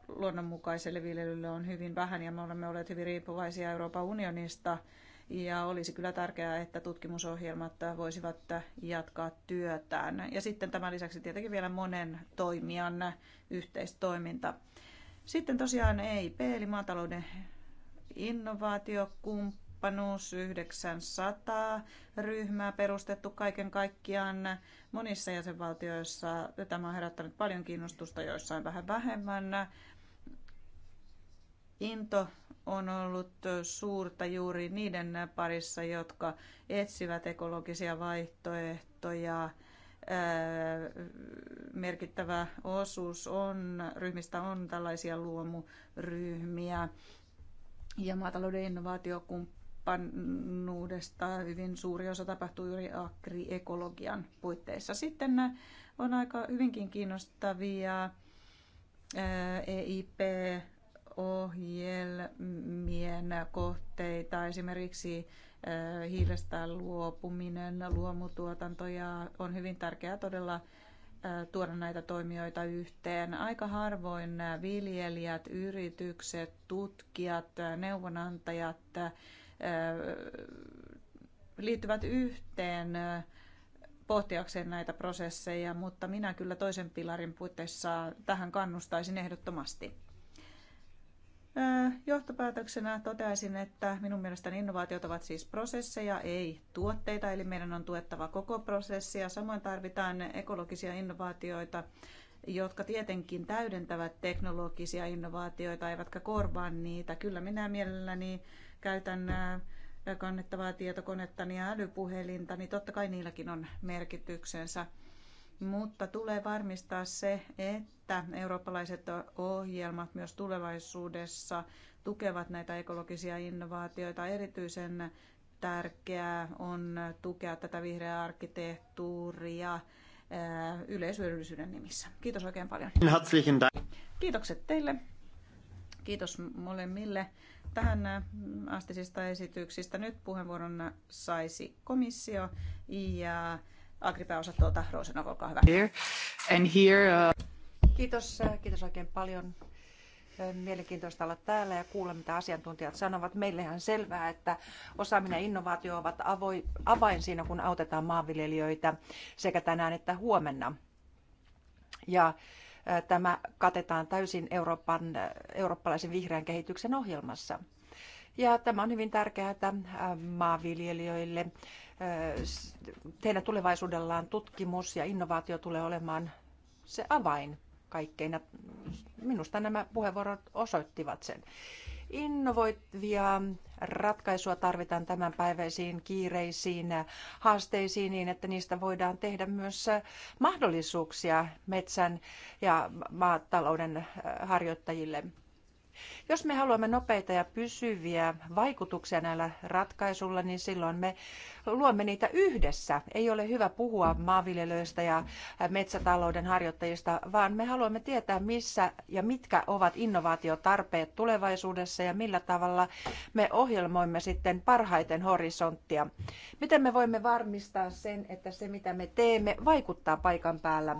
luonnonmukaiselle viljelylle on hyvin vähän ja me olemme olleet hyvin riippuvaisia Euroopan unionista. Ja olisi kyllä tärkeää, että tutkimusohjelmat voisivat jatkaa työtään. Ja sitten tämän lisäksi tietenkin vielä monen toimijan yhteistoiminta. Sitten tosiaan EIP, eli maatalouden innovaatiokumppani kumppanuus 900 ryhmää perustettu kaiken kaikkiaan monissa jäsenvaltioissa. Tämä on herättänyt paljon kiinnostusta, joissain vähän vähemmän. Into on ollut suurta juuri niiden parissa, jotka etsivät ekologisia vaihtoehtoja. Öö, merkittävä osuus on, ryhmistä on tällaisia luomuryhmiä ja maatalouden innovaatiokumppanuus kumppanuudesta. Hyvin suuri osa tapahtuu juuri agriekologian puitteissa. Sitten on aika hyvinkin kiinnostavia EIP ohjelmien kohteita, esimerkiksi hiilestä luopuminen, luomutuotanto ja on hyvin tärkeää todella tuoda näitä toimijoita yhteen. Aika harvoin viljelijät, yritykset, tutkijat, neuvonantajat liittyvät yhteen pohtiakseen näitä prosesseja, mutta minä kyllä toisen pilarin puitteissa tähän kannustaisin ehdottomasti. Johtopäätöksenä toteaisin, että minun mielestäni innovaatiot ovat siis prosesseja, ei tuotteita, eli meidän on tuettava koko prosessia. Samoin tarvitaan ekologisia innovaatioita, jotka tietenkin täydentävät teknologisia innovaatioita, eivätkä korvaa niitä. Kyllä minä mielelläni käytän kannettavaa tietokonetta ja älypuhelinta, niin totta kai niilläkin on merkityksensä. Mutta tulee varmistaa se, että eurooppalaiset ohjelmat myös tulevaisuudessa tukevat näitä ekologisia innovaatioita. Erityisen tärkeää on tukea tätä vihreää arkkitehtuuria yleishyödyllisyyden nimissä. Kiitos oikein paljon. Kiitokset teille. Kiitos molemmille tähän äh, astisista esityksistä. Nyt puheenvuoron saisi komissio ja tuolta Rosenov, olkaa hyvä. Here. And here, uh... Kiitos, äh, kiitos oikein paljon. Äh, mielenkiintoista olla täällä ja kuulla, mitä asiantuntijat sanovat. Meillähän selvää, että osaaminen ja innovaatio ovat avoin, avain siinä, kun autetaan maanviljelijöitä sekä tänään että huomenna. Ja tämä katetaan täysin Euroopan, eurooppalaisen vihreän kehityksen ohjelmassa. Ja tämä on hyvin tärkeää maanviljelijöille. Teidän tulevaisuudellaan tutkimus ja innovaatio tulee olemaan se avain kaikkein. minusta nämä puheenvuorot osoittivat sen. Innovoivia ratkaisua tarvitaan tämänpäiväisiin kiireisiin haasteisiin niin, että niistä voidaan tehdä myös mahdollisuuksia metsän ja maatalouden harjoittajille. Jos me haluamme nopeita ja pysyviä vaikutuksia näillä ratkaisuilla, niin silloin me luomme niitä yhdessä. Ei ole hyvä puhua maanviljelijöistä ja metsätalouden harjoittajista, vaan me haluamme tietää, missä ja mitkä ovat innovaatiotarpeet tulevaisuudessa ja millä tavalla me ohjelmoimme sitten parhaiten horisonttia. Miten me voimme varmistaa sen, että se mitä me teemme vaikuttaa paikan päällä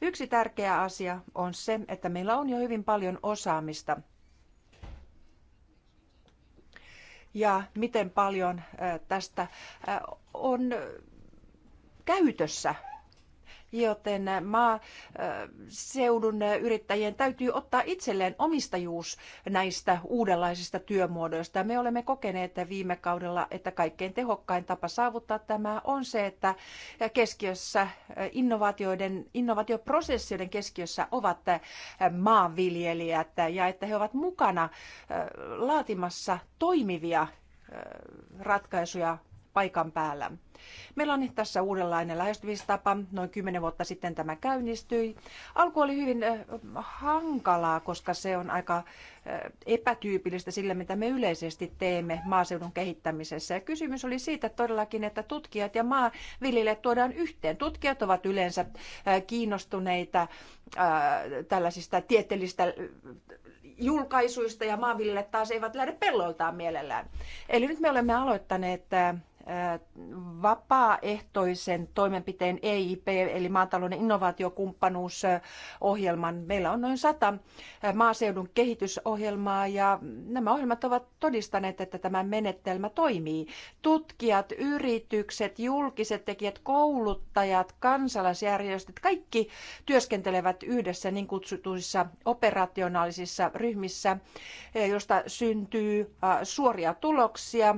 Yksi tärkeä asia on se, että meillä on jo hyvin paljon osaamista. ja miten paljon tästä on käytössä joten äh, maaseudun äh, äh, yrittäjien täytyy ottaa itselleen omistajuus näistä uudenlaisista työmuodoista. Me olemme kokeneet viime kaudella, että kaikkein tehokkain tapa saavuttaa tämä on se, että keskiössä innovaatioiden, innovaatioprosessien keskiössä ovat maanviljelijät ja että he ovat mukana laatimassa toimivia ratkaisuja paikan päällä. Meillä on tässä uudenlainen lähestymistapa. Noin kymmenen vuotta sitten tämä käynnistyi. Alku oli hyvin hankalaa, koska se on aika epätyypillistä sillä, mitä me yleisesti teemme maaseudun kehittämisessä. Ja kysymys oli siitä todellakin, että tutkijat ja maanviljelijät tuodaan yhteen. Tutkijat ovat yleensä kiinnostuneita tällaisista tieteellistä julkaisuista ja maanviljelijät taas eivät lähde pelloiltaan mielellään. Eli nyt me olemme aloittaneet vapaaehtoisen toimenpiteen EIP eli maatalouden innovaatiokumppanuusohjelman. Meillä on noin sata maaseudun kehitysohjelmaa ja nämä ohjelmat ovat todistaneet, että tämä menetelmä toimii. Tutkijat, yritykset, julkiset tekijät, kouluttajat, kansalaisjärjestöt, kaikki työskentelevät yhdessä niin kutsutuissa operationaalisissa ryhmissä, josta syntyy suoria tuloksia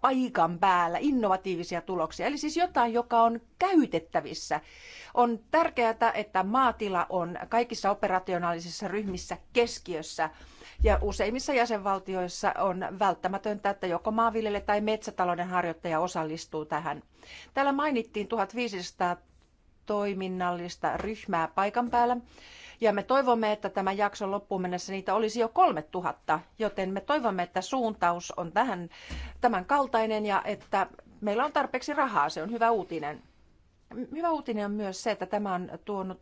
paikan päällä innovatiivisia tuloksia, eli siis jotain, joka on käytettävissä. On tärkeää, että maatila on kaikissa operationaalisissa ryhmissä keskiössä ja useimmissa jäsenvaltioissa on välttämätöntä, että joko maanviljelijä tai metsätalouden harjoittaja osallistuu tähän. Täällä mainittiin 1500 toiminnallista ryhmää paikan päällä. Ja me toivomme, että tämän jakson loppuun mennessä niitä olisi jo 3000, joten me toivomme, että suuntaus on tähän, tämän kaltainen ja että meillä on tarpeeksi rahaa. Se on hyvä uutinen. Hyvä uutinen on myös se, että tämä on tuonut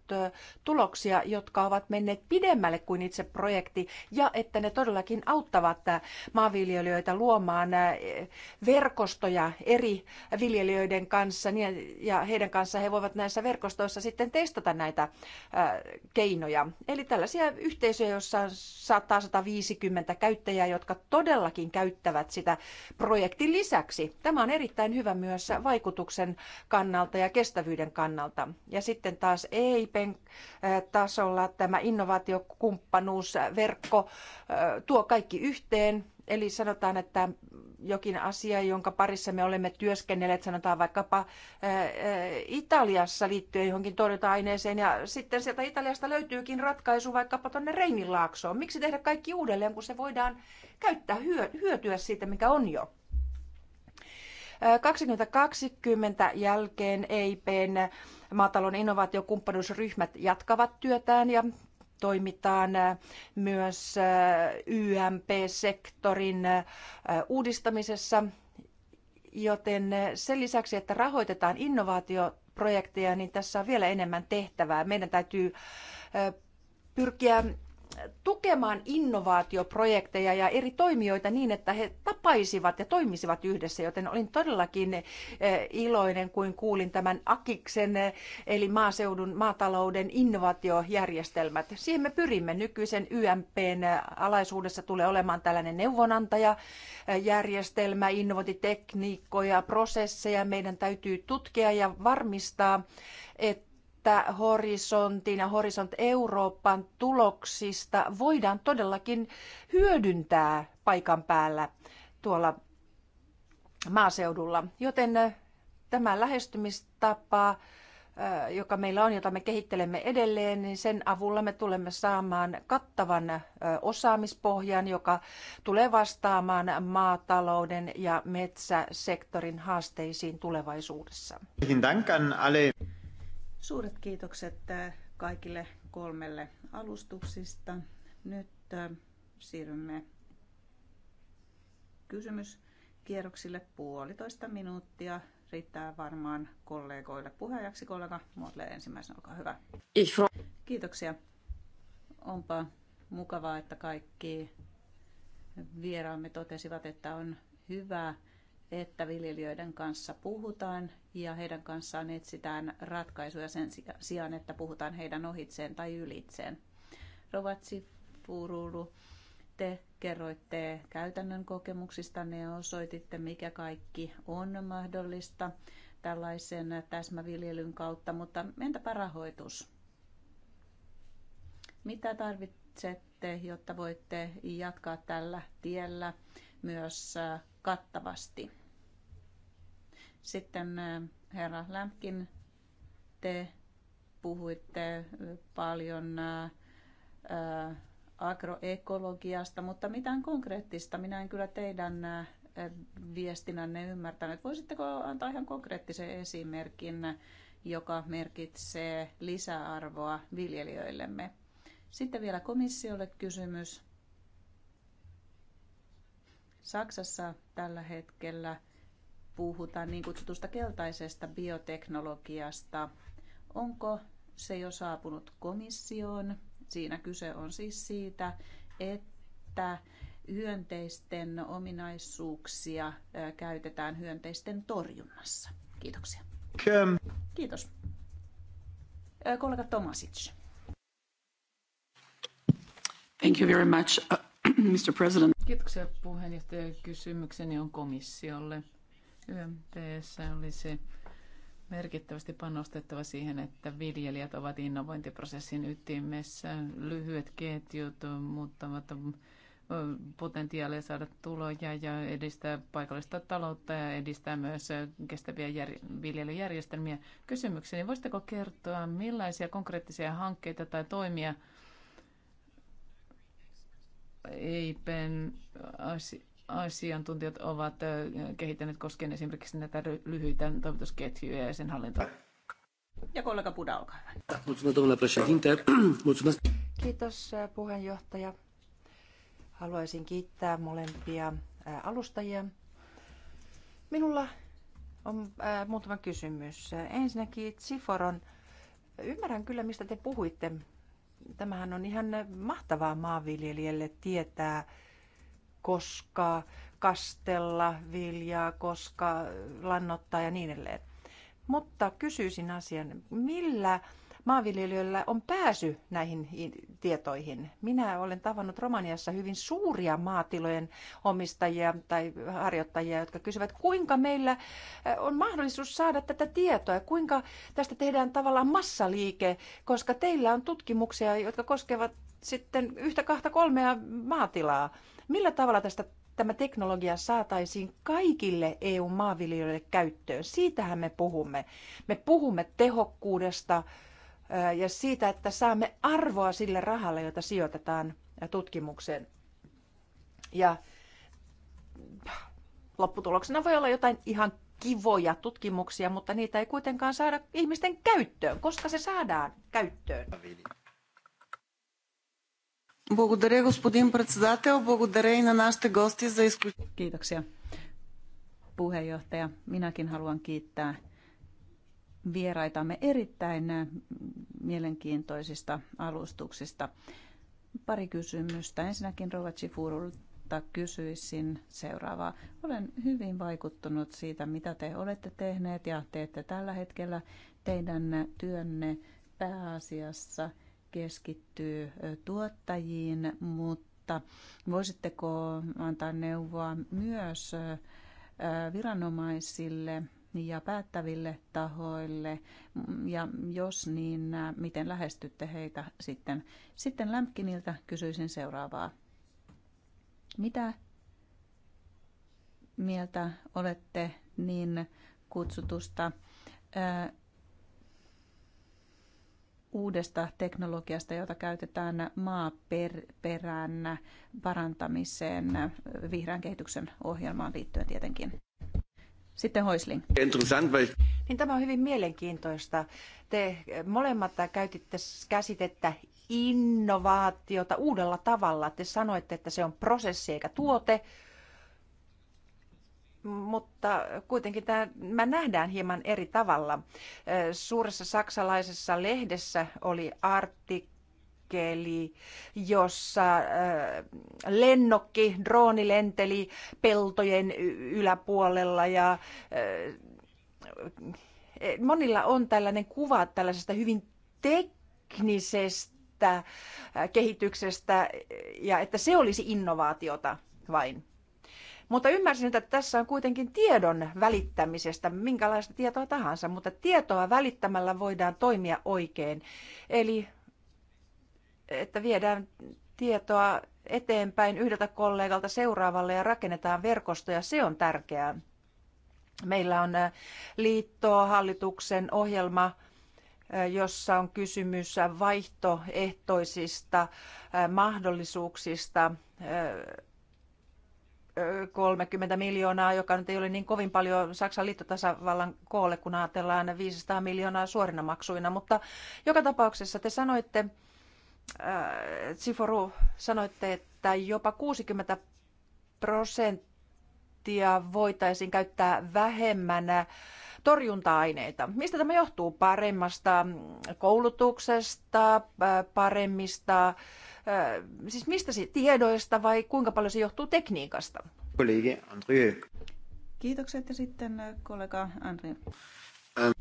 tuloksia, jotka ovat menneet pidemmälle kuin itse projekti, ja että ne todellakin auttavat maanviljelijöitä luomaan verkostoja eri viljelijöiden kanssa, niin, ja heidän kanssa he voivat näissä verkostoissa sitten testata näitä keinoja. Eli tällaisia yhteisöjä, joissa on 150 käyttäjää, jotka todellakin käyttävät sitä projektin lisäksi. Tämä on erittäin hyvä myös vaikutuksen kannalta ja kestävyyden kestävyyden kannalta. Ja sitten taas EIPen tasolla tämä innovaatiokumppanuusverkko tuo kaikki yhteen. Eli sanotaan, että jokin asia, jonka parissa me olemme työskennelleet, sanotaan vaikkapa Italiassa liittyen johonkin torjunta-aineeseen, ja sitten sieltä Italiasta löytyykin ratkaisu vaikkapa tuonne Reinilaaksoon. Miksi tehdä kaikki uudelleen, kun se voidaan käyttää, hyötyä siitä, mikä on jo? 2020 jälkeen EIPn maatalon innovaatiokumppanuusryhmät jatkavat työtään ja toimitaan myös äh, YMP-sektorin äh, uudistamisessa, joten äh, sen lisäksi, että rahoitetaan innovaatioprojekteja, niin tässä on vielä enemmän tehtävää. Meidän täytyy pyrkiä tukemaan innovaatioprojekteja ja eri toimijoita niin, että he tapaisivat ja toimisivat yhdessä, joten olin todellakin eh, iloinen, kuin kuulin tämän AKIKsen, eh, eli maaseudun maatalouden innovaatiojärjestelmät. Siihen me pyrimme. Nykyisen YMPn eh, alaisuudessa tulee olemaan tällainen neuvonantajajärjestelmä, innovointitekniikkoja, prosesseja. Meidän täytyy tutkia ja varmistaa, että että horisontin ja horisont Euroopan tuloksista voidaan todellakin hyödyntää paikan päällä tuolla maaseudulla. Joten äh, tämä lähestymistapa, äh, joka meillä on, jota me kehittelemme edelleen, niin sen avulla me tulemme saamaan kattavan äh, osaamispohjan, joka tulee vastaamaan maatalouden ja metsäsektorin haasteisiin tulevaisuudessa. Suuret kiitokset äh, kaikille kolmelle alustuksista. Nyt äh, siirrymme kysymyskierroksille puolitoista minuuttia. Riittää varmaan kollegoille puheenjaksi. Kollega Muotle ensimmäisenä, olkaa hyvä. Kiitoksia. Onpa mukavaa, että kaikki vieraamme totesivat, että on hyvä että viljelijöiden kanssa puhutaan ja heidän kanssaan etsitään ratkaisuja sen sijaan, että puhutaan heidän ohitseen tai ylitseen. Rovatsi Fururu, te kerroitte käytännön kokemuksistanne ja osoititte, mikä kaikki on mahdollista tällaisen täsmäviljelyn kautta, mutta entäpä rahoitus? Mitä tarvitsette, jotta voitte jatkaa tällä tiellä myös äh, kattavasti. Sitten herra Lämpkin, te puhuitte paljon agroekologiasta, mutta mitään konkreettista minä en kyllä teidän viestinänne ymmärtänyt. Voisitteko antaa ihan konkreettisen esimerkin, joka merkitsee lisäarvoa viljelijöillemme? Sitten vielä komissiolle kysymys. Saksassa tällä hetkellä puhutaan niin kutsutusta keltaisesta bioteknologiasta. Onko se jo saapunut komissioon? Siinä kyse on siis siitä, että hyönteisten ominaisuuksia käytetään hyönteisten torjunnassa. Kiitoksia. Köm. Kiitos. Kollega Tomasic. Thank you very much, uh, <clears throat> Mr. President. Kiitoksia puheenjohtaja. Kysymykseni on komissiolle. YMTS olisi merkittävästi panostettava siihen, että viljelijät ovat innovointiprosessin ytimessä. Lyhyet ketjut muuttavat potentiaalia saada tuloja ja edistää paikallista taloutta ja edistää myös kestäviä jär- viljelyjärjestelmiä. Kysymykseni, voisitteko kertoa, millaisia konkreettisia hankkeita tai toimia – EIPn asiantuntijat ovat kehittäneet koskien esimerkiksi näitä lyhyitä toimitusketjuja ja sen hallintaa. Ja kollega Puda, olkaa hyvä. <clears throat> Kiitos puheenjohtaja. Haluaisin kiittää molempia alustajia. Minulla on muutama kysymys. Ensinnäkin Siforon. Ymmärrän kyllä, mistä te puhuitte, tämähän on ihan mahtavaa maanviljelijälle tietää, koska kastella viljaa, koska lannottaa ja niin edelleen. Mutta kysyisin asian, millä maanviljelijöillä on pääsy näihin tietoihin. Minä olen tavannut Romaniassa hyvin suuria maatilojen omistajia tai harjoittajia, jotka kysyvät, kuinka meillä eh, on mahdollisuus saada tätä tietoa ja kuinka tästä tehdään tavallaan massaliike, koska teillä on tutkimuksia, jotka koskevat sitten yhtä, kahta, kolmea maatilaa. Millä tavalla tästä tämä teknologia saataisiin kaikille EU-maanviljelijöille käyttöön. Siitähän me puhumme. Me puhumme tehokkuudesta, ja siitä, että saamme arvoa sille rahalle, jota sijoitetaan tutkimukseen. Ja lopputuloksena voi olla jotain ihan kivoja tutkimuksia, mutta niitä ei kuitenkaan saada ihmisten käyttöön. Koska se saadaan käyttöön? Kiitoksia, puheenjohtaja. Minäkin haluan kiittää vieraitamme erittäin äh, mielenkiintoisista alustuksista. Pari kysymystä. Ensinnäkin Rova Chifurulta kysyisin seuraavaa. Olen hyvin vaikuttunut siitä, mitä te olette tehneet ja teette tällä hetkellä. Teidän työnne pääasiassa keskittyy äh, tuottajiin, mutta voisitteko antaa neuvoa myös äh, viranomaisille – ja päättäville tahoille? Ja jos niin, miten lähestytte heitä sitten? Sitten Lämpkiniltä kysyisin seuraavaa. Mitä mieltä olette niin kutsutusta ää, uudesta teknologiasta, jota käytetään maaperän parantamiseen vihreän kehityksen ohjelmaan liittyen tietenkin. Sitten Hoisling. Niin tämä on hyvin mielenkiintoista. Te molemmat käytitte käsitettä innovaatiota uudella tavalla. Te sanoitte, että se on prosessi eikä tuote, mutta kuitenkin tämä nähdään hieman eri tavalla. Suuressa saksalaisessa lehdessä oli artikkeli, askeli, jossa äh, lennokki, drooni lenteli peltojen yläpuolella ja äh, monilla on tällainen kuva tällaisesta hyvin teknisestä äh, kehityksestä ja että se olisi innovaatiota vain. Mutta ymmärsin, että tässä on kuitenkin tiedon välittämisestä, minkälaista tietoa tahansa, mutta tietoa välittämällä voidaan toimia oikein. Eli että viedään tietoa eteenpäin yhdeltä kollegalta seuraavalle ja rakennetaan verkostoja, se on tärkeää. Meillä on äh, liitto, hallituksen ohjelma, äh, jossa on kysymys vaihtoehtoisista äh, mahdollisuuksista 30 miljoonaa, joka nyt ei ole niin kovin paljon Saksan liittotasavallan koolle, kun ajatellaan 500 miljoonaa suorina maksuina. Mutta joka tapauksessa te sanoitte, Äh, Siforu, sanoitte, että jopa 60 prosenttia voitaisiin käyttää vähemmän torjunta-aineita. Mistä tämä johtuu? Paremmasta koulutuksesta, äh, paremmista, äh, siis mistä se tiedoista vai kuinka paljon se johtuu tekniikasta? Kollegi Andrieu. Kiitokset ja sitten kollega Andrieu.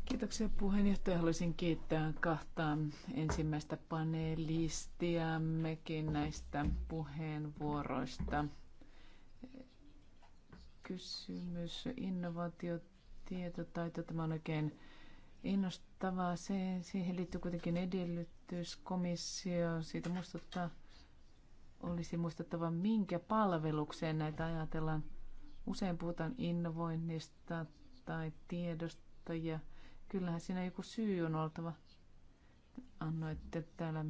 Kiitoksia puheenjohtaja. Haluaisin kiittää kahta ensimmäistä paneelistiammekin näistä puheenvuoroista. Kysymys, innovaatio, tietotaito. Tämä on oikein innostavaa. Se, siihen liittyy kuitenkin edellytys. Komissio siitä muistuttaa, olisi muistettava, minkä palvelukseen näitä ajatellaan. Usein puhutaan innovoinnista tai tiedosta kannattajia. Kyllähän siinä joku syy on oltava. Annoitte täällä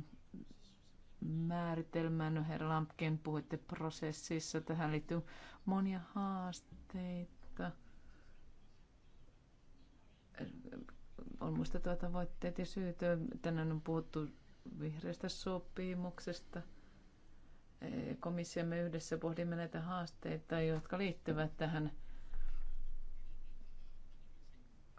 määritelmän, herra Lampken, puhuitte prosessissa. Tähän liittyy monia haasteita. On muistettava tavoitteet ja syyt. Tänään on puhuttu vihreästä sopimuksesta – komissiomme yhdessä pohdimme näitä haasteita, jotka liittyvät tähän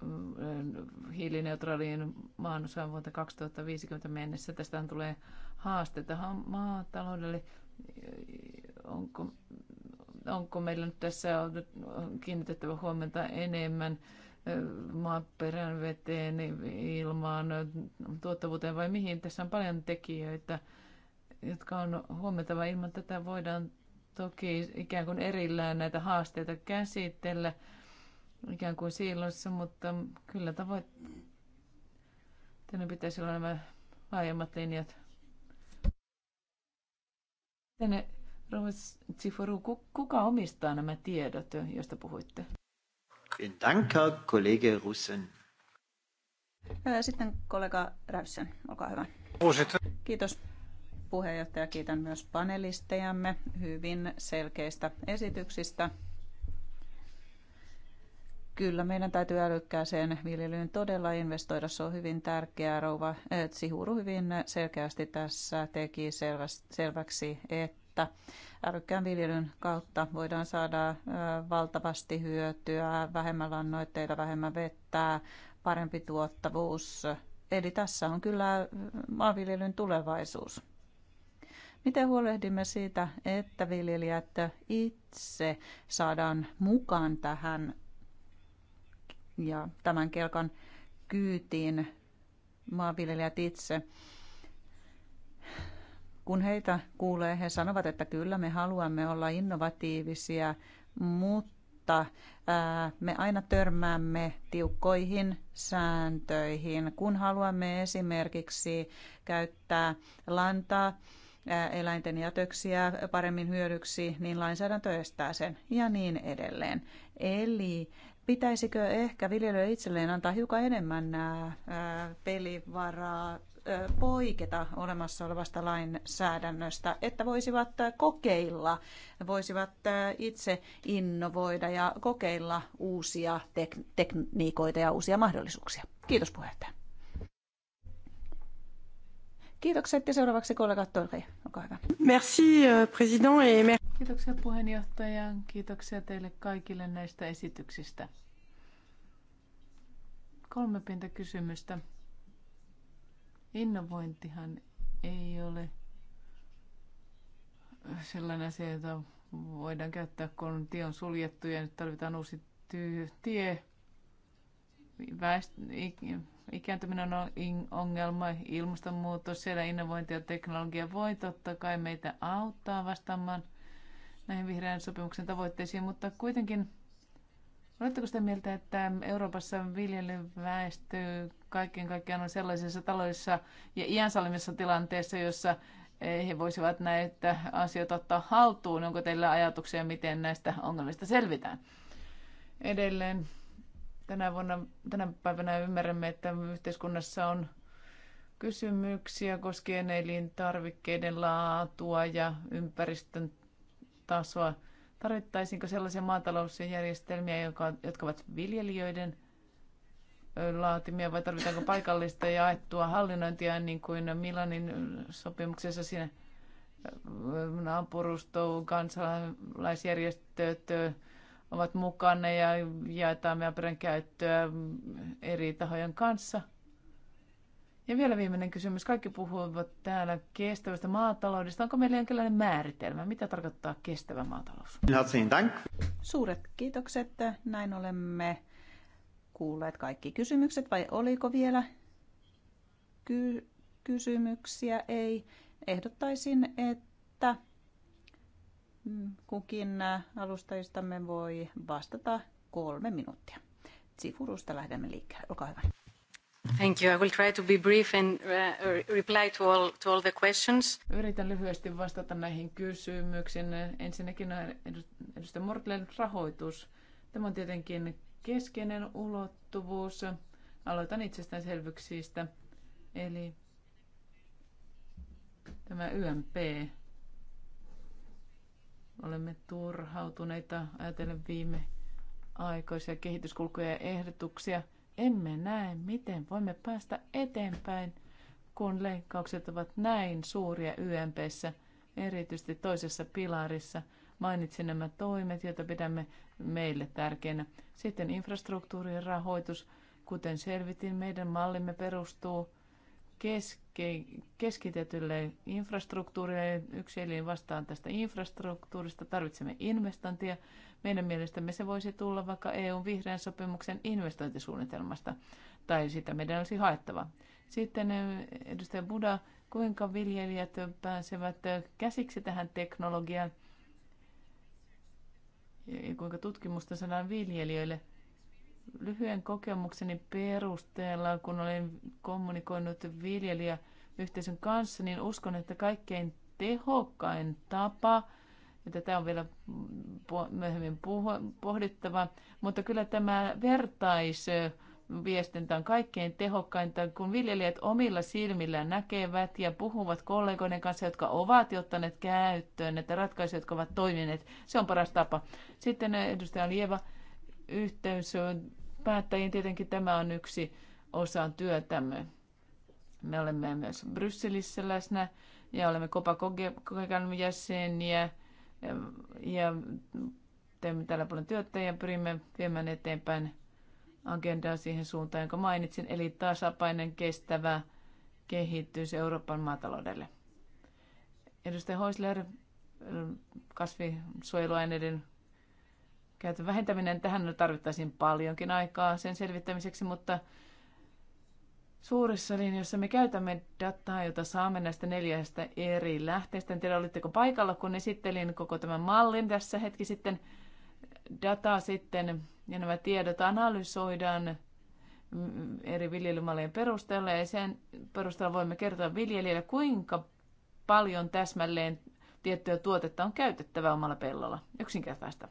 Mm, hiilineutraaliin maan vuoteen 2050 mennessä. tästä tulee haasteita maataloudelle. Onko, onko meillä nyt tässä kiinnitettävä huomenta enemmän maaperän veteen, ilmaan, tuottavuuteen vai mihin? Tässä on paljon tekijöitä, jotka on huomattava. Ilman tätä voidaan toki ikään kuin erillään näitä haasteita käsitellä – ikään kuin siiloissa, mutta kyllä tavoitteena pitäisi olla nämä laajemmat linjat. Tänne Rovas Tsiforu, kuka omistaa nämä tiedot, joista puhuitte? Danka, kollega Russen. Sitten kollega Räyssen, olkaa hyvä. Kiitos puheenjohtaja. Kiitän myös panelistejamme hyvin selkeistä esityksistä. Kyllä meidän täytyy älykkääseen viljelyyn todella investoida. Se on hyvin tärkeää. Rouva Tsihuru eh, hyvin selkeästi tässä teki selväksi, että älykkään viljelyn kautta voidaan saada eh, valtavasti hyötyä, vähemmän lannoitteita, vähemmän vettä, parempi tuottavuus. Eli tässä on kyllä eh, maanviljelyn tulevaisuus. Miten huolehdimme siitä, että viljelijät itse saadaan mukaan tähän ja tämän kelkan kyytiin maanviljelijät itse. Kun heitä kuulee, he sanovat, että kyllä me haluamme olla innovatiivisia, mutta me aina törmäämme tiukkoihin sääntöihin. Kun haluamme esimerkiksi käyttää lantaa, eläinten jätöksiä paremmin hyödyksi, niin lainsäädäntö estää sen ja niin edelleen. Eli Pitäisikö ehkä viljelijöille itselleen antaa hiukan enemmän nämä pelivaraa poiketa olemassa olevasta lainsäädännöstä, että voisivat kokeilla, voisivat itse innovoida ja kokeilla uusia tek- tekniikoita ja uusia mahdollisuuksia. Kiitos puheenjohtaja. Kiitokset ja seuraavaksi kollega Torri, olkaa hyvä. Merci, euh, president. Et... Kiitoksia puheenjohtaja. Kiitoksia teille kaikille näistä esityksistä. Kolme pinta kysymystä. Innovointihan ei ole sellainen asia, jota voidaan käyttää, kun tie on suljettu ja nyt tarvitaan uusi tie. Väest- Ikääntyminen on ongelma, ilmastonmuutos, siellä innovointi ja teknologia voi totta kai meitä auttaa vastaamaan näihin vihreän sopimuksen tavoitteisiin, mutta kuitenkin oletteko sitä mieltä, että Euroopassa viljelyväestö kaiken kaikkiaan on sellaisessa taloudessa ja iän tilanteessa, jossa eh, he voisivat näitä asioita ottaa haltuun. Onko teillä ajatuksia, miten näistä ongelmista selvitään? Edelleen Tänä, vuonna, tänä päivänä ymmärrämme, että yhteiskunnassa on kysymyksiä koskien elintarvikkeiden laatua ja ympäristön tasoa. Tarvittaisiinko sellaisia maatalousjärjestelmiä, jotka, jotka ovat viljelijöiden laatimia vai tarvitaanko paikallista jaettua hallinnointia niin kuin Milanin sopimuksessa siinä naapurusto, kansalaisjärjestöt, ovat mukana ja jaetaan meidän käyttöä eri tahojen kanssa. Ja vielä viimeinen kysymys. Kaikki puhuvat täällä kestävästä maataloudesta. Onko meillä jonkinlainen määritelmä? Mitä tarkoittaa kestävä maatalous? Suuret kiitokset. Näin olemme kuulleet kaikki kysymykset. Vai oliko vielä ky- kysymyksiä? Ei. Ehdottaisin, että kukin äh, alustajistamme voi vastata kolme minuuttia. Sifurusta lähdemme liikkeelle. Olkaa hyvä. Thank you. I will try to be brief and uh, reply to all, to all the questions. Yritän lyhyesti vastata näihin kysymyksiin. Ensinnäkin äh, edustaja Mortlen rahoitus. Tämä on tietenkin keskeinen ulottuvuus. Aloitan itsestäänselvyyksistä. Eli tämä YMP Olemme turhautuneita ajatellen viime aikoisia kehityskulkuja ja ehdotuksia. Emme näe, miten voimme päästä eteenpäin, kun leikkaukset ovat näin suuria YMPssä, erityisesti toisessa pilarissa. Mainitsin nämä toimet, joita pidämme meille tärkeinä. Sitten infrastruktuurin rahoitus. Kuten selvitin, meidän mallimme perustuu keske, keskitetylle infrastruktuurille. Yksi elin vastaan tästä infrastruktuurista. Tarvitsemme investointia. Meidän mielestämme se voisi tulla vaikka EUn vihreän sopimuksen investointisuunnitelmasta, tai sitä meidän olisi haettava. Sitten edustaja Buda, kuinka viljelijät pääsevät käsiksi tähän teknologiaan ja kuinka tutkimusta saadaan viljelijöille – lyhyen kokemukseni perusteella, kun olen kommunikoinut viljelijäyhteisön kanssa, niin uskon, että kaikkein tehokkain tapa, ja tätä on vielä myöhemmin pohdittava, mutta kyllä tämä vertaisviestintä on kaikkein tehokkainta, kun viljelijät omilla silmillään näkevät ja puhuvat kollegoiden kanssa, jotka ovat ottaneet käyttöön näitä ratkaisuja, jotka ovat toimineet. Se on paras tapa. Sitten eh, edustaja Lieva, yhteys päättäjiin tietenkin tämä on yksi osa työtämme. Me olemme myös Brysselissä läsnä ja olemme Kopakogekan jäseniä ja teemme täällä paljon työtä ja pyrimme viemään eteenpäin agendaa siihen suuntaan, jonka mainitsin, eli tasapainen kestävä kehitys Euroopan maataloudelle. Edustaja Hoisler, kasvinsuojeluaineiden käytön vähentäminen. Tähän tarvittaisiin paljonkin aikaa sen selvittämiseksi, mutta suurissa linjoissa me käytämme dataa, jota saamme näistä neljästä eri lähteestä. En tiedä, olitteko paikalla, kun esittelin koko tämän mallin tässä hetki sitten. Dataa sitten ja nämä tiedot analysoidaan mm, eri viljelymallien perusteella ja sen perusteella voimme kertoa viljelijälle, kuinka paljon täsmälleen tiettyä tuotetta on käytettävä omalla pellolla. Yksinkertaista.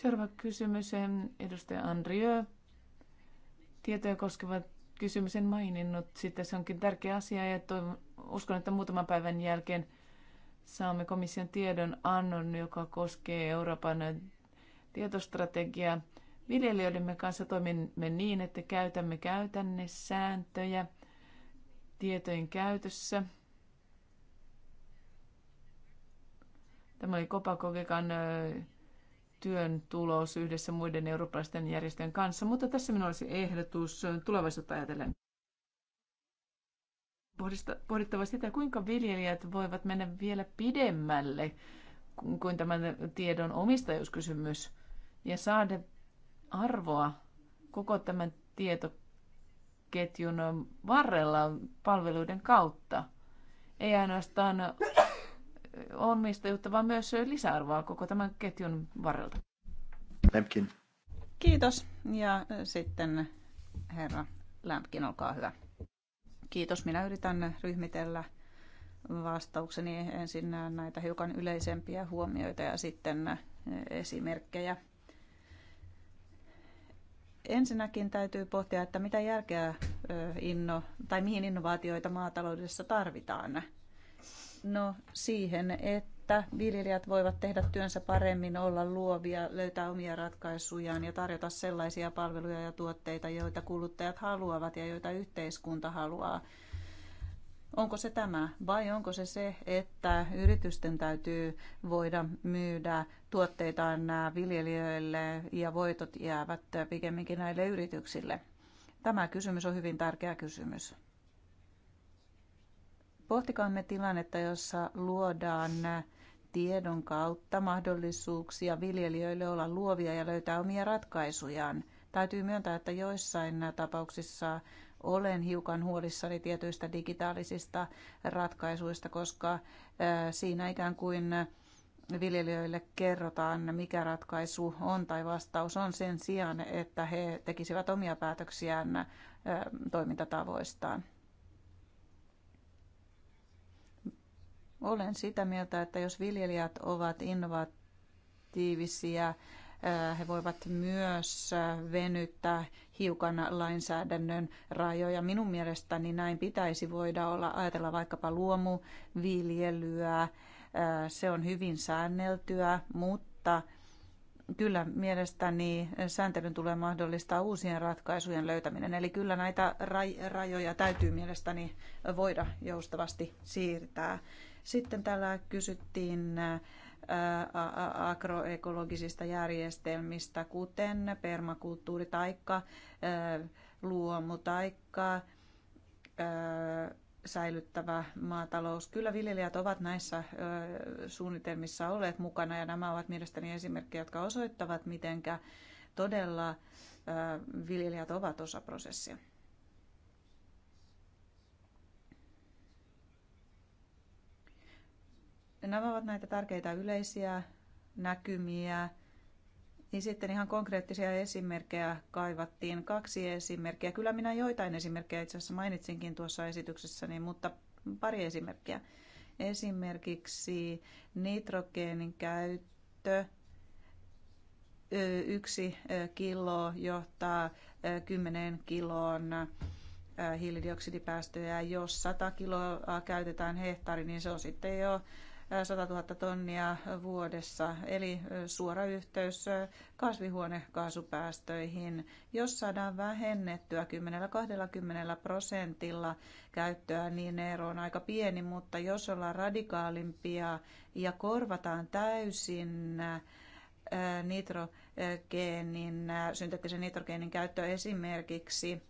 Seuraava kysymys, edustaja Andriö. Tietoja koskeva kysymyksen maininnut. Sitten se onkin tärkeä asia ja toivon, uskon, että muutaman päivän jälkeen saamme komission tiedon annon, joka koskee Euroopan tietostrategiaa. Viljelijöidemme kanssa toimimme niin, että käytämme sääntöjä tietojen käytössä. Tämä oli Kopakokekan työn tulos yhdessä muiden eurooppalaisten järjestöjen kanssa, mutta tässä minulla olisi ehdotus tulevaisuutta ajatellen. Pohdittava sitä, kuinka viljelijät voivat mennä vielä pidemmälle kuin tämän tiedon omistajuuskysymys ja saada arvoa koko tämän tietoketjun varrella palveluiden kautta. Ei ainoastaan omistajuutta, vaan myös lisäarvoa koko tämän ketjun varrelta. Lämpkin. Kiitos. Ja sitten herra Lämpkin, olkaa hyvä. Kiitos. Minä yritän ryhmitellä vastaukseni ensin näitä hiukan yleisempiä huomioita ja sitten esimerkkejä. Ensinnäkin täytyy pohtia, että mitä järkeä inno, tai mihin innovaatioita maataloudessa tarvitaan No siihen, että viljelijät voivat tehdä työnsä paremmin, olla luovia, löytää omia ratkaisujaan ja tarjota sellaisia palveluja ja tuotteita, joita kuluttajat haluavat ja joita yhteiskunta haluaa. Onko se tämä vai onko se se, että yritysten täytyy voida myydä tuotteitaan viljelijöille ja voitot jäävät pikemminkin näille yrityksille? Tämä kysymys on hyvin tärkeä kysymys. Pohtikaamme tilannetta, jossa luodaan tiedon kautta mahdollisuuksia viljelijöille olla luovia ja löytää omia ratkaisujaan. Täytyy myöntää, että joissain tapauksissa olen hiukan huolissani tietyistä digitaalisista ratkaisuista, koska siinä ikään kuin viljelijöille kerrotaan, mikä ratkaisu on tai vastaus on sen sijaan, että he tekisivät omia päätöksiään toimintatavoistaan. Olen sitä mieltä, että jos viljelijät ovat innovatiivisia, eh, he voivat myös eh, venyttää hiukan lainsäädännön rajoja. Minun mielestäni näin pitäisi voida olla. Ajatella vaikkapa luomuviljelyä. Eh, se on hyvin säänneltyä, mutta kyllä mielestäni sääntelyn tulee mahdollistaa uusien ratkaisujen löytäminen. Eli kyllä näitä rajoja täytyy mielestäni voida joustavasti siirtää. Sitten täällä kysyttiin agroekologisista järjestelmistä, kuten permakulttuuri taikka luomu taikka säilyttävä maatalous. Kyllä viljelijät ovat näissä suunnitelmissa olleet mukana ja nämä ovat mielestäni esimerkkejä, jotka osoittavat, mitenkä todella viljelijät ovat osa prosessia. Nämä ovat näitä tärkeitä yleisiä näkymiä. Ja sitten ihan konkreettisia esimerkkejä kaivattiin, kaksi esimerkkiä. Kyllä minä joitain esimerkkejä itse asiassa mainitsinkin tuossa esityksessäni, niin, mutta pari esimerkkiä. Esimerkiksi nitrogeenin käyttö. Yksi kilo johtaa 10 kiloon hiilidioksidipäästöjä. Jos 100 kiloa käytetään hehtaari, niin se on sitten jo 100 000 tonnia vuodessa, eli suora yhteys kasvihuonekaasupäästöihin. Jos saadaan vähennettyä 10-20 prosentilla käyttöä, niin ero on aika pieni, mutta jos ollaan radikaalimpia ja korvataan täysin nitrogeenin, synteettisen nitrogeenin käyttö esimerkiksi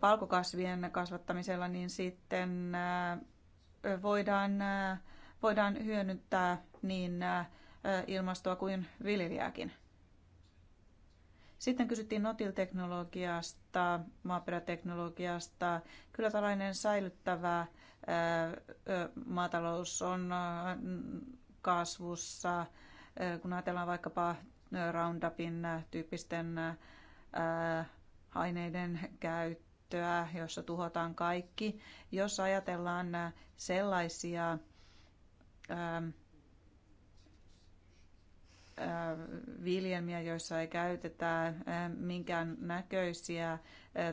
palkokasvien kasvattamisella, niin sitten voidaan, voidaan hyödyntää niin ilmastoa kuin viljelijääkin. Sitten kysyttiin notilteknologiasta, maaperäteknologiasta. Kyllä tällainen säilyttävä maatalous on kasvussa. Kun ajatellaan vaikkapa Roundupin tyyppisten aineiden käyttöä, käyttöä, jossa tuhotaan kaikki. Jos ajatellaan äh, sellaisia ää, ähm, äh, viljelmiä, joissa ei käytetä äh, minkään näköisiä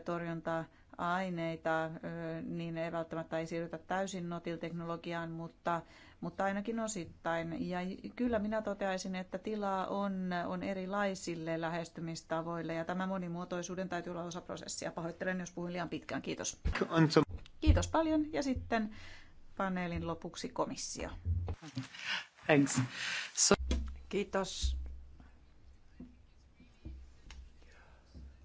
torjunta-aineita, niin ei välttämättä ei siirrytä täysin notilteknologiaan, mutta mutta ainakin osittain. Ja kyllä minä toteaisin, että tilaa on, on erilaisille lähestymistavoille ja tämä monimuotoisuuden täytyy olla osa prosessia. Pahoittelen, jos puhuin liian pitkään. Kiitos. Kiitos paljon ja sitten paneelin lopuksi komissio. Thanks. So... Kiitos.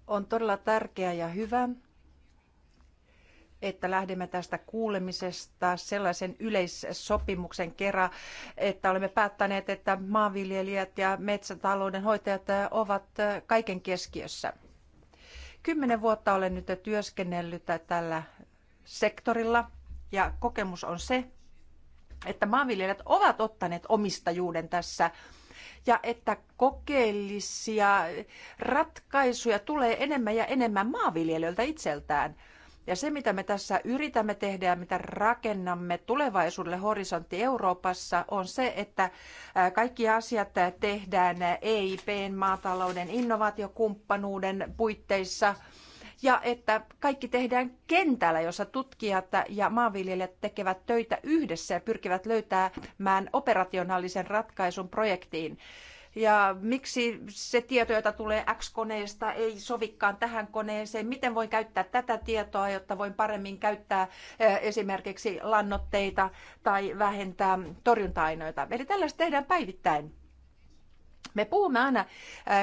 On todella tärkeää ja hyvä, että lähdemme tästä kuulemisesta sellaisen yleissopimuksen kerran, että olemme päättäneet, että maanviljelijät ja metsätalouden hoitajat ovat kaiken keskiössä. Kymmenen vuotta olen nyt työskennellyt tällä sektorilla ja kokemus on se, että maanviljelijät ovat ottaneet omistajuuden tässä ja että kokeellisia ratkaisuja tulee enemmän ja enemmän maanviljelijöiltä itseltään – ja se, mitä me tässä yritämme tehdä ja mitä rakennamme tulevaisuudelle horisontti Euroopassa, on se, että kaikki asiat tehdään EIPn maatalouden innovaatiokumppanuuden puitteissa ja että kaikki tehdään kentällä, jossa tutkijat ja maanviljelijät tekevät töitä yhdessä ja pyrkivät löytämään operationaalisen ratkaisun projektiin ja miksi se tieto, jota tulee X-koneesta, ei sovikkaan tähän koneeseen, miten voin käyttää tätä tietoa, jotta voin paremmin käyttää eh, esimerkiksi lannoitteita tai vähentää torjunta-ainoita. Eli tällaista tehdään päivittäin. Me puhumme aina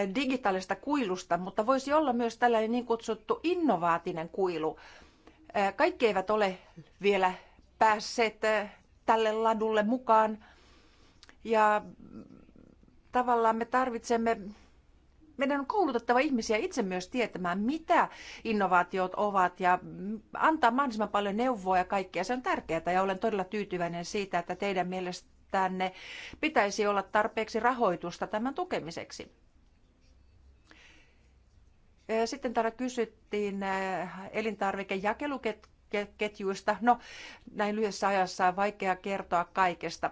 eh, digitaalista kuilusta, mutta voisi olla myös tällainen niin kutsuttu innovaatinen kuilu. Eh, kaikki eivät ole vielä päässeet tälle ladulle mukaan. Ja tavallaan me tarvitsemme meidän on koulutettava ihmisiä itse myös tietämään, mitä innovaatiot ovat ja antaa mahdollisimman paljon neuvoa ja kaikkea. Se on tärkeää ja olen todella tyytyväinen siitä, että teidän mielestänne pitäisi olla tarpeeksi rahoitusta tämän tukemiseksi. Sitten täällä kysyttiin elintarvikejakeluketjuja ketjuista. No, näin lyhyessä ajassa on vaikea kertoa kaikesta.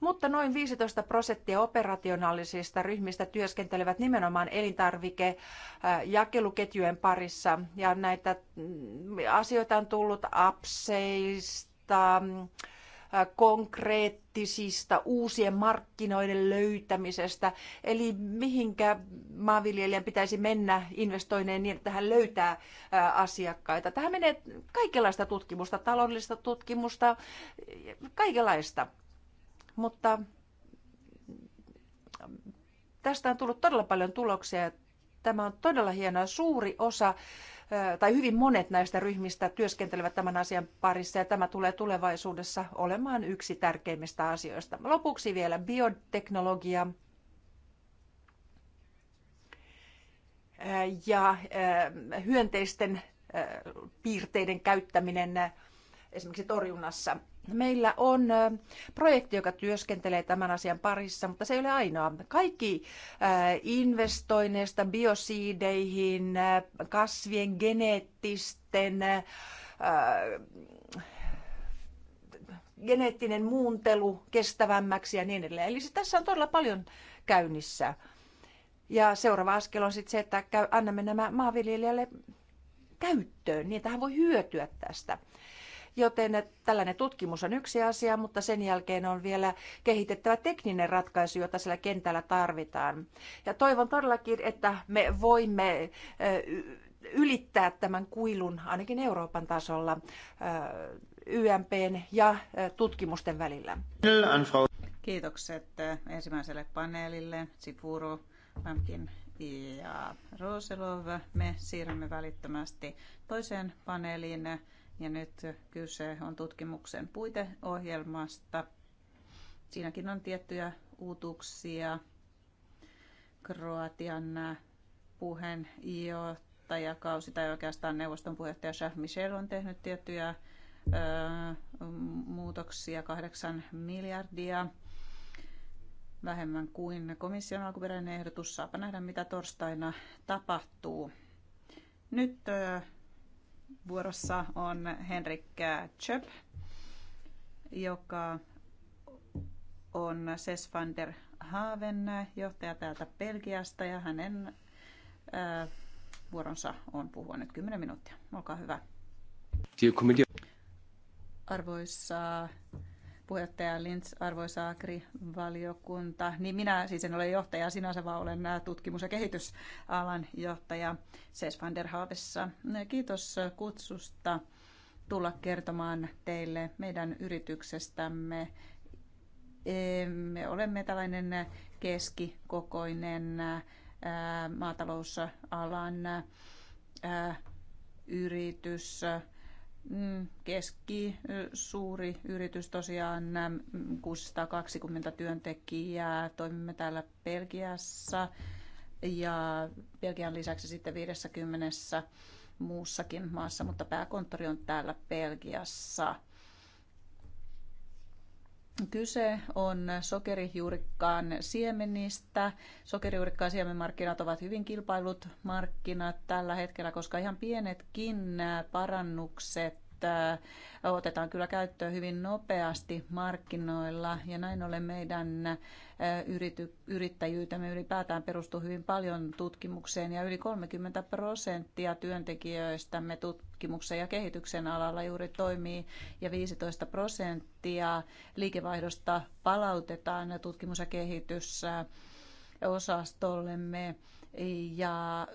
Mutta noin 15 prosenttia operationaalisista ryhmistä työskentelevät nimenomaan elintarvike- jakeluketjujen parissa. Ja näitä mm, asioita on tullut apseista, mm, konkreettisista uusien markkinoiden löytämisestä. Eli mihinkä maanviljelijän pitäisi mennä investoineen niin, että hän löytää asiakkaita. Tähän menee kaikenlaista tutkimusta, taloudellista tutkimusta, kaikenlaista. Mutta tästä on tullut todella paljon tuloksia. Tämä on todella hienoa. Suuri osa tai hyvin monet näistä ryhmistä työskentelevät tämän asian parissa ja tämä tulee tulevaisuudessa olemaan yksi tärkeimmistä asioista. Lopuksi vielä bioteknologia. ja hyönteisten piirteiden käyttäminen esimerkiksi torjunnassa. Meillä on projekti, joka työskentelee tämän asian parissa, mutta se ei ole ainoa. Kaikki investoinneista biosiideihin, kasvien geneettisten, geneettinen muuntelu kestävämmäksi ja niin edelleen. Eli tässä on todella paljon käynnissä. Ja seuraava askel on sitten se, että annamme nämä maanviljelijälle käyttöön, niin että hän voi hyötyä tästä. Joten tällainen tutkimus on yksi asia, mutta sen jälkeen on vielä kehitettävä tekninen ratkaisu, jota siellä kentällä tarvitaan. Ja toivon todellakin, että me voimme ylittää tämän kuilun ainakin Euroopan tasolla YMP ja tutkimusten välillä. Kiitokset ensimmäiselle paneelille, Sipuro, Pämkin ja Roselov. Me siirrymme välittömästi toiseen paneeliin. Ja nyt kyse on tutkimuksen puiteohjelmasta. Siinäkin on tiettyjä uutuuksia. Kroatian puheenjohtajakausi tai oikeastaan neuvoston puheenjohtaja Charles Michel on tehnyt tiettyjä ö, muutoksia, kahdeksan miljardia vähemmän kuin komission alkuperäinen ehdotus. Saapa nähdä, mitä torstaina tapahtuu. Nyt vuorossa on Henrik Chöp, joka on Ses van der Haven johtaja täältä Belgiasta ja hänen äh, vuoronsa on puhua nyt 10 minuuttia. Olkaa hyvä. Arvoisa puheenjohtaja Lintz, arvoisa Agri-valiokunta, niin minä siis en ole johtaja sinänsä, vaan olen äh, tutkimus- ja kehitysalan johtaja Ses van der Haavessa. Äh, kiitos kutsusta tulla kertomaan teille meidän yrityksestämme. Me olemme tällainen keskikokoinen äh, maatalousalan yritys, Mm, keski suuri yritys tosiaan 620 työntekijää. Toimimme täällä Belgiassa ja Belgian lisäksi sitten 50 muussakin maassa, mutta pääkonttori on täällä Belgiassa. Kyse on sokerijuurikkaan siemenistä. Sokerijuurikkaan siemenmarkkinat ovat hyvin kilpailut markkinat tällä hetkellä, koska ihan pienetkin parannukset Äh, otetaan kyllä käyttöön hyvin nopeasti markkinoilla ja näin ollen meidän äh, yrity, yrittäjyytemme ylipäätään perustuu hyvin paljon tutkimukseen ja yli 30 prosenttia työntekijöistämme tutkimuksen ja kehityksen alalla juuri toimii ja 15 prosenttia liikevaihdosta palautetaan tutkimus- ja kehitysosastollemme. Ja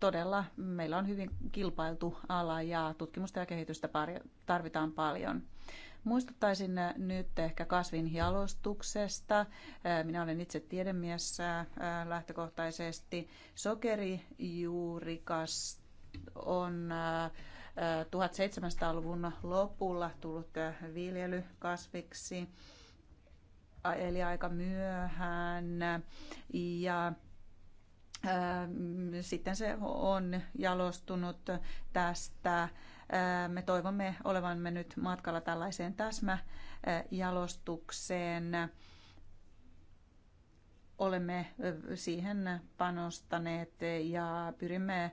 todella meillä on hyvin kilpailtu ala ja tutkimusta ja kehitystä tarvitaan paljon. Muistuttaisin nyt ehkä kasvin jalostuksesta. Minä olen itse tiedemies lähtökohtaisesti. Sokerijuurikas on 1700-luvun lopulla tullut viljelykasviksi, eli aika myöhään. Ja sitten se on jalostunut tästä. Me toivomme olevamme nyt matkalla tällaiseen täsmäjalostukseen. Olemme siihen panostaneet ja pyrimme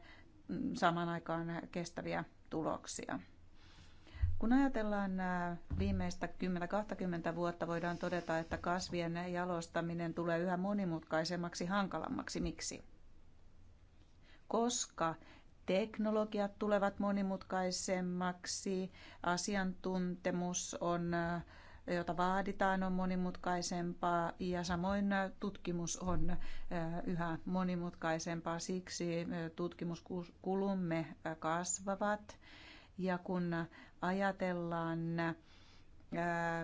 samaan aikaan kestäviä tuloksia. Kun ajatellaan viimeistä 10-20 vuotta, voidaan todeta, että kasvien jalostaminen tulee yhä monimutkaisemmaksi, hankalammaksi. Miksi? koska teknologiat tulevat monimutkaisemmaksi, asiantuntemus on jota vaaditaan, on monimutkaisempaa ja samoin tutkimus on eh, yhä monimutkaisempaa. Siksi eh, tutkimuskulumme eh, kasvavat ja kun ajatellaan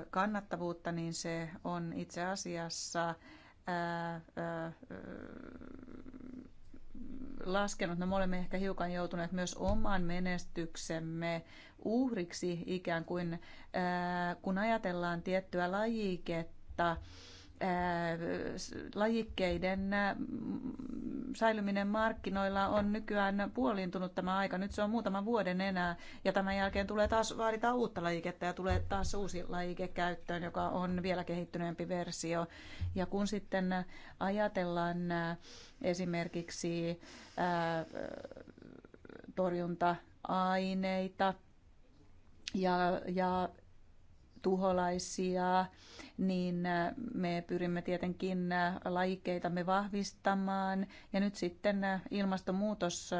kannattavuutta, niin se on itse asiassa laskenut, no me olemme ehkä hiukan joutuneet myös oman menestyksemme uhriksi ikään kuin, kun ajatellaan tiettyä lajiketta, lajikkeiden säilyminen markkinoilla on nykyään puoliintunut tämä aika. Nyt se on muutama vuoden enää ja tämän jälkeen tulee taas, vaaditaan uutta lajiketta ja tulee taas uusi lajike käyttöön, joka on vielä kehittyneempi versio. Ja kun sitten ajatellaan esimerkiksi torjunta-aineita ja, ja tuholaisia, niin äh, me pyrimme tietenkin äh, lajikeitamme vahvistamaan. Ja nyt sitten äh, ilmastonmuutos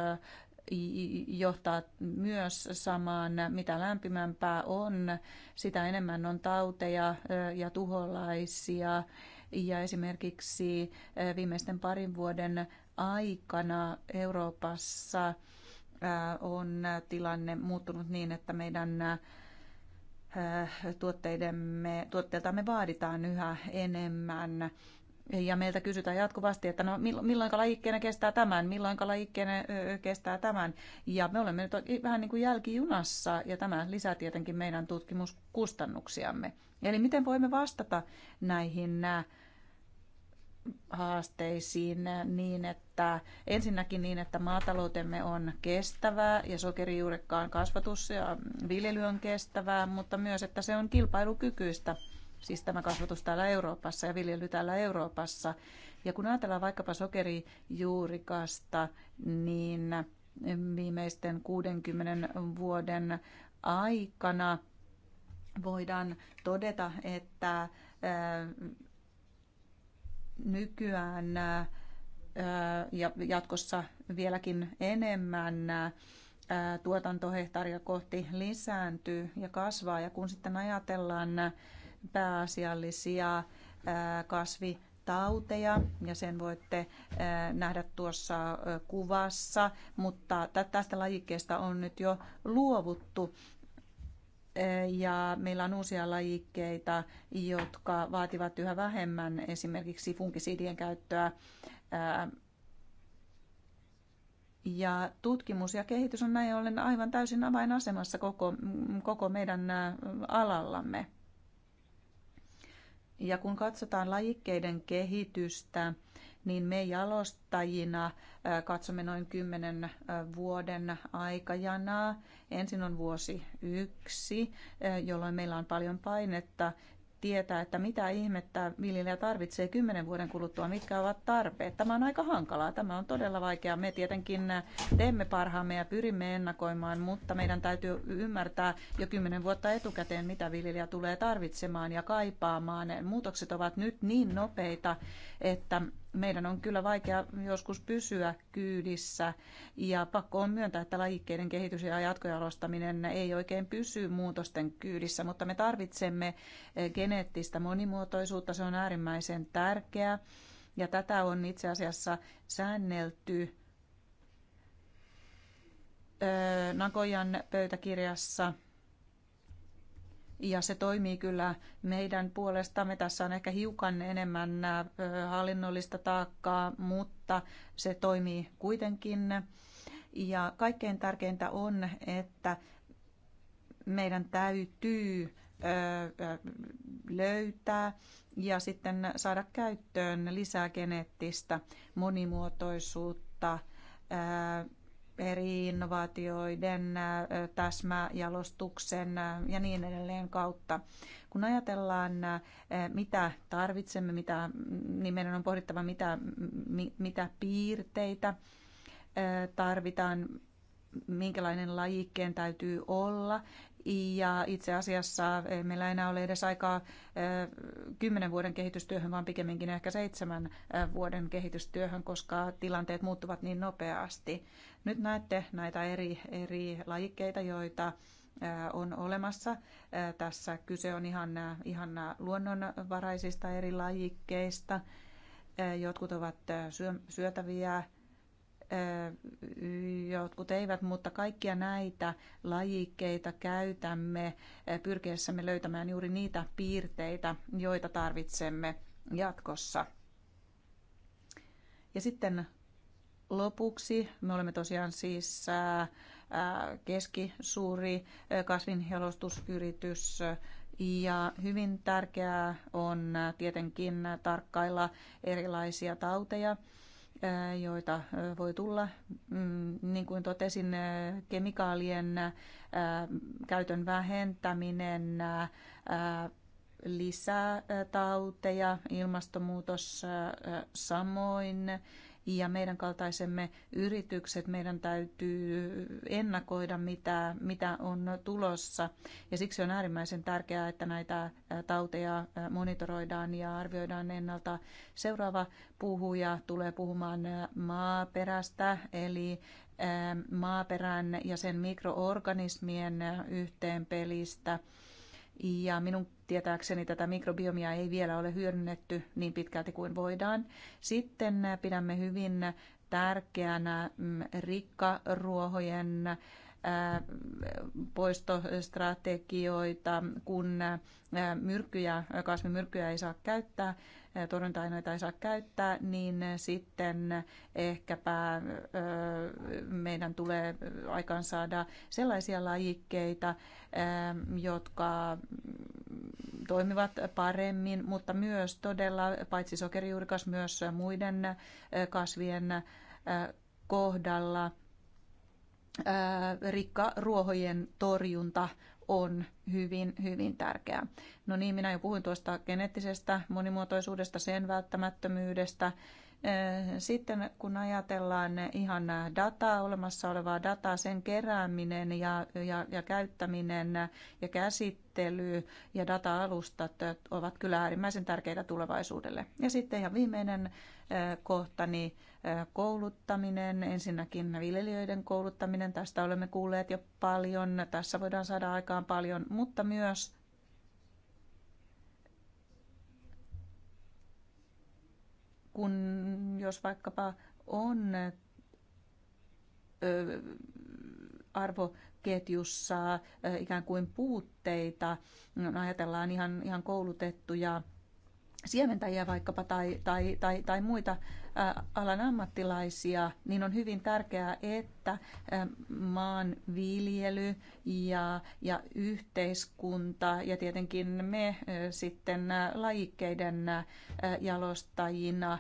johtaa myös samaan, mitä lämpimämpää on, sitä enemmän on tauteja ja tuholaisia. Ja esimerkiksi viimeisten parin vuoden aikana Euroopassa on tilanne muuttunut niin, että meidän Äh, tuotteidemme, tuotteiltamme vaaditaan yhä enemmän. Ja meiltä kysytään jatkuvasti, että no milloin lajikkeena kestää tämän, milloin lajikkeena kestää tämän. Ja me olemme nyt vähän niin kuin jälkijunassa ja tämä lisää tietenkin meidän tutkimuskustannuksiamme. Eli miten voimme vastata näihin äh, haasteisiin niin, että ensinnäkin niin, että maataloutemme on kestävää ja sokerijuurekkaan kasvatus ja viljely on kestävää, mutta myös, että se on kilpailukykyistä, siis tämä kasvatus täällä Euroopassa ja viljely täällä Euroopassa. Ja kun ajatellaan vaikkapa sokerijuurikasta, niin viimeisten 60 vuoden aikana voidaan todeta, että nykyään ja jatkossa vieläkin enemmän tuotantohehtaaria kohti lisääntyy ja kasvaa. Ja kun sitten ajatellaan pääasiallisia kasvi tauteja ja sen voitte nähdä tuossa kuvassa, mutta tästä lajikkeesta on nyt jo luovuttu ja meillä on uusia lajikkeita, jotka vaativat yhä vähemmän esimerkiksi funkisidien käyttöä. Ja tutkimus ja kehitys on näin ollen aivan täysin avainasemassa koko, koko meidän alallamme. Ja kun katsotaan lajikkeiden kehitystä, niin me jalostajina katsomme noin 10 vuoden aikajanaa. Ensin on vuosi yksi, jolloin meillä on paljon painetta tietää, että mitä ihmettä viljelijä tarvitsee kymmenen vuoden kuluttua, mitkä ovat tarpeet. Tämä on aika hankalaa, tämä on todella vaikeaa. Me tietenkin teemme parhaamme ja pyrimme ennakoimaan, mutta meidän täytyy ymmärtää jo kymmenen vuotta etukäteen, mitä viljelijä tulee tarvitsemaan ja kaipaamaan. Muutokset ovat nyt niin nopeita, että meidän on kyllä vaikea joskus pysyä kyydissä ja pakko on myöntää, että lajikkeiden kehitys ja jatkojalostaminen ei oikein pysy muutosten kyydissä, mutta me tarvitsemme eh, geneettistä monimuotoisuutta, se on äärimmäisen tärkeää ja tätä on itse asiassa säännelty eh, Nakojan pöytäkirjassa – ja se toimii kyllä meidän puolestamme. Tässä on ehkä hiukan enemmän äh, hallinnollista taakkaa, mutta se toimii kuitenkin. Ja kaikkein tärkeintä on, että meidän täytyy äh, äh, löytää ja sitten saada käyttöön lisää geneettistä monimuotoisuutta eri innovaatioiden, täsmäjalostuksen ja niin edelleen kautta. Kun ajatellaan, mitä tarvitsemme, mitä, niin meidän on pohdittava, mitä, mitä piirteitä tarvitaan, minkälainen lajikkeen täytyy olla, ja itse asiassa eh, ei meillä enää ole edes aikaa eh, kymmenen vuoden kehitystyöhön, vaan pikemminkin ehkä seitsemän eh, vuoden kehitystyöhön, koska tilanteet muuttuvat niin nopeasti. Nyt näette näitä eri, eri lajikkeita, joita on olemassa. Tässä kyse on ihan, ihan luonnonvaraisista eri lajikkeista. Jotkut ovat syötäviä jotkut eivät, mutta kaikkia näitä lajikkeita käytämme pyrkiessämme löytämään juuri niitä piirteitä, joita tarvitsemme jatkossa. Ja sitten lopuksi me olemme tosiaan siis keskisuuri kasvinjalostusyritys ja hyvin tärkeää on tietenkin tarkkailla erilaisia tauteja joita voi tulla. Mm, niin kuin totesin, kemikaalien käytön vähentäminen lisää tauteja, ilmastonmuutos samoin ja meidän kaltaisemme yritykset, meidän täytyy ennakoida, mitä, mitä on tulossa. Ja siksi on äärimmäisen tärkeää, että näitä tauteja monitoroidaan ja arvioidaan ennalta. Seuraava puhuja tulee puhumaan maaperästä, eli maaperän ja sen mikroorganismien yhteenpelistä. pelistä ja minun tietääkseni tätä mikrobiomia ei vielä ole hyödynnetty niin pitkälti kuin voidaan. Sitten pidämme hyvin tärkeänä mm, rikkaruohojen poistostrategioita, kun myrkkyjä, kasvimyrkkyjä ei saa käyttää, torjunta-aineita ei saa käyttää, niin sitten ehkäpä meidän tulee aikaansaada sellaisia lajikkeita, jotka toimivat paremmin, mutta myös todella paitsi sokerijuurikas myös muiden kasvien kohdalla rikka ruohojen torjunta on hyvin, hyvin tärkeää. No niin, minä jo puhuin tuosta geneettisestä monimuotoisuudesta, sen välttämättömyydestä Eh, sitten kun ajatellaan ihan dataa, olemassa olevaa dataa, sen kerääminen ja, ja, ja käyttäminen ja käsittely ja data-alustat ovat kyllä äärimmäisen tärkeitä tulevaisuudelle. Ja sitten ihan viimeinen eh, kohta, niin eh, kouluttaminen, ensinnäkin viljelijöiden kouluttaminen, tästä olemme kuulleet jo paljon, tässä voidaan saada aikaan paljon, mutta myös kun jos vaikkapa on arvoketjussa ikään kuin puutteita, no, ajatellaan ihan, ihan koulutettuja siementäjiä vaikkapa tai, tai, tai, tai muita alan ammattilaisia, niin on hyvin tärkeää, että maanviljely ja, ja yhteiskunta ja tietenkin me sitten lajikkeiden jalostajina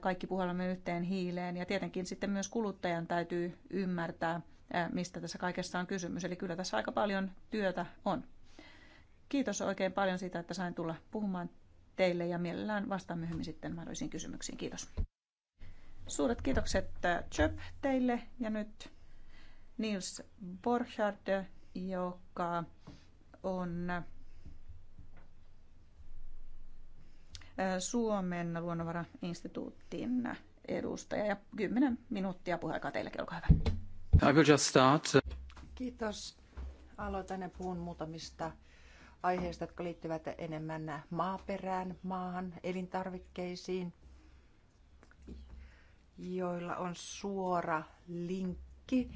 kaikki puhallamme yhteen hiileen ja tietenkin sitten myös kuluttajan täytyy ymmärtää, mistä tässä kaikessa on kysymys. Eli kyllä tässä aika paljon työtä on. Kiitos oikein paljon siitä, että sain tulla puhumaan teille ja mielellään vastaan myöhemmin sitten mahdollisiin kysymyksiin. Kiitos. Suuret kiitokset äh, Chöp teille ja nyt Nils Borchard, joka on äh, Suomen luonnonvarainstituutin edustaja. Ja 10 minuuttia puheaikaa teille olkaa hyvä. I will just start. Kiitos. Aloitan ja puhun muutamista aiheista, jotka liittyvät enemmän maaperään, maahan, elintarvikkeisiin, joilla on suora linkki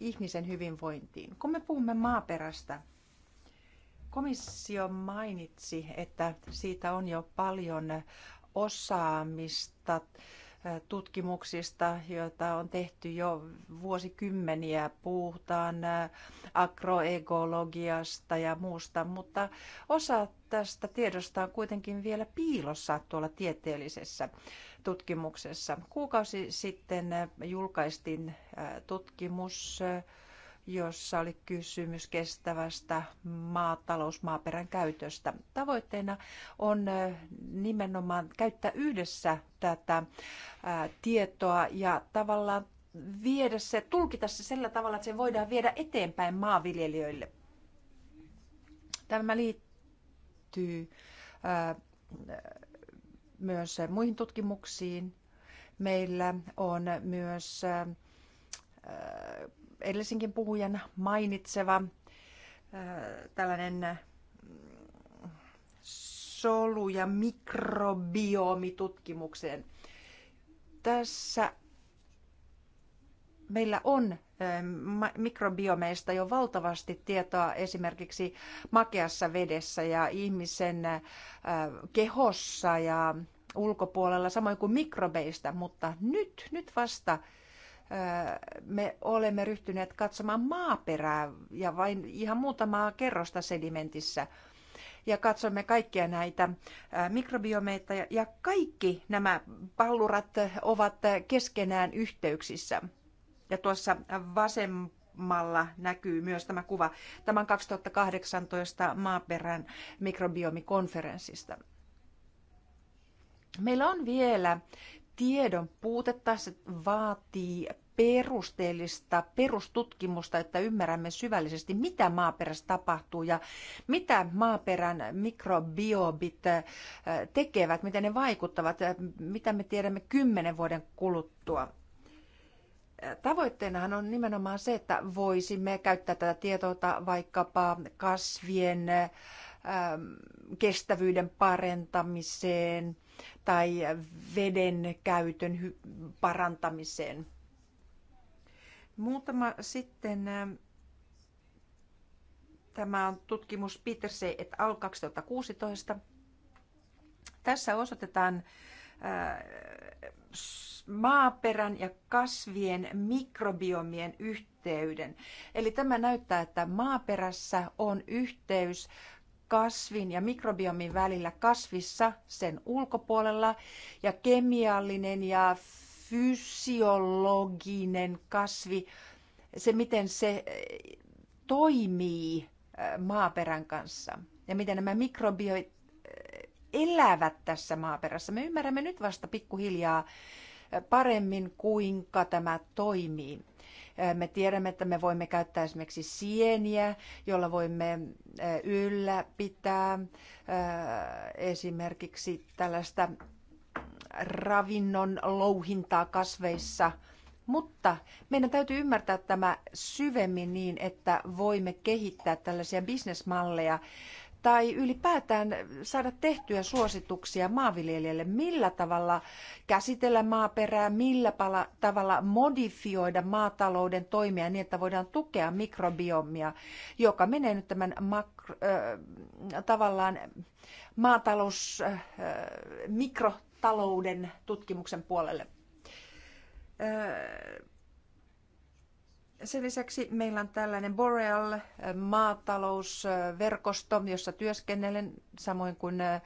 ihmisen hyvinvointiin. Kun me puhumme maaperästä, komissio mainitsi, että siitä on jo paljon osaamista tutkimuksista, joita on tehty jo vuosikymmeniä. Puhutaan agroekologiasta ja muusta, mutta osa tästä tiedosta on kuitenkin vielä piilossa tuolla tieteellisessä tutkimuksessa. Kuukausi sitten julkaistiin tutkimus jossa oli kysymys kestävästä maatalousmaaperän käytöstä. Tavoitteena on nimenomaan käyttää yhdessä tätä tietoa ja tavallaan viedä se, tulkita se sillä tavalla, että se voidaan viedä eteenpäin maanviljelijöille. Tämä liittyy myös muihin tutkimuksiin. Meillä on myös Edellisinkin puhujan mainitseva äh, tällainen mm, solu- ja mikrobiomitutkimukseen. Tässä meillä on ähm, mikrobiomeista jo valtavasti tietoa esimerkiksi makeassa vedessä ja ihmisen äh, kehossa ja ulkopuolella, samoin kuin mikrobeista, mutta nyt, nyt vasta me olemme ryhtyneet katsomaan maaperää ja vain ihan muutamaa kerrosta sedimentissä. Ja katsomme kaikkia näitä mikrobiomeita ja kaikki nämä pallurat ovat keskenään yhteyksissä. Ja tuossa vasemmalla näkyy myös tämä kuva tämän 2018 maaperän mikrobiomikonferenssista. Meillä on vielä tiedon puutetta, se vaatii perusteellista perustutkimusta, että ymmärrämme syvällisesti, mitä maaperässä tapahtuu ja mitä maaperän mikrobiobit äh, tekevät, miten ne vaikuttavat, äh, mitä me tiedämme kymmenen vuoden kuluttua. Äh, tavoitteenahan on nimenomaan se, että voisimme käyttää tätä tietoa vaikkapa kasvien ähm, kestävyyden parentamiseen – tai veden käytön parantamiseen. Muutama sitten Tämä on tutkimus Peter C. et al. 2016. Tässä osoitetaan maaperän ja kasvien mikrobiomien yhteyden. Eli tämä näyttää, että maaperässä on yhteys kasvin ja mikrobiomin välillä kasvissa sen ulkopuolella ja kemiallinen ja fysiologinen kasvi, se miten se eh, toimii eh, maaperän kanssa ja miten nämä mikrobiot eh, elävät tässä maaperässä. Me ymmärrämme nyt vasta pikkuhiljaa paremmin, kuinka tämä toimii. Me tiedämme, että me voimme käyttää esimerkiksi sieniä, jolla voimme ylläpitää esimerkiksi tällaista ravinnon louhintaa kasveissa. Mutta meidän täytyy ymmärtää tämä syvemmin niin, että voimme kehittää tällaisia bisnesmalleja, tai ylipäätään saada tehtyä suosituksia maanviljelijälle, millä tavalla käsitellä maaperää, millä tavalla modifioida maatalouden toimia niin, että voidaan tukea mikrobiomia, joka menee nyt tämän makro, äh, tavallaan maatalous, äh, mikrotalouden tutkimuksen puolelle. Äh, sen lisäksi meillä on tällainen Boreal eh, maatalousverkosto, jossa työskennellen samoin kuin eh,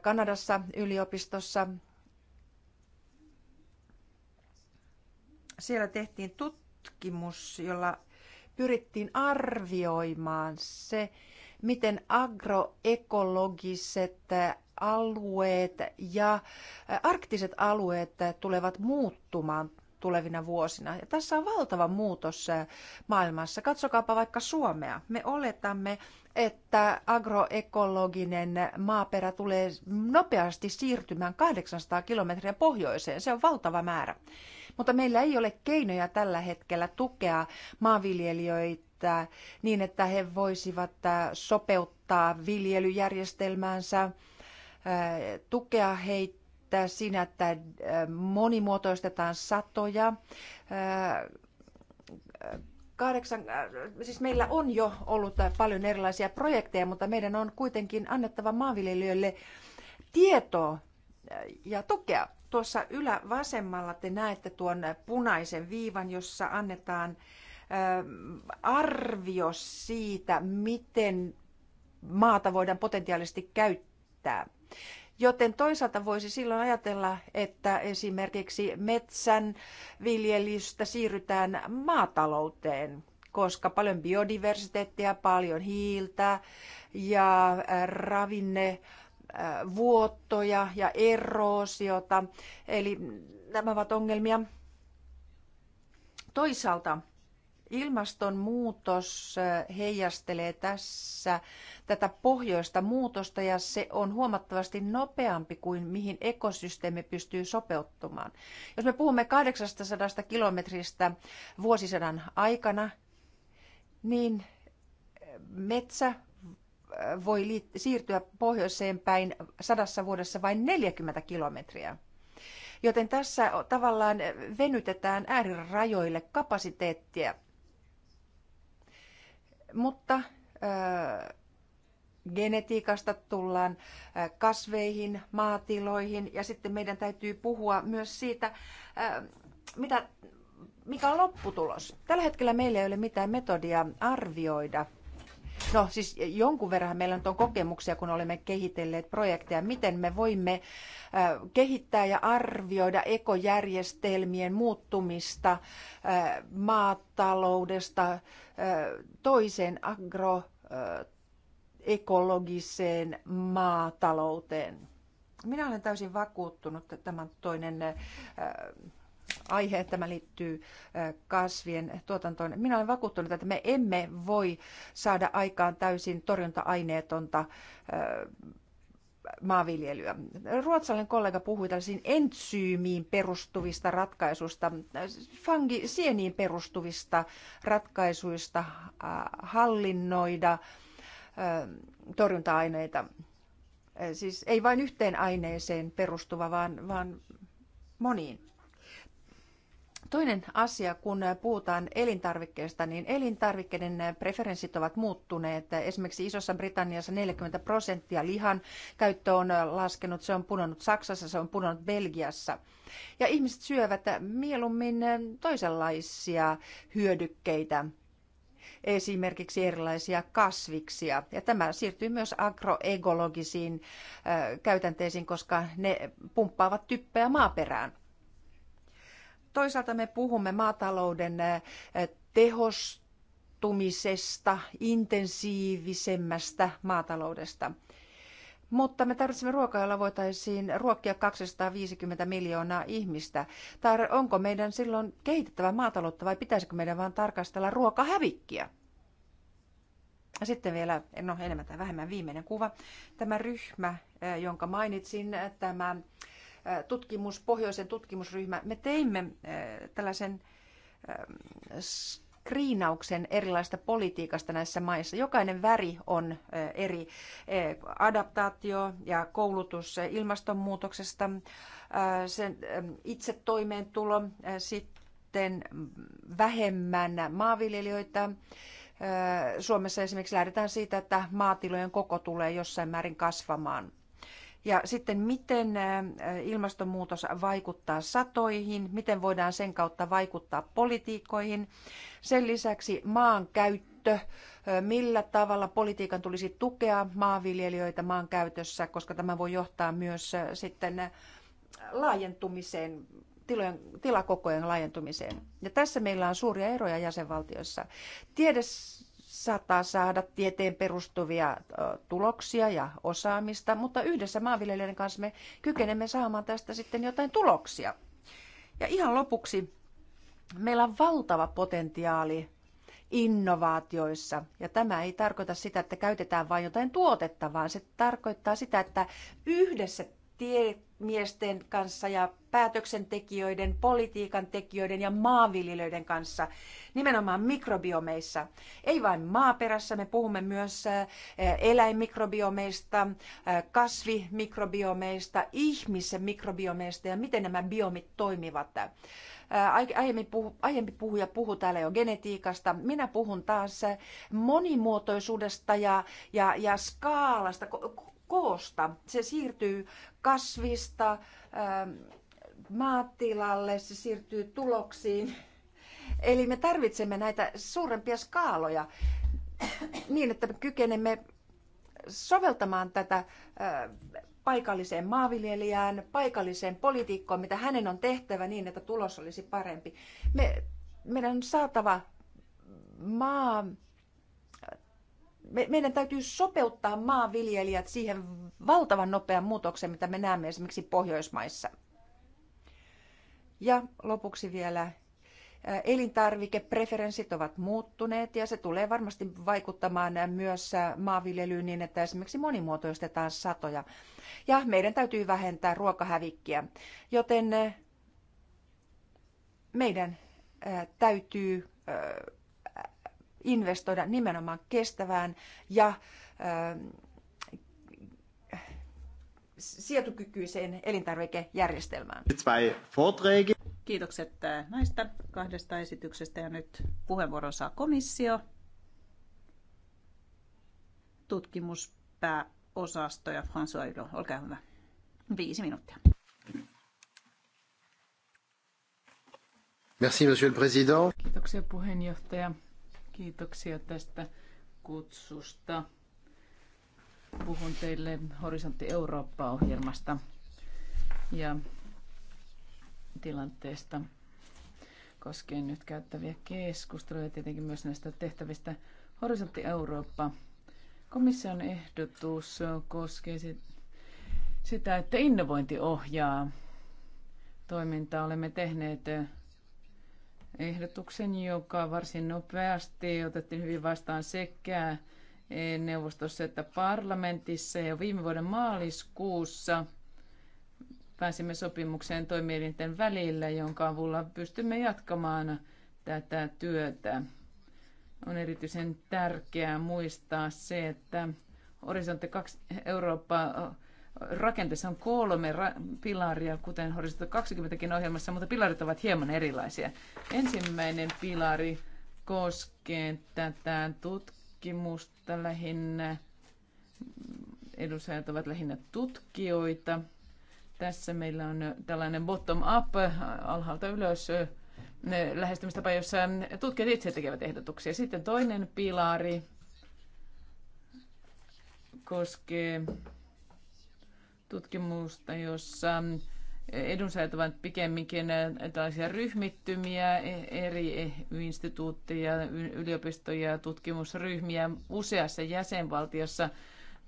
Kanadassa yliopistossa. Siellä tehtiin tutkimus, jolla pyrittiin arvioimaan se, miten agroekologiset eh, alueet ja arktiset alueet tulevat muuttumaan tulevina vuosina. Ja tässä on valtava muutos äh, maailmassa. Katsokaapa vaikka Suomea. Me oletamme, että agroekologinen maaperä tulee nopeasti siirtymään 800 kilometriä pohjoiseen. Se on valtava määrä. Mutta meillä ei ole keinoja tällä hetkellä tukea maanviljelijöitä niin, että he voisivat äh, sopeuttaa viljelyjärjestelmäänsä, äh, tukea heitä siinä, että äh, monimuotoistetaan satoja. Äh, kahdeksan, äh, siis meillä on jo ollut paljon erilaisia projekteja, mutta meidän on kuitenkin annettava maanviljelijöille tietoa ja tukea. Tuossa ylävasemmalla te näette tuon punaisen viivan, jossa annetaan arvio siitä, miten maata voidaan potentiaalisesti käyttää. Joten toisaalta voisi silloin ajatella, että esimerkiksi metsän viljelystä siirrytään maatalouteen, koska paljon biodiversiteettiä, paljon hiiltä ja äh, ravinne äh, vuottoja ja eroosiota. Eli nämä ovat ongelmia. Toisaalta Ilmastonmuutos heijastelee tässä tätä pohjoista muutosta ja se on huomattavasti nopeampi kuin mihin ekosysteemi pystyy sopeuttumaan. Jos me puhumme 800 kilometristä vuosisadan aikana, niin metsä voi siirtyä pohjoiseen päin sadassa vuodessa vain 40 kilometriä. Joten tässä tavallaan venytetään äärirajoille kapasiteettia mutta äh, genetiikasta tullaan kasveihin, maatiloihin ja sitten meidän täytyy puhua myös siitä, mitä, mikä on lopputulos. Tällä hetkellä meillä ei ole mitään metodia arvioida No siis jonkun verran meillä nyt on kokemuksia, kun olemme kehitelleet projekteja, miten me voimme äh, kehittää ja arvioida ekojärjestelmien muuttumista äh, maataloudesta äh, toiseen agroekologiseen maatalouteen. Minä olen täysin vakuuttunut, että tämä on toinen aihe. Tämä liittyy kasvien tuotantoon. Minä olen vakuuttunut, että me emme voi saada aikaan täysin torjunta-aineetonta maanviljelyä. Ruotsalainen kollega puhui tällaisiin entsyymiin perustuvista ratkaisuista, fangi, sieniin perustuvista ratkaisuista hallinnoida torjunta-aineita. Siis ei vain yhteen aineeseen perustuva, vaan, vaan moniin. Toinen asia, kun puhutaan elintarvikkeista, niin elintarvikkeiden preferenssit ovat muuttuneet. Esimerkiksi Isossa Britanniassa 40 prosenttia lihan käyttö on laskenut, se on punonut Saksassa, se on punonut Belgiassa. Ja ihmiset syövät mieluummin toisenlaisia hyödykkeitä, esimerkiksi erilaisia kasviksia. Ja tämä siirtyy myös agroekologisiin käytänteisiin, koska ne pumppaavat typpeä maaperään. Toisaalta me puhumme maatalouden tehostumisesta, intensiivisemmästä maataloudesta. Mutta me tarvitsemme ruokaa, jolla voitaisiin ruokkia 250 miljoonaa ihmistä. Tai onko meidän silloin kehitettävä maataloutta vai pitäisikö meidän vain tarkastella ruokahävikkiä? Ja sitten vielä, no enemmän tai vähemmän viimeinen kuva, tämä ryhmä, jonka mainitsin, tämä tutkimus, pohjoisen tutkimusryhmä, me teimme eh, tällaisen eh, skriinauksen erilaista politiikasta näissä maissa. Jokainen väri on eh, eri. Adaptaatio ja koulutus ilmastonmuutoksesta, sen itse toimeentulo, sitten vähemmän maanviljelijöitä. Suomessa esimerkiksi lähdetään siitä, että maatilojen koko tulee jossain määrin kasvamaan. Ja sitten miten äh, ilmastonmuutos vaikuttaa satoihin, miten voidaan sen kautta vaikuttaa politiikkoihin. Sen lisäksi maankäyttö, äh, millä tavalla politiikan tulisi tukea maanviljelijöitä maankäytössä, koska tämä voi johtaa myös äh, sitten laajentumiseen, tilojen, tilakokojen laajentumiseen. Ja tässä meillä on suuria eroja jäsenvaltioissa. Tiedes, saattaa saada tieteen perustuvia tuloksia ja osaamista, mutta yhdessä maanviljelijöiden kanssa me kykenemme saamaan tästä sitten jotain tuloksia. Ja ihan lopuksi, meillä on valtava potentiaali innovaatioissa. Ja tämä ei tarkoita sitä, että käytetään vain jotain tuotetta, vaan se tarkoittaa sitä, että yhdessä tie- miesten kanssa ja päätöksentekijöiden, politiikan tekijöiden ja maanviljelijöiden kanssa, nimenomaan mikrobiomeissa. Ei vain maaperässä, me puhumme myös äh, eläinmikrobiomeista, äh, kasvimikrobiomeista, ihmisen mikrobiomeista ja miten nämä biomit toimivat. Äh, aiempi, puhu, aiempi puhuja puhuu täällä jo genetiikasta. Minä puhun taas monimuotoisuudesta ja, ja, ja skaalasta, koosta. Se siirtyy kasvista ähm, maatilalle, se siirtyy tuloksiin. Eli me tarvitsemme näitä suurempia skaaloja niin, että me kykenemme soveltamaan tätä äh, paikalliseen maanviljelijään, paikalliseen politiikkoon, mitä hänen on tehtävä niin, että tulos olisi parempi. Me, meidän on saatava maa me, meidän täytyy sopeuttaa maanviljelijät siihen valtavan nopean muutoksen, mitä me näemme esimerkiksi Pohjoismaissa. Ja lopuksi vielä elintarvikepreferenssit ovat muuttuneet ja se tulee varmasti vaikuttamaan myös maanviljelyyn niin, että esimerkiksi monimuotoistetaan satoja. Ja meidän täytyy vähentää ruokahävikkiä, joten meidän täytyy investoida nimenomaan kestävään ja äh, sietokykyiseen elintarvikejärjestelmään. Kiitokset äh, näistä kahdesta esityksestä ja nyt puheenvuoron saa komissio, tutkimuspääosasto ja François Hulot. Olkaa hyvä. Viisi minuuttia. Merci, monsieur le président. Kiitoksia puheenjohtaja. Kiitoksia tästä kutsusta. Puhun teille Horisontti Eurooppa-ohjelmasta ja tilanteesta koskien nyt käyttäviä keskusteluja tietenkin myös näistä tehtävistä. Horisontti Eurooppa. Komission ehdotus koskee sitä, että innovointi ohjaa toimintaa. Olemme tehneet ehdotuksen, joka varsin nopeasti otettiin hyvin vastaan sekä e, neuvostossa että parlamentissa ja viime vuoden maaliskuussa pääsimme sopimukseen toimielinten välillä, jonka avulla pystymme jatkamaan tätä työtä. On erityisen tärkeää muistaa se, että Horisontti Eurooppa rakenteessa on kolme ra- pilaria, kuten Horisontti 20 ohjelmassa, mutta pilarit ovat hieman erilaisia. Ensimmäinen pilari koskee tätä tutkimusta lähinnä. Edusajat ovat lähinnä tutkijoita. Tässä meillä on tällainen bottom-up, alhaalta ylös lähestymistapa, jossa tutkijat itse tekevät ehdotuksia. Sitten toinen pilari koskee tutkimusta, jossa ähm, edunsaajat ovat pikemminkin äh, tällaisia ryhmittymiä, e, eri e, instituutteja, yliopistoja, tutkimusryhmiä useassa jäsenvaltiossa.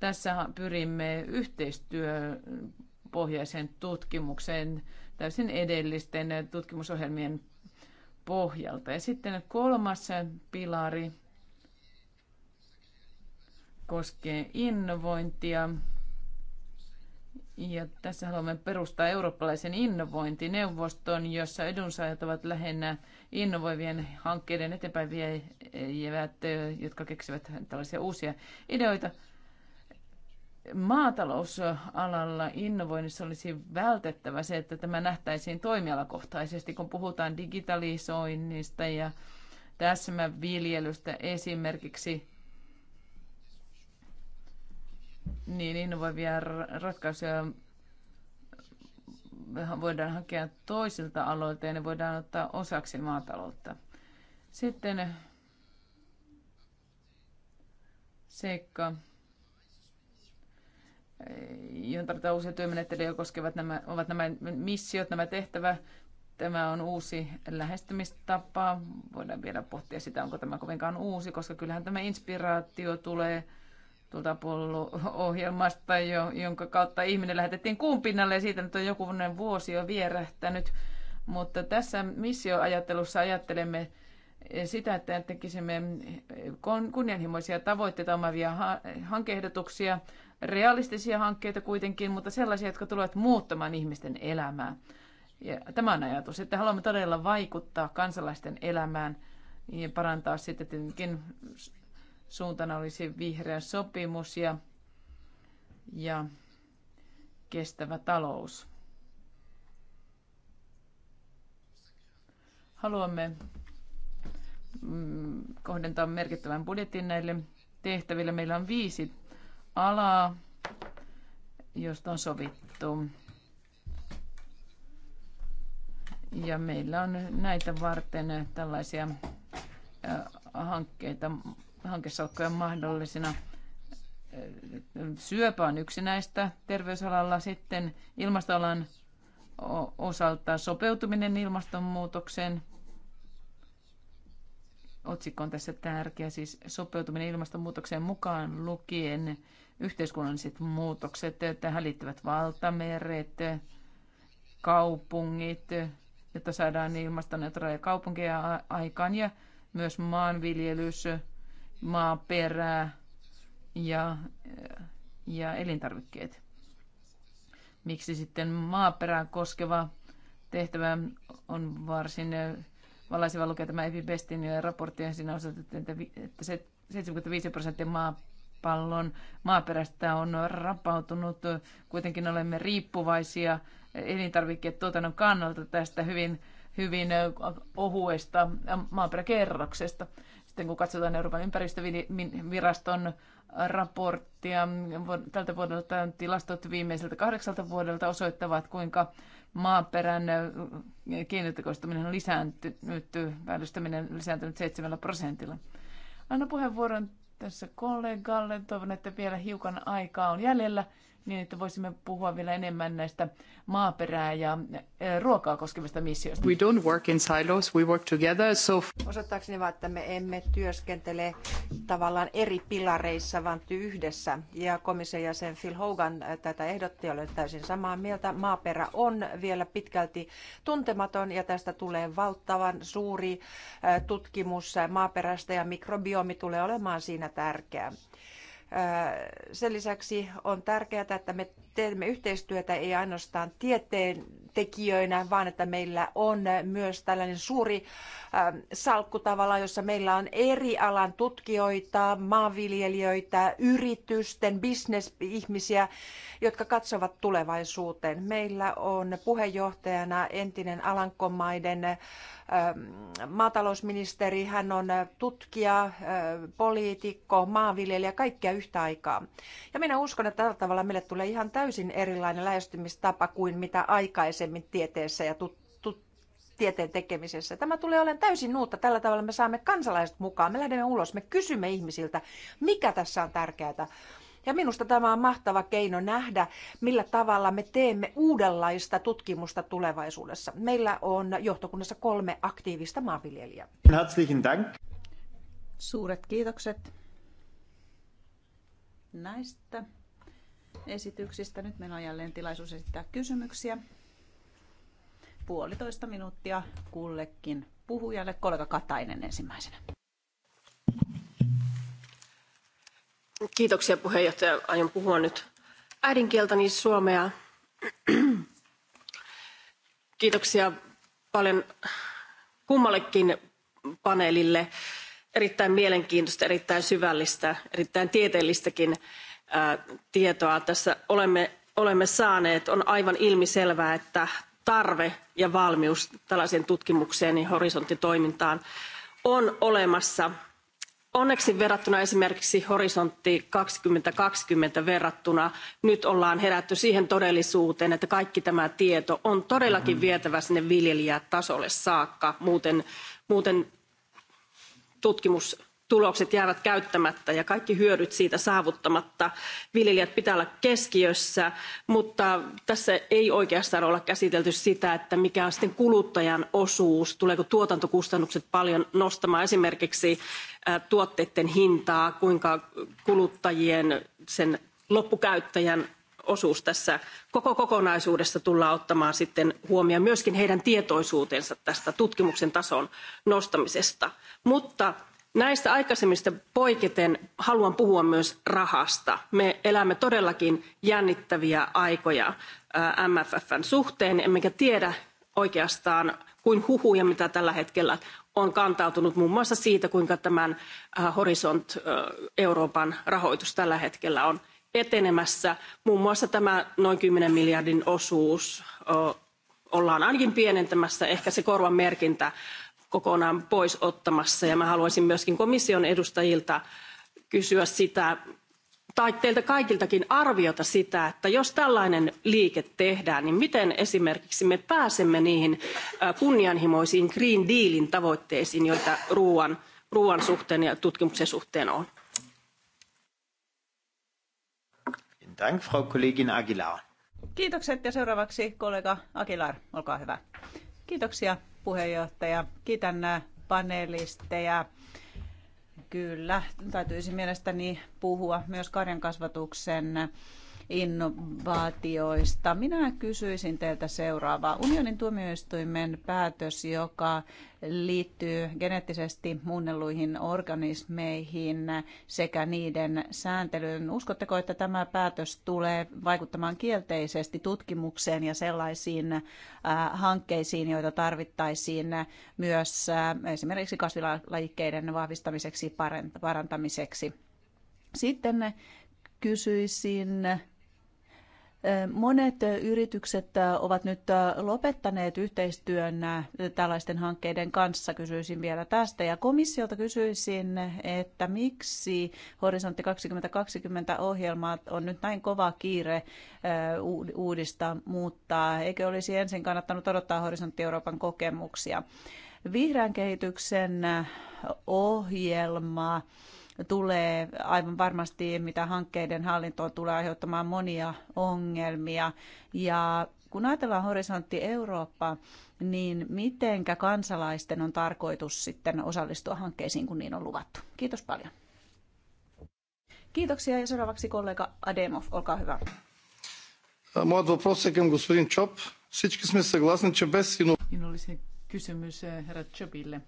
Tässä pyrimme yhteistyöpohjaisen tutkimukseen täysin edellisten tutkimusohjelmien pohjalta. Ja sitten kolmas pilari koskee innovointia. Ja tässä haluamme perustaa eurooppalaisen innovointineuvoston, jossa edunsaajat ovat lähinnä innovoivien hankkeiden eteenpäin viejät, jotka keksivät tällaisia uusia ideoita. Maatalousalalla innovoinnissa olisi vältettävä se, että tämä nähtäisiin toimialakohtaisesti, kun puhutaan digitalisoinnista ja täsmäviljelystä esimerkiksi niin innovoivia ratkaisuja voidaan hakea toisilta aloilta ja ne voidaan ottaa osaksi maataloutta. Sitten seikka, johon tarvitaan uusia työmenettelyjä koskevat nämä, ovat nämä missiot, nämä tehtävä. Tämä on uusi lähestymistapa. Voidaan vielä pohtia sitä, onko tämä kovinkaan uusi, koska kyllähän tämä inspiraatio tulee – tuolta ohjelmasta, jo, jonka kautta ihminen lähetettiin kuun pinnalle ja siitä nyt on joku vuosi jo vierähtänyt. Mutta tässä missioajattelussa ajattelemme sitä, että tekisimme kunnianhimoisia tavoitteita omavia hankehdotuksia, realistisia hankkeita kuitenkin, mutta sellaisia, jotka tulevat muuttamaan ihmisten elämää. Ja tämä on ajatus, että haluamme todella vaikuttaa kansalaisten elämään ja parantaa sitten suuntana olisi vihreä sopimus ja, ja kestävä talous. Haluamme mm, kohdentaa merkittävän budjetin näille tehtäville. Meillä on viisi alaa, josta on sovittu. Ja meillä on näitä varten tällaisia hankkeita hankesalkkoja mahdollisina. Syöpä on yksi näistä terveysalalla. Sitten ilmastoalan osalta sopeutuminen ilmastonmuutokseen. Otsikko on tässä tärkeä, siis sopeutuminen ilmastonmuutokseen mukaan lukien yhteiskunnalliset muutokset. Tähän liittyvät valtameret, kaupungit, jotta saadaan ilmastoneutraaleja kaupunkeja aikaan ja myös maanviljelys, maaperää ja, ja elintarvikkeet. Miksi sitten maaperää koskeva tehtävä on varsin valaisiva lukea tämä Evi Bestin raportti, ja siinä osoitettiin, että 75 prosenttia maapallon maaperästä on rapautunut. Kuitenkin olemme riippuvaisia elintarviketuotannon kannalta tästä hyvin, hyvin ohuesta maaperäkerroksesta. Sitten kun katsotaan Euroopan ympäristöviraston raporttia tältä vuodelta, tilastot viimeiseltä kahdeksalta vuodelta osoittavat, kuinka maaperän kiinnitykoistuminen on lisääntynyt, väylystäminen lisääntynyt 7 prosentilla. Anna puheenvuoron tässä kollegalle. Toivon, että vielä hiukan aikaa on jäljellä niin että voisimme puhua vielä enemmän näistä maaperää ja eh, ruokaa koskevista missioista. We don't work in silos, we work together, so... Osoittaakseni vaan, että me emme työskentele tavallaan eri pilareissa, vaan yhdessä. Ja komission jäsen Phil Hogan eh, tätä ehdotti, olen täysin samaa mieltä. Maaperä on vielä pitkälti tuntematon ja tästä tulee valtavan suuri eh, tutkimus maaperästä ja mikrobiomi tulee olemaan siinä tärkeä. Sen lisäksi on tärkeää, että me teemme yhteistyötä ei ainoastaan tieteen tekijöinä, vaan että meillä on myös tällainen suuri salkku tavallaan, jossa meillä on eri alan tutkijoita, maanviljelijöitä, yritysten, bisnesihmisiä, jotka katsovat tulevaisuuteen. Meillä on puheenjohtajana entinen Alankomaiden maatalousministeri, hän on tutkija, poliitikko, maanviljelijä, kaikkea yhtä aikaa. Ja minä uskon, että tällä tavalla meille tulee ihan täysin täysin erilainen lähestymistapa kuin mitä aikaisemmin tieteessä ja tut- tieteen tekemisessä. Tämä tulee olemaan täysin uutta. Tällä tavalla me saamme kansalaiset mukaan. Me lähdemme ulos, me kysymme ihmisiltä, mikä tässä on tärkeää. Ja minusta tämä on mahtava keino nähdä, millä tavalla me teemme uudenlaista tutkimusta tulevaisuudessa. Meillä on johtokunnassa kolme aktiivista maanviljelijää. Herzlichen Dank. Suuret kiitokset näistä esityksistä. Nyt meillä on jälleen tilaisuus esittää kysymyksiä. Puolitoista minuuttia kullekin puhujalle. Kollega Katainen ensimmäisenä. Kiitoksia puheenjohtaja. Aion puhua nyt äidinkieltäni suomea. Kiitoksia paljon kummallekin paneelille. Erittäin mielenkiintoista, erittäin syvällistä, erittäin tieteellistäkin tietoa tässä olemme, olemme saaneet, on aivan ilmiselvää, että tarve ja valmius tällaiseen tutkimukseen ja niin horisonttitoimintaan on olemassa. Onneksi verrattuna esimerkiksi horisontti 2020 verrattuna nyt ollaan herätty siihen todellisuuteen, että kaikki tämä tieto on todellakin mm-hmm. vietävä sinne viljelijätasolle saakka, muuten, muuten tutkimus tulokset jäävät käyttämättä ja kaikki hyödyt siitä saavuttamatta. Viljelijät pitää olla keskiössä, mutta tässä ei oikeastaan olla käsitelty sitä, että mikä on sitten kuluttajan osuus, tuleeko tuotantokustannukset paljon nostamaan esimerkiksi tuotteiden hintaa, kuinka kuluttajien sen loppukäyttäjän osuus tässä koko kokonaisuudessa tullaan ottamaan sitten huomioon myöskin heidän tietoisuutensa tästä tutkimuksen tason nostamisesta. Mutta näistä aikaisemmista poiketen haluan puhua myös rahasta. Me elämme todellakin jännittäviä aikoja MFFn suhteen, emmekä tiedä oikeastaan kuin huhuja, mitä tällä hetkellä on kantautunut muun muassa siitä, kuinka tämän Horisont Euroopan rahoitus tällä hetkellä on etenemässä. Muun muassa tämä noin 10 miljardin osuus ollaan ainakin pienentämässä, ehkä se korvan merkintä kokonaan pois ottamassa. Ja mä haluaisin myöskin komission edustajilta kysyä sitä, tai teiltä kaikiltakin arviota sitä, että jos tällainen liike tehdään, niin miten esimerkiksi me pääsemme niihin kunnianhimoisiin Green Dealin tavoitteisiin, joita ruoan, ruoan suhteen ja tutkimuksen suhteen on? Dank, Frau Kollegin Aguilar. Kiitokset ja seuraavaksi kollega Aguilar, olkaa hyvä. Kiitoksia puheenjohtaja. Kiitän nämä äh, panelisteja. Kyllä, täytyisi mielestäni puhua myös karjankasvatuksen innovaatioista. Minä kysyisin teiltä seuraavaa. Unionin tuomioistuimen päätös, joka liittyy geneettisesti muunnelluihin organismeihin sekä niiden sääntelyyn. Uskotteko, että tämä päätös tulee vaikuttamaan kielteisesti tutkimukseen ja sellaisiin äh, hankkeisiin, joita tarvittaisiin myös äh, esimerkiksi kasvilajikkeiden vahvistamiseksi, parantamiseksi? Sitten kysyisin Monet yritykset äh, ovat nyt äh, lopettaneet yhteistyön äh, tällaisten hankkeiden kanssa, kysyisin vielä tästä. Ja komissiolta kysyisin, että miksi Horisontti 2020 ohjelma on nyt näin kova kiire uudistaa, muuttaa. Eikö olisi ensin kannattanut odottaa Horisontti Euroopan kokemuksia? Vihreän kehityksen ohjelma tulee aivan varmasti, mitä hankkeiden hallintoon tulee aiheuttamaan monia ongelmia. Ja kun ajatellaan horisontti Eurooppa, niin mitenkä kansalaisten on tarkoitus sitten osallistua hankkeisiin, kun niin on luvattu? Kiitos paljon. Kiitoksia ja seuraavaksi kollega Ademov, olkaa hyvä. Minulla olisi kysymys eh, herra Chopille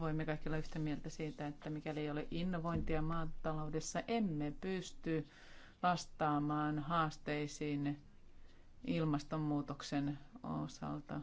voimme kaikki olla yhtä mieltä siitä, että mikäli ei ole innovointia maataloudessa, emme pysty vastaamaan haasteisiin ilmastonmuutoksen osalta.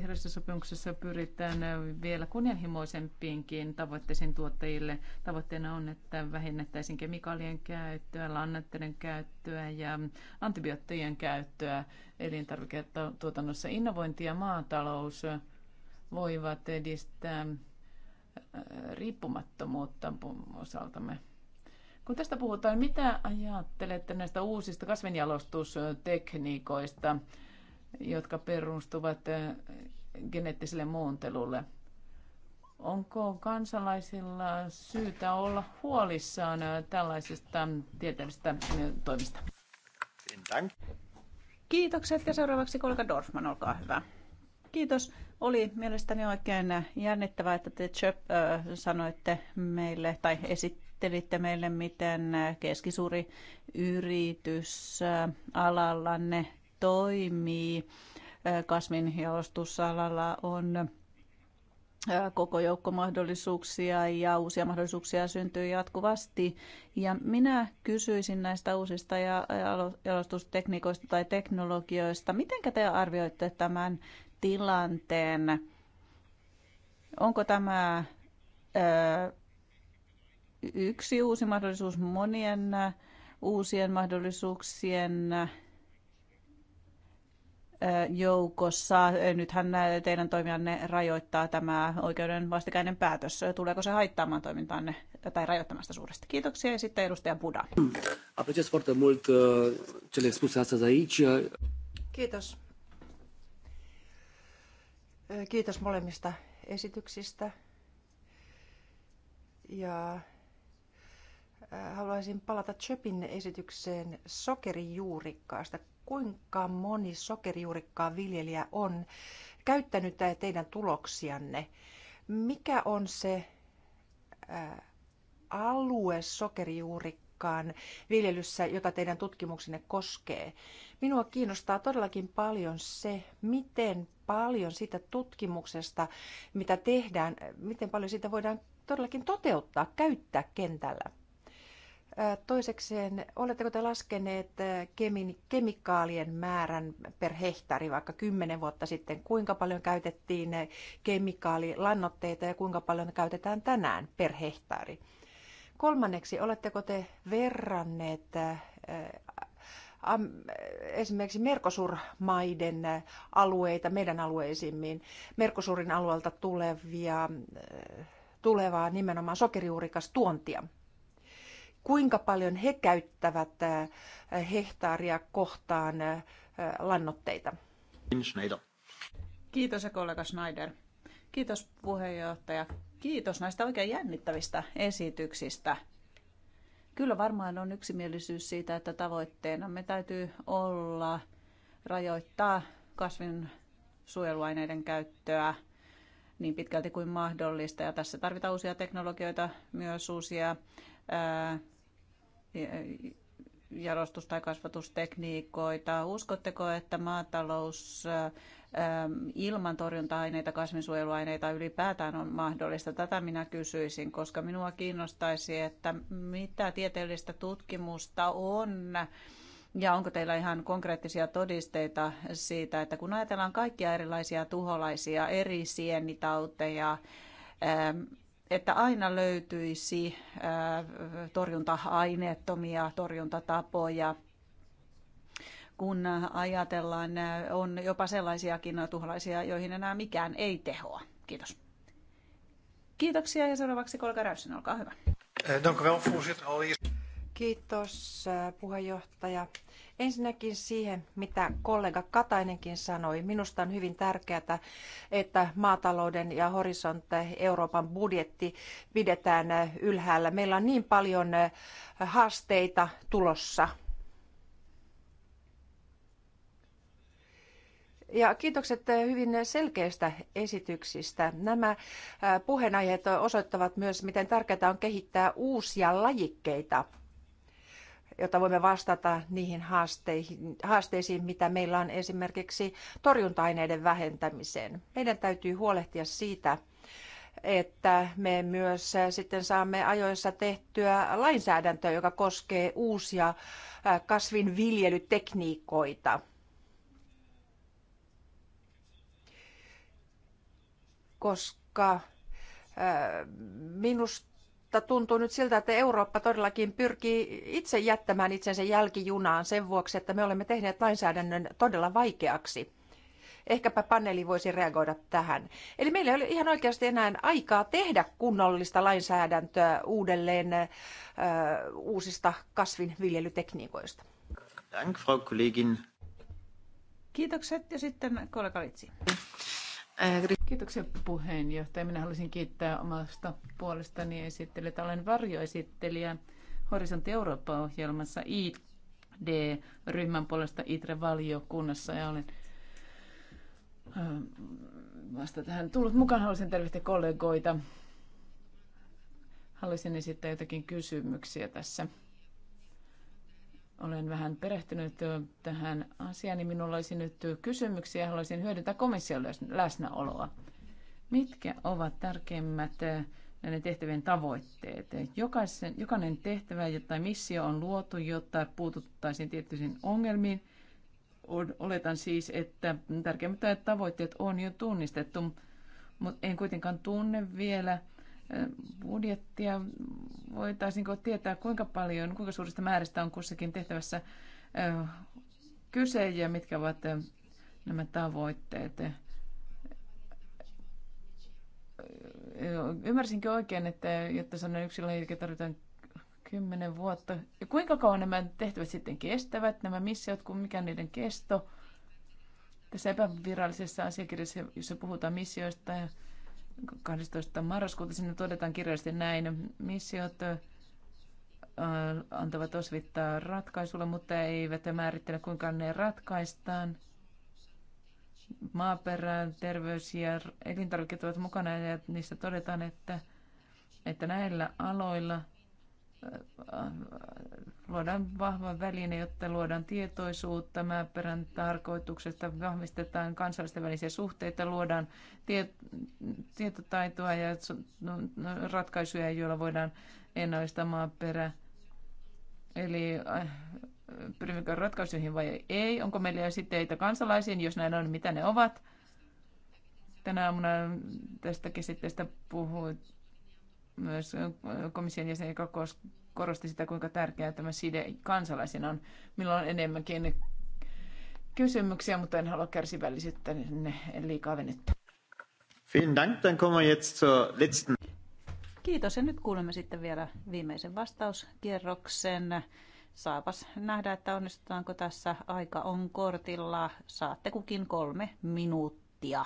Vihreässä sopimuksessa pyritään vielä kunnianhimoisempiinkin tavoitteisiin tuottajille. Tavoitteena on, että vähennettäisiin kemikaalien käyttöä, lannoitteiden käyttöä ja antibioottien käyttöä elintarviketuotannossa. Innovointi ja maatalous voivat edistää äh, riippumattomuutta osaltamme. Kun tästä puhutaan, mitä ajattelette näistä uusista kasvinjalostustekniikoista? jotka perustuvat eh, geneettiselle muuntelulle. Onko kansalaisilla syytä olla huolissaan eh, tällaisesta tieteellisestä eh, toimista? Kiitokset ja seuraavaksi kollega Dorfman, olkaa hyvä. Kiitos. Oli mielestäni oikein jännittävää, että te Chöp, sanoitte meille tai esittelitte meille, miten keskisuuri yritys alallanne toimii jalostusalalla on koko joukko mahdollisuuksia ja uusia mahdollisuuksia syntyy jatkuvasti. Ja minä kysyisin näistä uusista jalostustekniikoista tai teknologioista. Miten te arvioitte tämän tilanteen? Onko tämä yksi uusi mahdollisuus monien uusien mahdollisuuksien joukossa. Nythän teidän toimijanne rajoittaa tämä oikeuden vastikäinen päätös. Tuleeko se haittaamaan toimintaanne tai rajoittamaan sitä suuresti? Kiitoksia ja sitten edustaja Buda. Uh, Kiitos. Kiitos molemmista esityksistä. Ja Äh, haluaisin palata Chöpin esitykseen sokerijuurikkaasta. Kuinka moni sokerijuurikkaa viljelijä on käyttänyt teidän tuloksianne? Mikä on se äh, alue sokerijuurikkaan viljelyssä, jota teidän tutkimuksenne koskee? Minua kiinnostaa todellakin paljon se, miten paljon siitä tutkimuksesta, mitä tehdään, miten paljon sitä voidaan todellakin toteuttaa, käyttää kentällä. Toisekseen, oletteko te laskeneet kemi- kemikaalien määrän per hehtaari vaikka kymmenen vuotta sitten? Kuinka paljon käytettiin kemikaalilannoitteita ja kuinka paljon käytetään tänään per hehtaari? Kolmanneksi, oletteko te verranneet esimerkiksi Merkosur-maiden alueita meidän alueisiin, Merkosurin alueelta tulevia, tulevaa nimenomaan sokeriurikas tuontia? kuinka paljon he käyttävät hehtaaria kohtaan lannoitteita. Kiitos ja kollega Schneider. Kiitos puheenjohtaja. Kiitos näistä oikein jännittävistä esityksistä. Kyllä varmaan on yksimielisyys siitä, että tavoitteena me täytyy olla rajoittaa kasvin suojeluaineiden käyttöä niin pitkälti kuin mahdollista. Ja tässä tarvitaan uusia teknologioita, myös uusia jalostus- tai kasvatustekniikoita. Uskotteko, että maatalous ähm, ilman torjunta-aineita, kasvinsuojeluaineita ylipäätään on mahdollista? Tätä minä kysyisin, koska minua kiinnostaisi, että mitä tieteellistä tutkimusta on ja onko teillä ihan konkreettisia todisteita siitä, että kun ajatellaan kaikkia erilaisia tuholaisia, eri sienitauteja, ähm, että aina löytyisi äh, torjunta-aineettomia torjuntatapoja, kun ajatellaan, äh, on jopa sellaisiakin tuholaisia, joihin enää mikään ei tehoa. Kiitos. Kiitoksia ja seuraavaksi kollega Räysen, olkaa hyvä. Eh, Kiitos äh, puheenjohtaja. Ensinnäkin siihen, mitä kollega Katainenkin sanoi. Minusta on hyvin tärkeää, että maatalouden ja horisont Euroopan budjetti pidetään ylhäällä. Meillä on niin paljon eh, haasteita tulossa. Ja kiitokset eh, hyvin selkeistä esityksistä. Nämä eh, puheenaiheet osoittavat myös, miten tärkeää on kehittää uusia lajikkeita – jotta voimme vastata niihin haasteisiin, mitä meillä on esimerkiksi torjunta-aineiden vähentämiseen. Meidän täytyy huolehtia siitä, että me myös sitten saamme ajoissa tehtyä lainsäädäntöä, joka koskee uusia kasvinviljelytekniikoita. Koska minusta mutta tuntuu nyt siltä, että Eurooppa todellakin pyrkii itse jättämään itsensä jälkijunaan sen vuoksi, että me olemme tehneet lainsäädännön todella vaikeaksi. Ehkäpä paneeli voisi reagoida tähän. Eli meillä ei ole ihan oikeasti enää aikaa tehdä kunnollista lainsäädäntöä uudelleen ö, uusista kasvinviljelytekniikoista. Dank, Frau Kollegin. Kiitokset ja sitten kollega Litsi. Kiitoksia puheenjohtaja. Minä haluaisin kiittää omasta puolestani esittelijät. Olen varjoesittelijä Horisontti Eurooppa-ohjelmassa ID-ryhmän puolesta ITRE-valiokunnassa ja olen vasta tähän tullut mukaan. Haluaisin tervehtiä kollegoita. Haluaisin esittää jotakin kysymyksiä tässä olen vähän perehtynyt tähän asiaan, niin minulla olisi nyt kysymyksiä ja haluaisin hyödyntää komission läsnäoloa. Mitkä ovat tärkeimmät eh, näiden tehtävien tavoitteet? Jokaisen, jokainen tehtävä tai missio on luotu, jotta puututtaisiin tiettyihin ongelmiin. Oletan siis, että tärkeimmät tavoitteet on jo tunnistettu, mutta en kuitenkaan tunne vielä – budjettia. voitaisiin tietää, kuinka paljon, kuinka suurista määristä on kussakin tehtävässä kyse ja mitkä ovat nämä tavoitteet? Ymmärsinkö oikein, että jotta sanon yksilöliike tarvitaan kymmenen vuotta. Ja kuinka kauan nämä tehtävät sitten kestävät, nämä missiot, kun mikä niiden kesto? Tässä epävirallisessa asiakirjassa, jossa puhutaan missioista ja 12. marraskuuta sinne todetaan kirjallisesti näin. Missiot antavat osvittaa ratkaisulle, mutta eivät määrittele, kuinka ne ratkaistaan. Maaperä, terveys ja elintarvikkeet ovat mukana ja niissä todetaan, että, että näillä aloilla – luodaan vahva väline, jotta luodaan tietoisuutta määperän tarkoituksesta, vahvistetaan kansallisten välisiä suhteita, luodaan tie, tietotaitoa ja no, no, ratkaisuja, joilla voidaan ennallistaa maaperä. Eli äh, pyrimmekö ratkaisuihin vai ei? Onko meillä siteitä kansalaisiin? Jos näin on, mitä ne ovat? Tänä aamuna tästä käsitteestä puhuit myös komission jäsen, joka korosti sitä, kuinka tärkeää tämä side kansalaisena on. Minulla on enemmänkin kysymyksiä, mutta en halua kärsivällisyyttä en niin liikaa venyttää. Vielen Dank, dann kommen wir jetzt zur letzten. Kiitos ja nyt kuulemme sitten vielä viimeisen vastauskierroksen. Saapas nähdä, että onnistutaanko tässä. Aika on kortilla. Saatte kukin kolme minuuttia.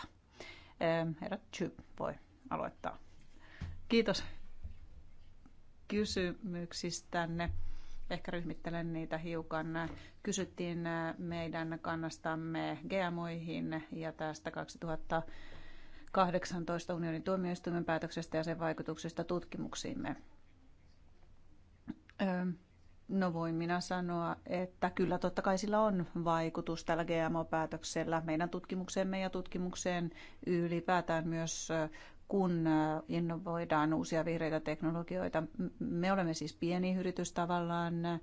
Öö, herra Chy voi aloittaa. Kiitos kysymyksistänne. Ehkä ryhmittelen niitä hiukan. Kysyttiin meidän kannastamme GMOihin ja tästä 2018 unionin tuomioistuimen päätöksestä ja sen vaikutuksista tutkimuksiimme. No voin minä sanoa, että kyllä totta kai sillä on vaikutus tällä GMO-päätöksellä meidän tutkimuksemme ja tutkimukseen ylipäätään myös kun äh, innovoidaan uusia vihreitä teknologioita. Me olemme siis pieni yritys tavallaan, äh,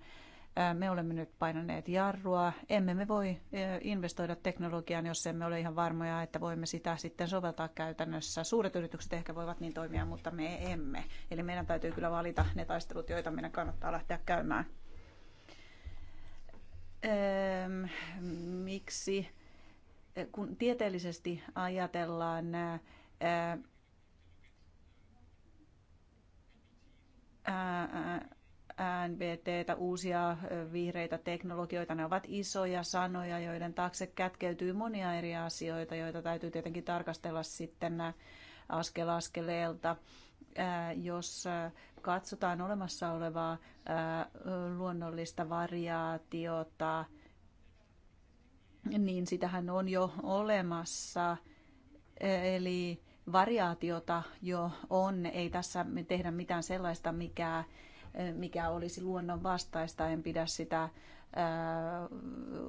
me olemme nyt painaneet jarrua. Emme me voi äh, investoida teknologiaan, jos emme ole ihan varmoja, että voimme sitä sitten soveltaa käytännössä. Suuret yritykset ehkä voivat niin toimia, mutta me emme. Eli meidän täytyy kyllä valita ne taistelut, joita meidän kannattaa lähteä käymään. Ähm, miksi? Kun tieteellisesti ajatellaan, NBTtä, uusia vihreitä teknologioita. Ne ovat isoja sanoja, joiden taakse kätkeytyy monia eri asioita, joita täytyy tietenkin tarkastella sitten askel askeleelta. Jos katsotaan olemassa olevaa luonnollista variaatiota, niin sitähän on jo olemassa. Eli variaatiota jo on. Ei tässä tehdä mitään sellaista, mikä, eh, mikä olisi luonnonvastaista. En pidä sitä eh,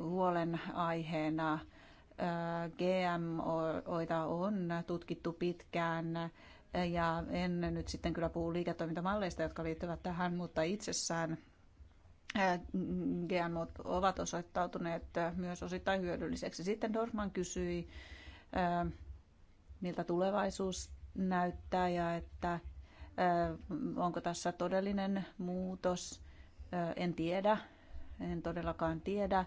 huolenaiheena. Eh, GMOita on tutkittu pitkään ja en nyt sitten kyllä puhu liiketoimintamalleista, jotka liittyvät tähän, mutta itsessään GMO ovat osoittautuneet myös osittain hyödylliseksi. Sitten Dorfman kysyi miltä tulevaisuus näyttää ja että onko tässä todellinen muutos. En tiedä, en todellakaan tiedä,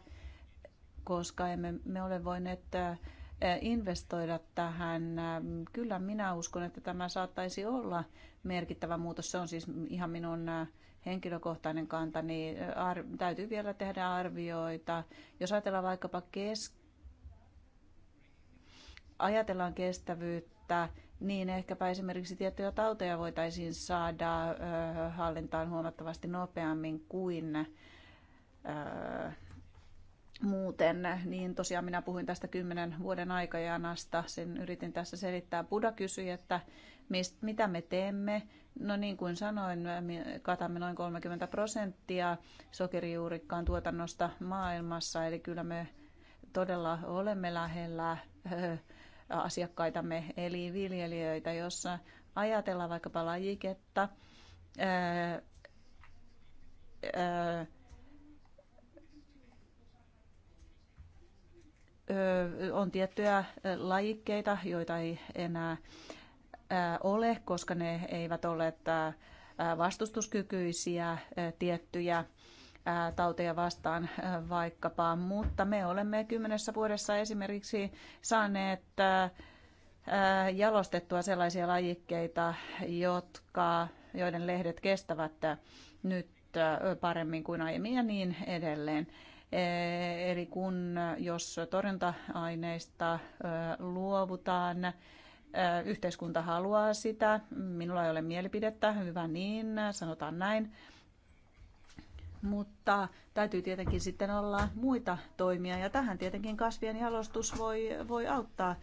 koska emme me ole voineet investoida tähän. Kyllä minä uskon, että tämä saattaisi olla merkittävä muutos. Se on siis ihan minun henkilökohtainen kanta, niin ar- täytyy vielä tehdä arvioita. Jos ajatellaan vaikkapa kes ajatellaan kestävyyttä, niin ehkäpä esimerkiksi tiettyjä tauteja voitaisiin saada hallintaan huomattavasti nopeammin kuin muuten, niin tosiaan minä puhuin tästä kymmenen vuoden aikajanasta, sen yritin tässä selittää. Buda kysyi, että mist, mitä me teemme. No niin kuin sanoin, katamme noin 30 prosenttia sokerijuurikkaan tuotannosta maailmassa, eli kyllä me todella olemme lähellä asiakkaitamme, eli viljelijöitä, jossa ajatellaan vaikkapa lajiketta, ää, ää, on tiettyjä lajikkeita, joita ei enää ole, koska ne eivät ole vastustuskykyisiä tiettyjä tauteja vastaan vaikkapa, mutta me olemme kymmenessä vuodessa esimerkiksi saaneet jalostettua sellaisia lajikkeita, jotka, joiden lehdet kestävät nyt paremmin kuin aiemmin ja niin edelleen. Eli kun jos torjunta-aineista luovutaan, yhteiskunta haluaa sitä, minulla ei ole mielipidettä, hyvä niin, sanotaan näin, mutta täytyy tietenkin sitten olla muita toimia ja tähän tietenkin kasvien jalostus voi, voi auttaa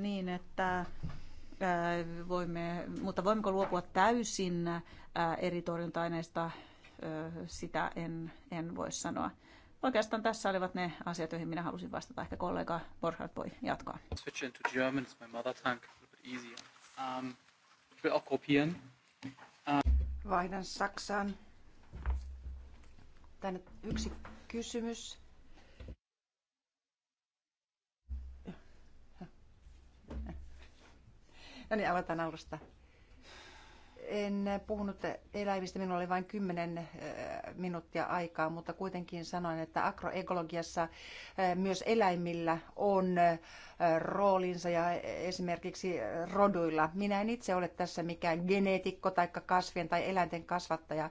niin, että voimme, mutta voimmeko luopua täysin eri torjunta-aineista, sitä en, en voi sanoa. Oikeastaan tässä olivat ne asiat, joihin minä halusin vastata. Ehkä kollega Borchardt voi jatkaa. German, my mother tongue, easier. Um, will Vaihdan Saksaan. Tänne yksi kysymys. No niin, aloitan alusta. En puhunut eläimistä, minulla oli vain 10 minuuttia aikaa, mutta kuitenkin sanoin, että agroekologiassa myös eläimillä on roolinsa ja esimerkiksi roduilla. Minä en itse ole tässä mikään geneetikko tai kasvien tai eläinten kasvattaja,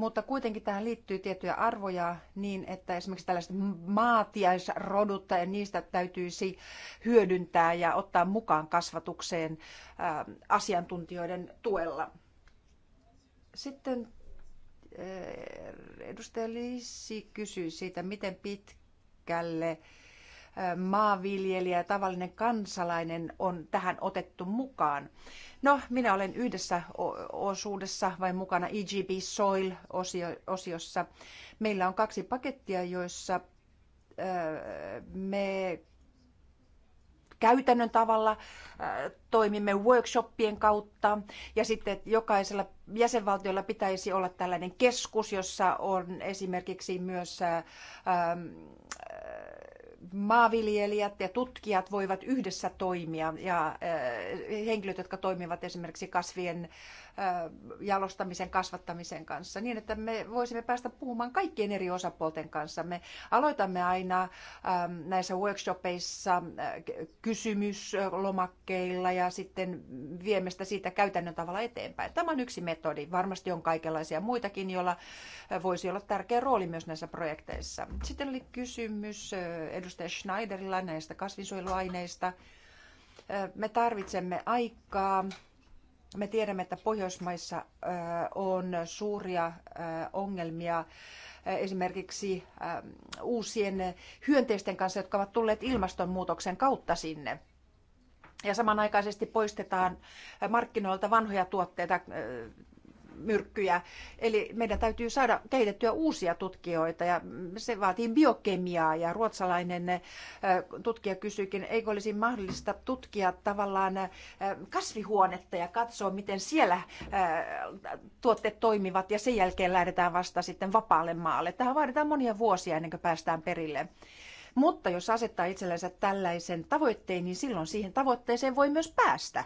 mutta kuitenkin tähän liittyy tiettyjä arvoja niin, että esimerkiksi tällaiset maatiaisrodut ja niistä täytyisi hyödyntää ja ottaa mukaan kasvatukseen asiantuntijoiden tuella. Sitten edustaja Lissi kysyi siitä, miten pitkälle maanviljelijä ja tavallinen kansalainen on tähän otettu mukaan. No, minä olen yhdessä osuudessa vai mukana EGB Soil-osiossa. Meillä on kaksi pakettia, joissa me käytännön tavalla toimimme workshoppien kautta ja sitten jokaisella jäsenvaltiolla pitäisi olla tällainen keskus, jossa on esimerkiksi myös maanviljelijät ja tutkijat voivat yhdessä toimia ja äh, henkilöt, jotka toimivat esimerkiksi kasvien jalostamisen kasvattamisen kanssa niin, että me voisimme päästä puhumaan kaikkien eri osapuolten kanssa. Me aloitamme aina näissä workshopeissa kysymyslomakkeilla ja sitten viemme sitä siitä käytännön tavalla eteenpäin. Tämä on yksi metodi. Varmasti on kaikenlaisia muitakin, joilla voisi olla tärkeä rooli myös näissä projekteissa. Sitten oli kysymys edustaja Schneiderilla näistä kasvinsuojeluaineista. Me tarvitsemme aikaa me tiedämme, että Pohjoismaissa on suuria ongelmia esimerkiksi uusien hyönteisten kanssa, jotka ovat tulleet ilmastonmuutoksen kautta sinne. Ja samanaikaisesti poistetaan markkinoilta vanhoja tuotteita myrkkyjä. Eli meidän täytyy saada kehitettyä uusia tutkijoita ja se vaatii biokemiaa ja ruotsalainen tutkija kysyikin eikö olisi mahdollista tutkia tavallaan kasvihuonetta ja katsoa, miten siellä tuotteet toimivat ja sen jälkeen lähdetään vasta sitten vapaalle maalle. Tähän vaaditaan monia vuosia ennen kuin päästään perille. Mutta jos asettaa itsellensä tällaisen tavoitteen, niin silloin siihen tavoitteeseen voi myös päästä.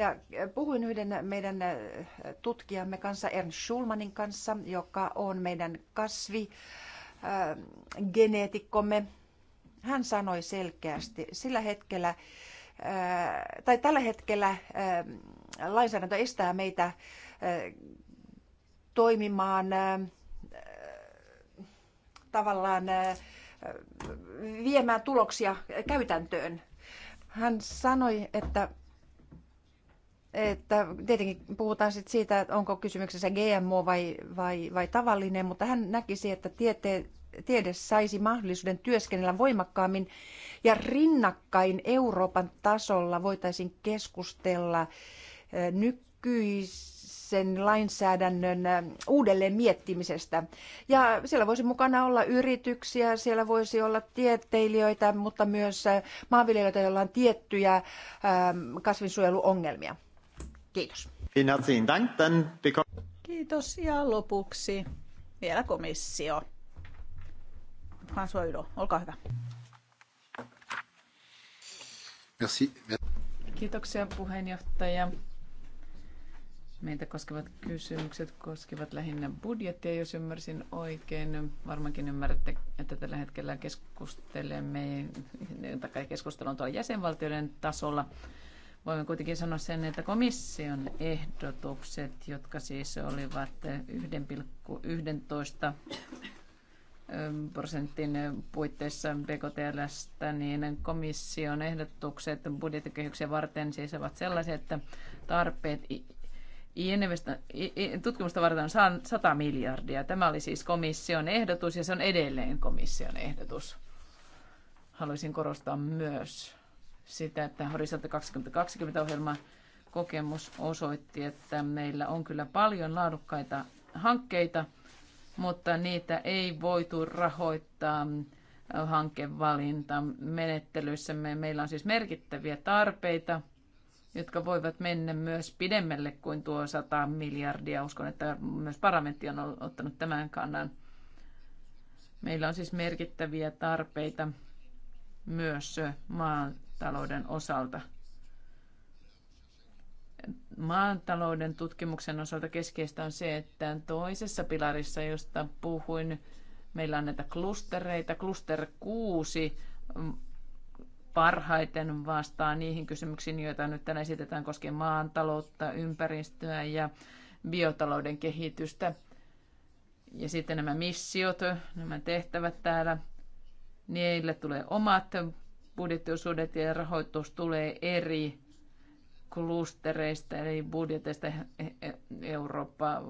Ja eh, puhuin yhden meidän eh, tutkijamme kanssa, Ernst Schulmanin kanssa, joka on meidän kasvigeneetikkomme. Eh, Hän sanoi selkeästi, sillä hetkellä, tai tällä hetkellä lainsäädäntö estää meitä toimimaan tavallaan viemään tuloksia käytäntöön. Hän sanoi, että että tietenkin puhutaan sit siitä, että onko kysymyksessä GMO vai, vai, vai tavallinen, mutta hän näkisi, että tiete, tiede saisi mahdollisuuden työskennellä voimakkaammin ja rinnakkain Euroopan tasolla voitaisiin keskustella nykyisen lainsäädännön uudelleen miettimisestä. Ja siellä voisi mukana olla yrityksiä, siellä voisi olla tieteilijöitä, mutta myös maanviljelijöitä, joilla on tiettyjä kasvinsuojeluongelmia. Kiitos. Kiitos ja lopuksi vielä komissio. François Ylo, olkaa hyvä. Merci. Kiitoksia puheenjohtaja. Meitä koskevat kysymykset koskivat lähinnä budjettia, jos ymmärsin oikein. Varmaankin ymmärrätte, että tällä hetkellä keskustelemme, tai keskustelu on tuolla jäsenvaltioiden tasolla voimme kuitenkin sanoa sen, että komission ehdotukset, jotka siis olivat 1,11 ähm, prosentin puitteissa BKTLstä, niin komission ehdotukset budjettikehyksen varten siis ovat sellaisia, että tarpeet tutkimusta varten on 100 miljardia. Tämä oli siis komission ehdotus ja se on edelleen komission ehdotus. Haluaisin korostaa myös sitä, että Horisontti 2020-ohjelma kokemus osoitti, että meillä on kyllä paljon laadukkaita hankkeita, mutta niitä ei voitu rahoittaa hankevalintamenettelyissämme. Meillä on siis merkittäviä tarpeita, jotka voivat mennä myös pidemmälle kuin tuo 100 miljardia. Uskon, että myös parlamentti on ottanut tämän kannan. Meillä on siis merkittäviä tarpeita myös maan maatalouden osalta. Maatalouden tutkimuksen osalta keskeistä on se, että toisessa pilarissa, josta puhuin, meillä on näitä klustereita. Kluster 6 mm, parhaiten vastaa niihin kysymyksiin, joita nyt tänä esitetään koskien maantaloutta, ympäristöä ja biotalouden kehitystä. Ja sitten nämä missiot, nämä tehtävät täällä, niille tulee omat budjettiosuudet ja rahoitus tulee eri klustereista, eli budjeteista eh, eh, Eurooppa,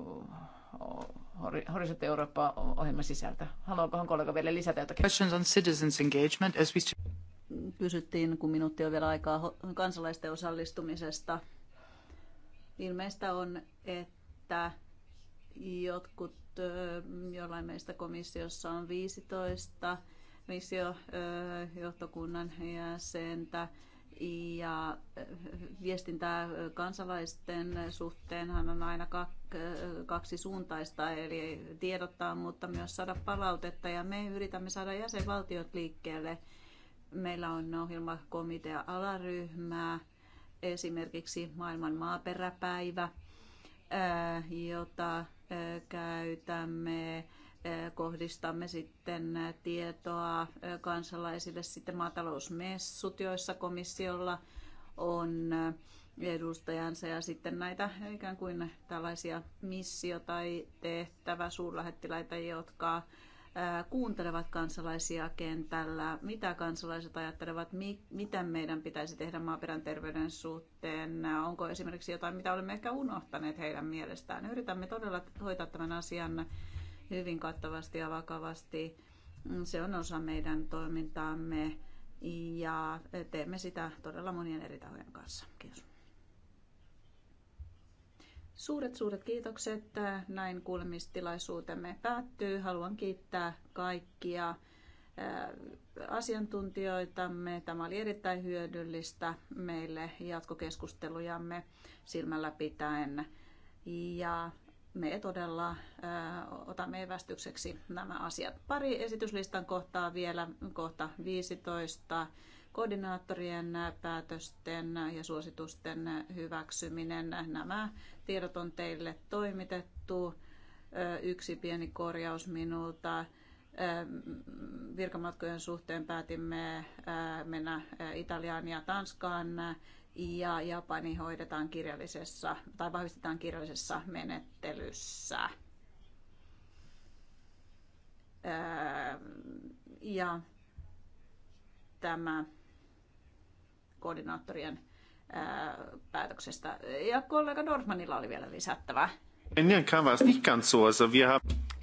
Horisontti Eurooppa ohjelman sisältä. Haluankohan kollega vielä lisätä jotakin? Questions on citizens engagement as we... Kysyttiin, kun minuutti on vielä aikaa kansalaisten osallistumisesta. Ilmeistä on, että jotkut jollain meistä komissiossa on 15 komission johtokunnan jäsentä ja viestintää kansalaisten suhteenhan on aina kaksi suuntaista, eli tiedottaa, mutta myös saada palautetta ja me yritämme saada jäsenvaltiot liikkeelle. Meillä on ohjelmakomitea alaryhmää, esimerkiksi maailman maaperäpäivä, jota käytämme kohdistamme sitten tietoa kansalaisille. Sitten maatalousmessut, joissa komissiolla on edustajansa ja sitten näitä ikään kuin tällaisia missio- tai tehtävä suurlähettiläitä, jotka kuuntelevat kansalaisia kentällä, mitä kansalaiset ajattelevat, mi- mitä meidän pitäisi tehdä maaperän terveyden suhteen, onko esimerkiksi jotain, mitä olemme ehkä unohtaneet heidän mielestään. Yritämme todella hoitaa tämän asian hyvin kattavasti ja vakavasti. Se on osa meidän toimintaamme ja teemme sitä todella monien eri tahojen kanssa. Kiitos. Suuret, suuret kiitokset. Näin kuulemistilaisuutemme päättyy. Haluan kiittää kaikkia asiantuntijoitamme. Tämä oli erittäin hyödyllistä meille jatkokeskustelujamme silmällä pitäen. Ja me todella otamme evästykseksi nämä asiat. Pari esityslistan kohtaa vielä, kohta 15. Koordinaattorien päätösten ja suositusten hyväksyminen. Nämä tiedot on teille toimitettu. Yksi pieni korjaus minulta virkamatkojen suhteen päätimme mennä Italiaan ja Tanskaan ja Japani hoidetaan kirjallisessa tai vahvistetaan kirjallisessa menettelyssä. Öö, ja tämä koordinaattorien öö, päätöksestä. Ja kollega Normanilla oli vielä lisättävää. Ennen kanvas nicht ganz so, also wir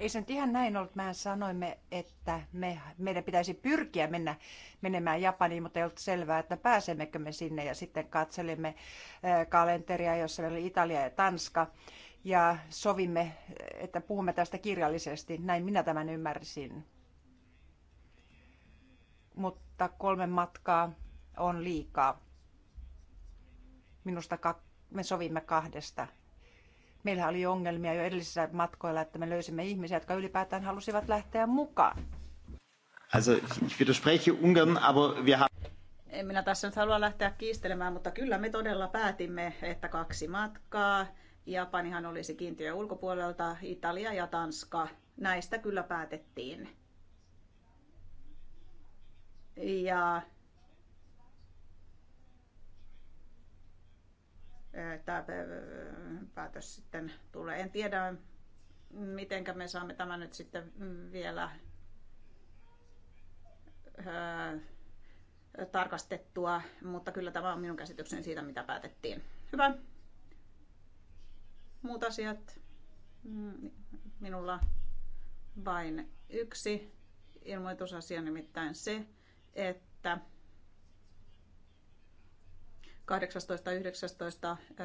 ei se nyt ihan näin ollut. Mä sanoimme, että me, meidän pitäisi pyrkiä mennä, menemään Japaniin, mutta ei ollut selvää, että pääsemmekö me sinne. Ja sitten katselimme eh, kalenteria, jossa oli Italia ja Tanska. Ja sovimme, eh, että puhumme tästä kirjallisesti. Näin minä tämän ymmärsin. Mutta kolme matkaa on liikaa. Minusta me sovimme kahdesta Meillä oli ongelmia jo edellisissä matkoilla, että me löysimme ihmisiä, jotka ylipäätään halusivat lähteä mukaan. Also, ich widerspreche Ungarn, aber wir haben... En minä tässä nyt halua lähteä kiistelemään, mutta kyllä me todella päätimme, että kaksi matkaa. Japanihan olisi kiintiö ulkopuolelta, Italia ja Tanska. Näistä kyllä päätettiin. Ja tämä päätös sitten tulee. En tiedä, miten me saamme tämän nyt sitten vielä tarkastettua, mutta kyllä tämä on minun käsitykseni siitä, mitä päätettiin. Hyvä. Muut asiat. Mm, minulla vain yksi ilmoitusasia, nimittäin se, että 18.19.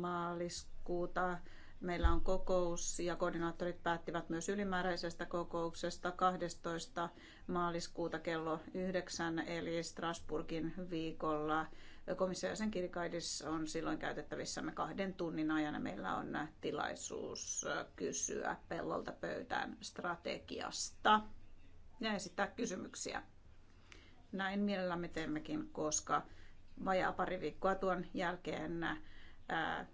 maaliskuuta meillä on kokous ja koordinaattorit päättivät myös ylimääräisestä kokouksesta 12. maaliskuuta kello 9 eli Strasburgin viikolla. Komissio sen on silloin käytettävissämme kahden tunnin ajan. ja Meillä on tilaisuus kysyä pellolta pöytään strategiasta ja esittää kysymyksiä. Näin mielellämme teemmekin, koska vajaa pari viikkoa tuon jälkeen ää,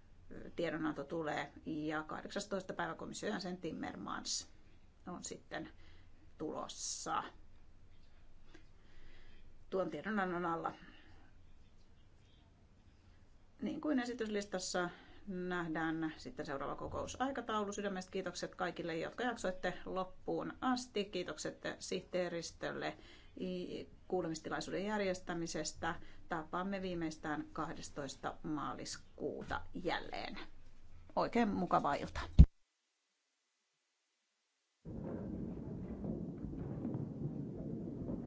tiedonanto tulee ja 18. päivä komission sen Timmermans on sitten tulossa tuon tiedonannon alla. Niin kuin esityslistassa nähdään sitten seuraava kokousaikataulu. Sydämestä kiitokset kaikille, jotka jaksoitte loppuun asti. Kiitokset sihteeristölle kuulemistilaisuuden järjestämisestä tapaamme viimeistään 12. maaliskuuta jälleen. Oikein mukavaa iltaa.